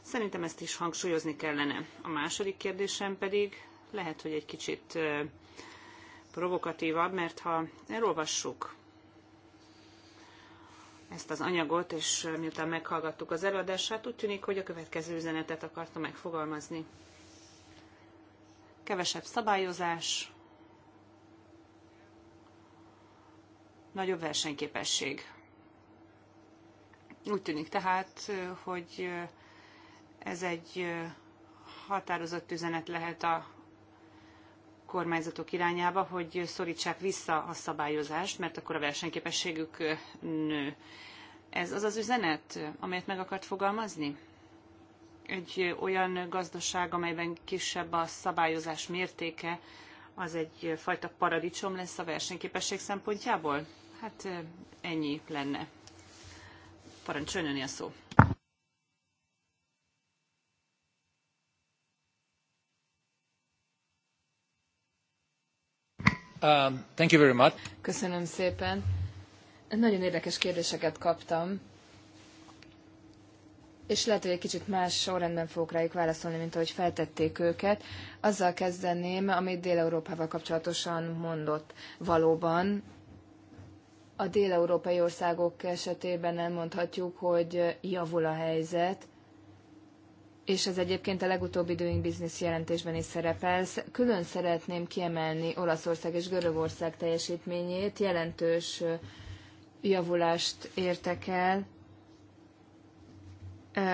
Szerintem ezt is hangsúlyozni kellene. A második kérdésem pedig lehet, hogy egy kicsit provokatívabb, mert ha elolvassuk ezt az anyagot, és miután meghallgattuk az előadását, úgy tűnik, hogy a következő üzenetet akarta megfogalmazni. Kevesebb szabályozás, nagyobb versenyképesség. Úgy tűnik tehát, hogy ez egy határozott üzenet lehet a kormányzatok irányába, hogy szorítsák vissza a szabályozást, mert akkor a versenyképességük nő. Ez az az üzenet, amelyet meg akart fogalmazni? Egy olyan gazdaság, amelyben kisebb a szabályozás mértéke, az egy fajta paradicsom lesz a versenyképesség szempontjából? Hát ennyi lenne. Parancsoljon a szó. Um, Köszönöm szépen. Nagyon érdekes kérdéseket kaptam, és lehet, hogy egy kicsit más sorrendben fogok rájuk válaszolni, mint ahogy feltették őket. Azzal kezdeném, amit Dél-Európával kapcsolatosan mondott. Valóban a dél-európai országok esetében elmondhatjuk, hogy javul a helyzet, és ez egyébként a legutóbbi Doing Business jelentésben is szerepel. Külön szeretném kiemelni Olaszország és Görögország teljesítményét, jelentős javulást értek el.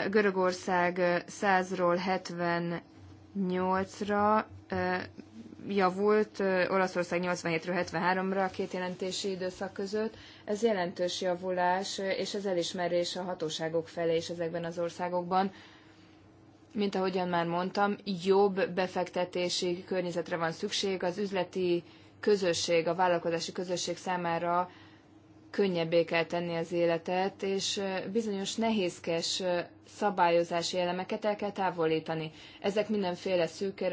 Görögország 100-ról 78-ra javult, Olaszország 87-ről 73-ra a két jelentési időszak között. Ez jelentős javulás, és ez elismerés a hatóságok felé is ezekben az országokban mint ahogyan már mondtam, jobb befektetési környezetre van szükség, az üzleti közösség, a vállalkozási közösség számára könnyebbé kell tenni az életet, és bizonyos nehézkes szabályozási elemeket el kell távolítani. Ezek mindenféle szűk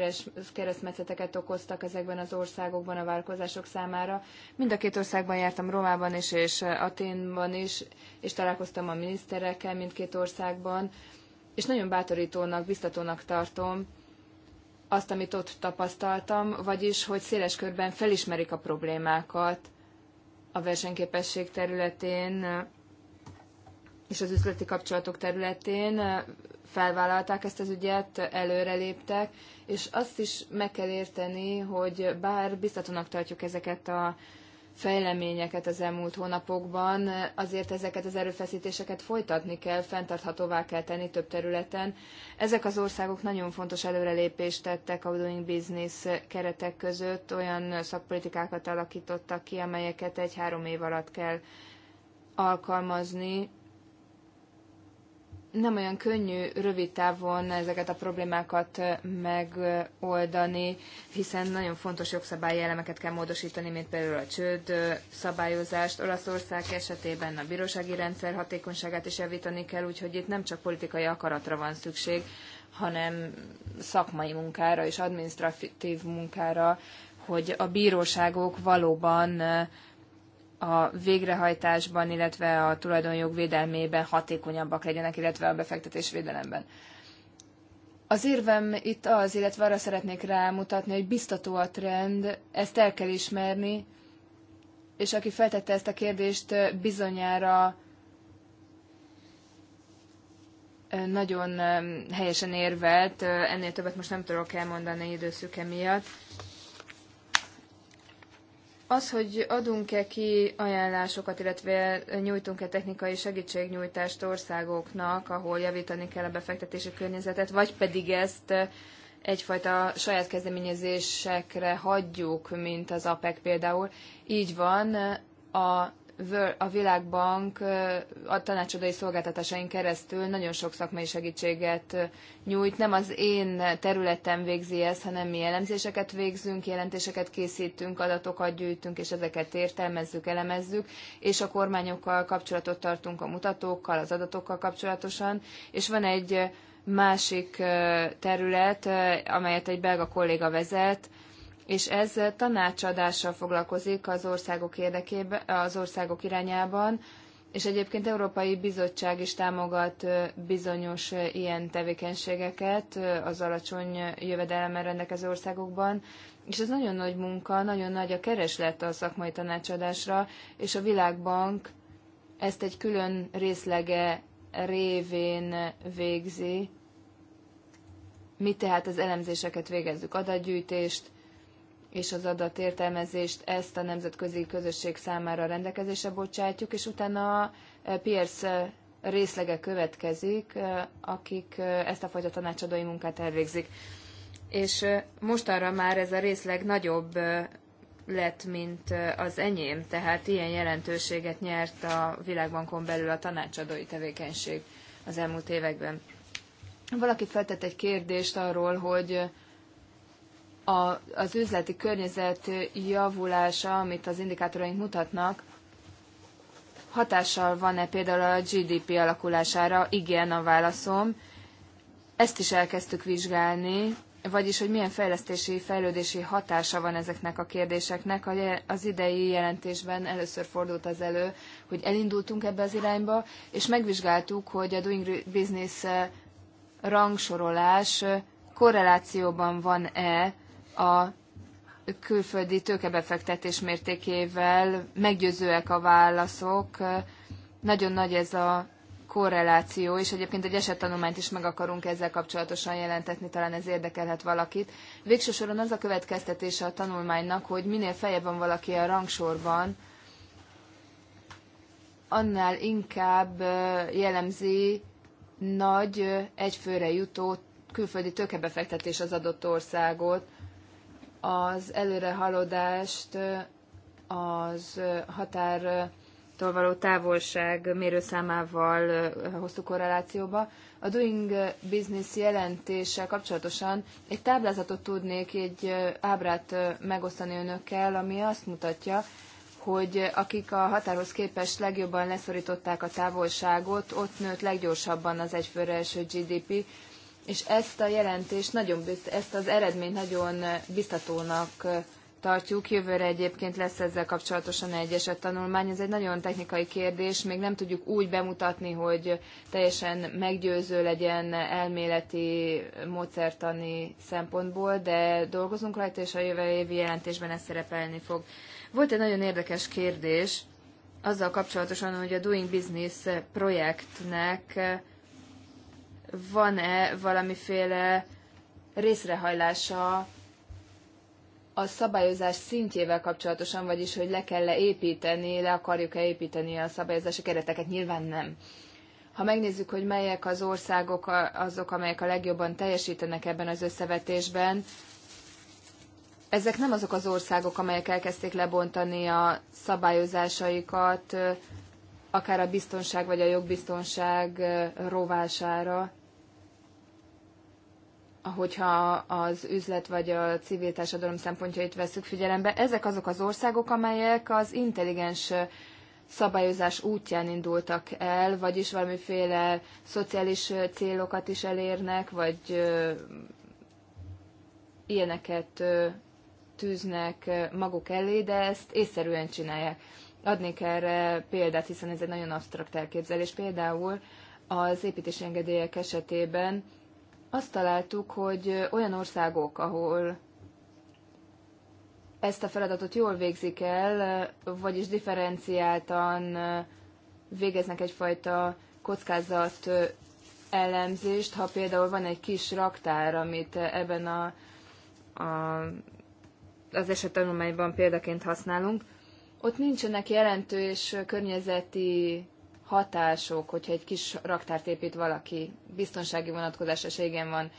keresztmetszeteket okoztak ezekben az országokban a vállalkozások számára. Mind a két országban jártam, Romában is és Aténban is, és találkoztam a miniszterekkel mindkét országban és nagyon bátorítónak, biztatónak tartom azt, amit ott tapasztaltam, vagyis, hogy széles körben felismerik a problémákat a versenyképesség területén és az üzleti kapcsolatok területén, felvállalták ezt az ügyet, előreléptek, és azt is meg kell érteni, hogy bár biztatónak tartjuk ezeket a fejleményeket az elmúlt hónapokban, azért ezeket az erőfeszítéseket folytatni kell, fenntarthatóvá kell tenni több területen. Ezek az országok nagyon fontos előrelépést tettek a Doing Business keretek között, olyan szakpolitikákat alakítottak ki, amelyeket egy-három év alatt kell alkalmazni, nem olyan könnyű rövid távon ezeket a problémákat megoldani, hiszen nagyon fontos jogszabályi elemeket kell módosítani, mint például a csőd szabályozást. Olaszország esetében a bírósági rendszer hatékonyságát is javítani kell, úgyhogy itt nem csak politikai akaratra van szükség, hanem szakmai munkára és administratív munkára, hogy a bíróságok valóban a végrehajtásban, illetve a tulajdonjog védelmében hatékonyabbak legyenek, illetve a befektetés védelemben. Az érvem itt az, illetve arra szeretnék rámutatni, hogy biztató a trend, ezt el kell ismerni, és aki feltette ezt a kérdést, bizonyára nagyon helyesen érvelt, ennél többet most nem tudok elmondani időszüke miatt, az, hogy adunk-e ki ajánlásokat, illetve nyújtunk-e technikai segítségnyújtást országoknak, ahol javítani kell a befektetési környezetet, vagy pedig ezt egyfajta saját kezdeményezésekre hagyjuk, mint az APEC például. Így van, a a Világbank a tanácsadói szolgáltatásain keresztül nagyon sok szakmai segítséget nyújt. Nem az én területem végzi ezt, hanem mi elemzéseket végzünk, jelentéseket készítünk, adatokat gyűjtünk, és ezeket értelmezzük, elemezzük, és a kormányokkal kapcsolatot tartunk a mutatókkal, az adatokkal kapcsolatosan, és van egy másik terület, amelyet egy belga kolléga vezet, és ez tanácsadással foglalkozik az országok érdekében, az országok irányában, és egyébként Európai Bizottság is támogat bizonyos ilyen tevékenységeket az alacsony jövedelemmel rendelkező országokban, és ez nagyon nagy munka, nagyon nagy a kereslet a szakmai tanácsadásra, és a Világbank ezt egy külön részlege révén végzi. Mi tehát az elemzéseket végezzük, adatgyűjtést, és az adatértelmezést ezt a nemzetközi közösség számára rendelkezésre bocsátjuk, és utána a eh, Pierce eh, részlege következik, eh, akik ezt a fajta tanácsadói munkát elvégzik. És mostanra már ez a részleg nagyobb lett, mint az enyém, tehát ilyen jelentőséget nyert a Világbankon belül a tanácsadói tevékenység az elmúlt években. Valaki feltett egy kérdést arról, hogy a, az üzleti környezet javulása, amit az indikátoraink mutatnak, hatással van-e például a GDP alakulására? Igen a válaszom. Ezt is elkezdtük vizsgálni, vagyis hogy milyen fejlesztési, fejlődési hatása van ezeknek a kérdéseknek. Az idei jelentésben először fordult az elő, hogy elindultunk ebbe az irányba, és megvizsgáltuk, hogy a Doing Business rangsorolás korrelációban van-e a külföldi tőkebefektetés mértékével meggyőzőek a válaszok. Nagyon nagy ez a korreláció, és egyébként egy esettanulmányt is meg akarunk ezzel kapcsolatosan jelentetni, talán ez érdekelhet valakit. Végső soron az a következtetése a tanulmánynak, hogy minél feljebb van valaki a rangsorban, annál inkább jellemzi nagy, egyfőre jutó külföldi tőkebefektetés az adott országot, az előrehaladást az határ való távolság mérőszámával hoztuk korrelációba. A Doing Business jelentéssel kapcsolatosan egy táblázatot tudnék, egy ábrát megosztani önökkel, ami azt mutatja, hogy akik a határhoz képest legjobban leszorították a távolságot, ott nőtt leggyorsabban az egyfőre első GDP, és ezt a jelentést nagyon bizt, ezt az eredményt nagyon biztatónak tartjuk. Jövőre egyébként lesz ezzel kapcsolatosan egy eset tanulmány. Ez egy nagyon technikai kérdés, még nem tudjuk úgy bemutatni, hogy teljesen meggyőző legyen elméleti, módszertani szempontból, de dolgozunk rajta, és a jövő évi jelentésben ez szerepelni fog. Volt egy nagyon érdekes kérdés azzal kapcsolatosan, hogy a Doing Business projektnek van-e valamiféle részrehajlása a szabályozás szintjével kapcsolatosan, vagyis hogy le kell-e építeni, le akarjuk-e építeni a szabályozási kereteket, nyilván nem. Ha megnézzük, hogy melyek az országok azok, amelyek a legjobban teljesítenek ebben az összevetésben, ezek nem azok az országok, amelyek elkezdték lebontani a szabályozásaikat, akár a biztonság vagy a jogbiztonság rovására hogyha az üzlet vagy a civil társadalom szempontjait veszük figyelembe, ezek azok az országok, amelyek az intelligens szabályozás útján indultak el, vagyis valamiféle szociális célokat is elérnek, vagy ilyeneket tűznek maguk elé, de ezt észszerűen csinálják. Adnék erre példát, hiszen ez egy nagyon absztrakt elképzelés. Például az építési engedélyek esetében azt találtuk, hogy olyan országok, ahol ezt a feladatot jól végzik el, vagyis differenciáltan végeznek egyfajta kockázat elemzést, ha például van egy kis raktár, amit ebben a, a, az esettanulmányban példaként használunk, ott nincsenek jelentős környezeti hatások, hogyha egy kis raktárt épít valaki, biztonsági vonatkozás igen van,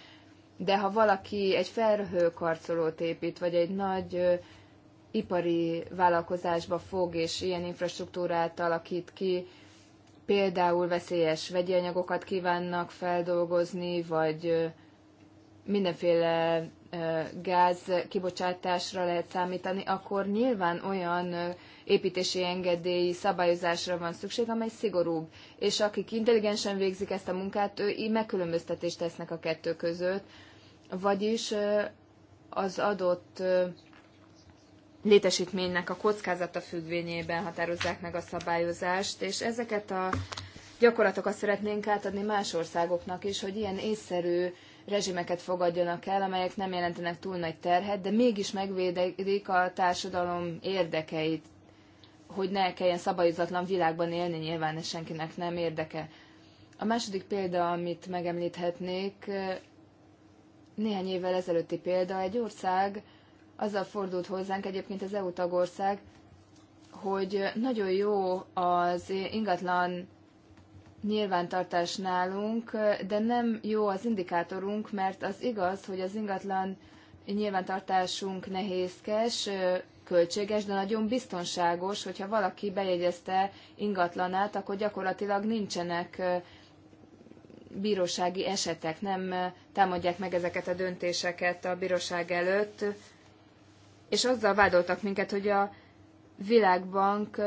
de ha valaki egy felhőkarcolót épít, vagy egy nagy ipari vállalkozásba fog, és ilyen infrastruktúrát alakít ki, például veszélyes vegyi anyagokat kívánnak feldolgozni, vagy mindenféle gáz kibocsátásra lehet számítani, akkor nyilván olyan építési engedélyi szabályozásra van szükség, amely szigorúbb. És akik intelligensen végzik ezt a munkát, ő így megkülönböztetést tesznek a kettő között. Vagyis az adott létesítménynek a kockázata függvényében határozzák meg a szabályozást, és ezeket a gyakorlatokat szeretnénk átadni más országoknak is, hogy ilyen észszerű rezsimeket fogadjanak el, amelyek nem jelentenek túl nagy terhet, de mégis megvédik a társadalom érdekeit, hogy ne kelljen szabályozatlan világban élni, nyilván ez senkinek nem érdeke. A második példa, amit megemlíthetnék, néhány évvel ezelőtti példa, egy ország azzal fordult hozzánk, egyébként az EU tagország, hogy nagyon jó az ingatlan nyilvántartás nálunk, de nem jó az indikátorunk, mert az igaz, hogy az ingatlan nyilvántartásunk nehézkes, költséges, de nagyon biztonságos, hogyha valaki bejegyezte ingatlanát, akkor gyakorlatilag nincsenek bírósági esetek, nem támadják meg ezeket a döntéseket a bíróság előtt, és azzal vádoltak minket, hogy a világbank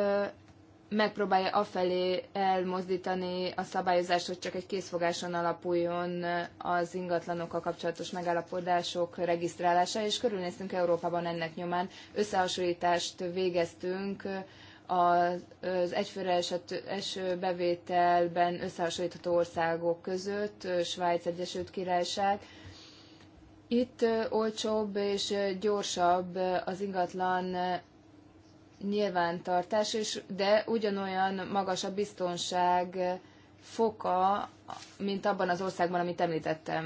megpróbálja afelé elmozdítani a szabályozást, hogy csak egy készfogáson alapuljon az ingatlanokkal kapcsolatos megállapodások regisztrálása, és körülnéztünk Európában ennek nyomán. Összehasonlítást végeztünk az egyfőre eső bevételben összehasonlítható országok között, Svájc, Egyesült Királyság, itt olcsóbb és gyorsabb az ingatlan nyilvántartás, és, de ugyanolyan magas a biztonság foka, mint abban az országban, amit említettem.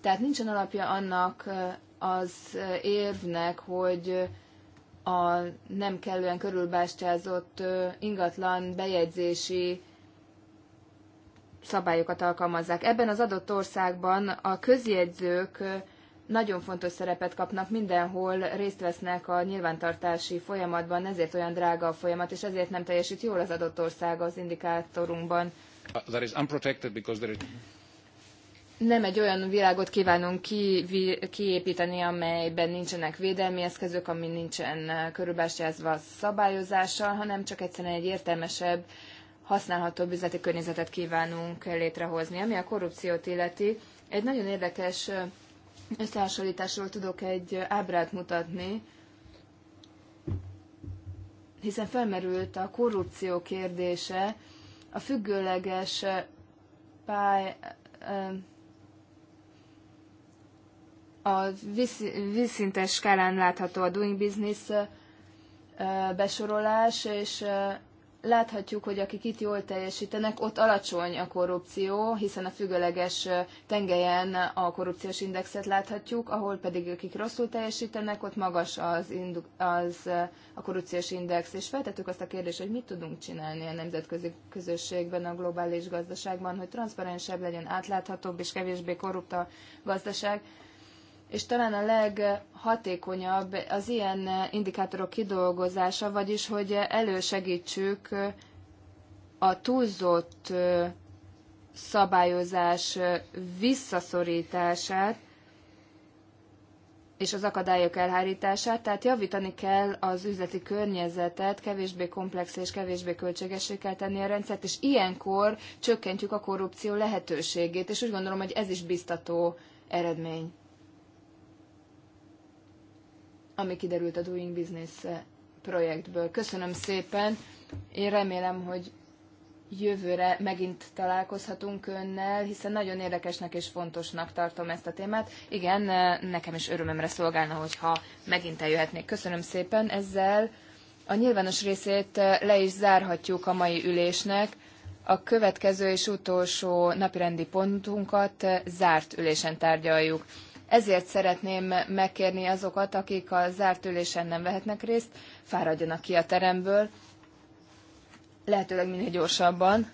Tehát nincsen alapja annak az érvnek, hogy a nem kellően körülbástyázott ingatlan bejegyzési szabályokat alkalmazzák. Ebben az adott országban a közjegyzők nagyon fontos szerepet kapnak, mindenhol részt vesznek a nyilvántartási folyamatban, ezért olyan drága a folyamat, és ezért nem teljesít jól az adott ország az indikátorunkban. Nem egy olyan világot kívánunk ki, kiépíteni, amelyben nincsenek védelmi eszközök, ami nincsen körülbástyázva szabályozással, hanem csak egyszerűen egy értelmesebb, használhatóbb üzleti környezetet kívánunk létrehozni. Ami a korrupciót illeti, egy nagyon érdekes összehasonlításról tudok egy ábrát mutatni, hiszen felmerült a korrupció kérdése, a függőleges eh, pály, eh, a vízszintes skálán látható a doing business eh, besorolás, és láthatjuk, hogy akik itt jól teljesítenek, ott alacsony a korrupció, hiszen a függőleges tengelyen a korrupciós indexet láthatjuk, ahol pedig akik rosszul teljesítenek, ott magas az, az a korrupciós index. És feltettük azt a kérdést, hogy mit tudunk csinálni a nemzetközi közösségben, a globális gazdaságban, hogy transzparensebb legyen, átláthatóbb és kevésbé korrupt a gazdaság és talán a leghatékonyabb az ilyen indikátorok kidolgozása, vagyis hogy elősegítsük a túlzott szabályozás visszaszorítását és az akadályok elhárítását, tehát javítani kell az üzleti környezetet, kevésbé komplex és kevésbé költségesé kell tenni a rendszert, és ilyenkor csökkentjük a korrupció lehetőségét, és úgy gondolom, hogy ez is biztató eredmény ami kiderült a Doing Business eh, projektből. Köszönöm szépen, én remélem, hogy jövőre megint találkozhatunk önnel, hiszen nagyon érdekesnek és fontosnak tartom ezt a témát. Igen, eh, nekem is örömemre szolgálna, hogyha megint eljöhetnék. Köszönöm szépen, ezzel a nyilvános részét eh, le is zárhatjuk a mai ülésnek. A következő és utolsó napirendi pontunkat zárt ülésen tárgyaljuk. Ezért szeretném megkérni azokat, akik a zárt ülésen nem vehetnek részt, fáradjanak ki a teremből, lehetőleg minél gyorsabban,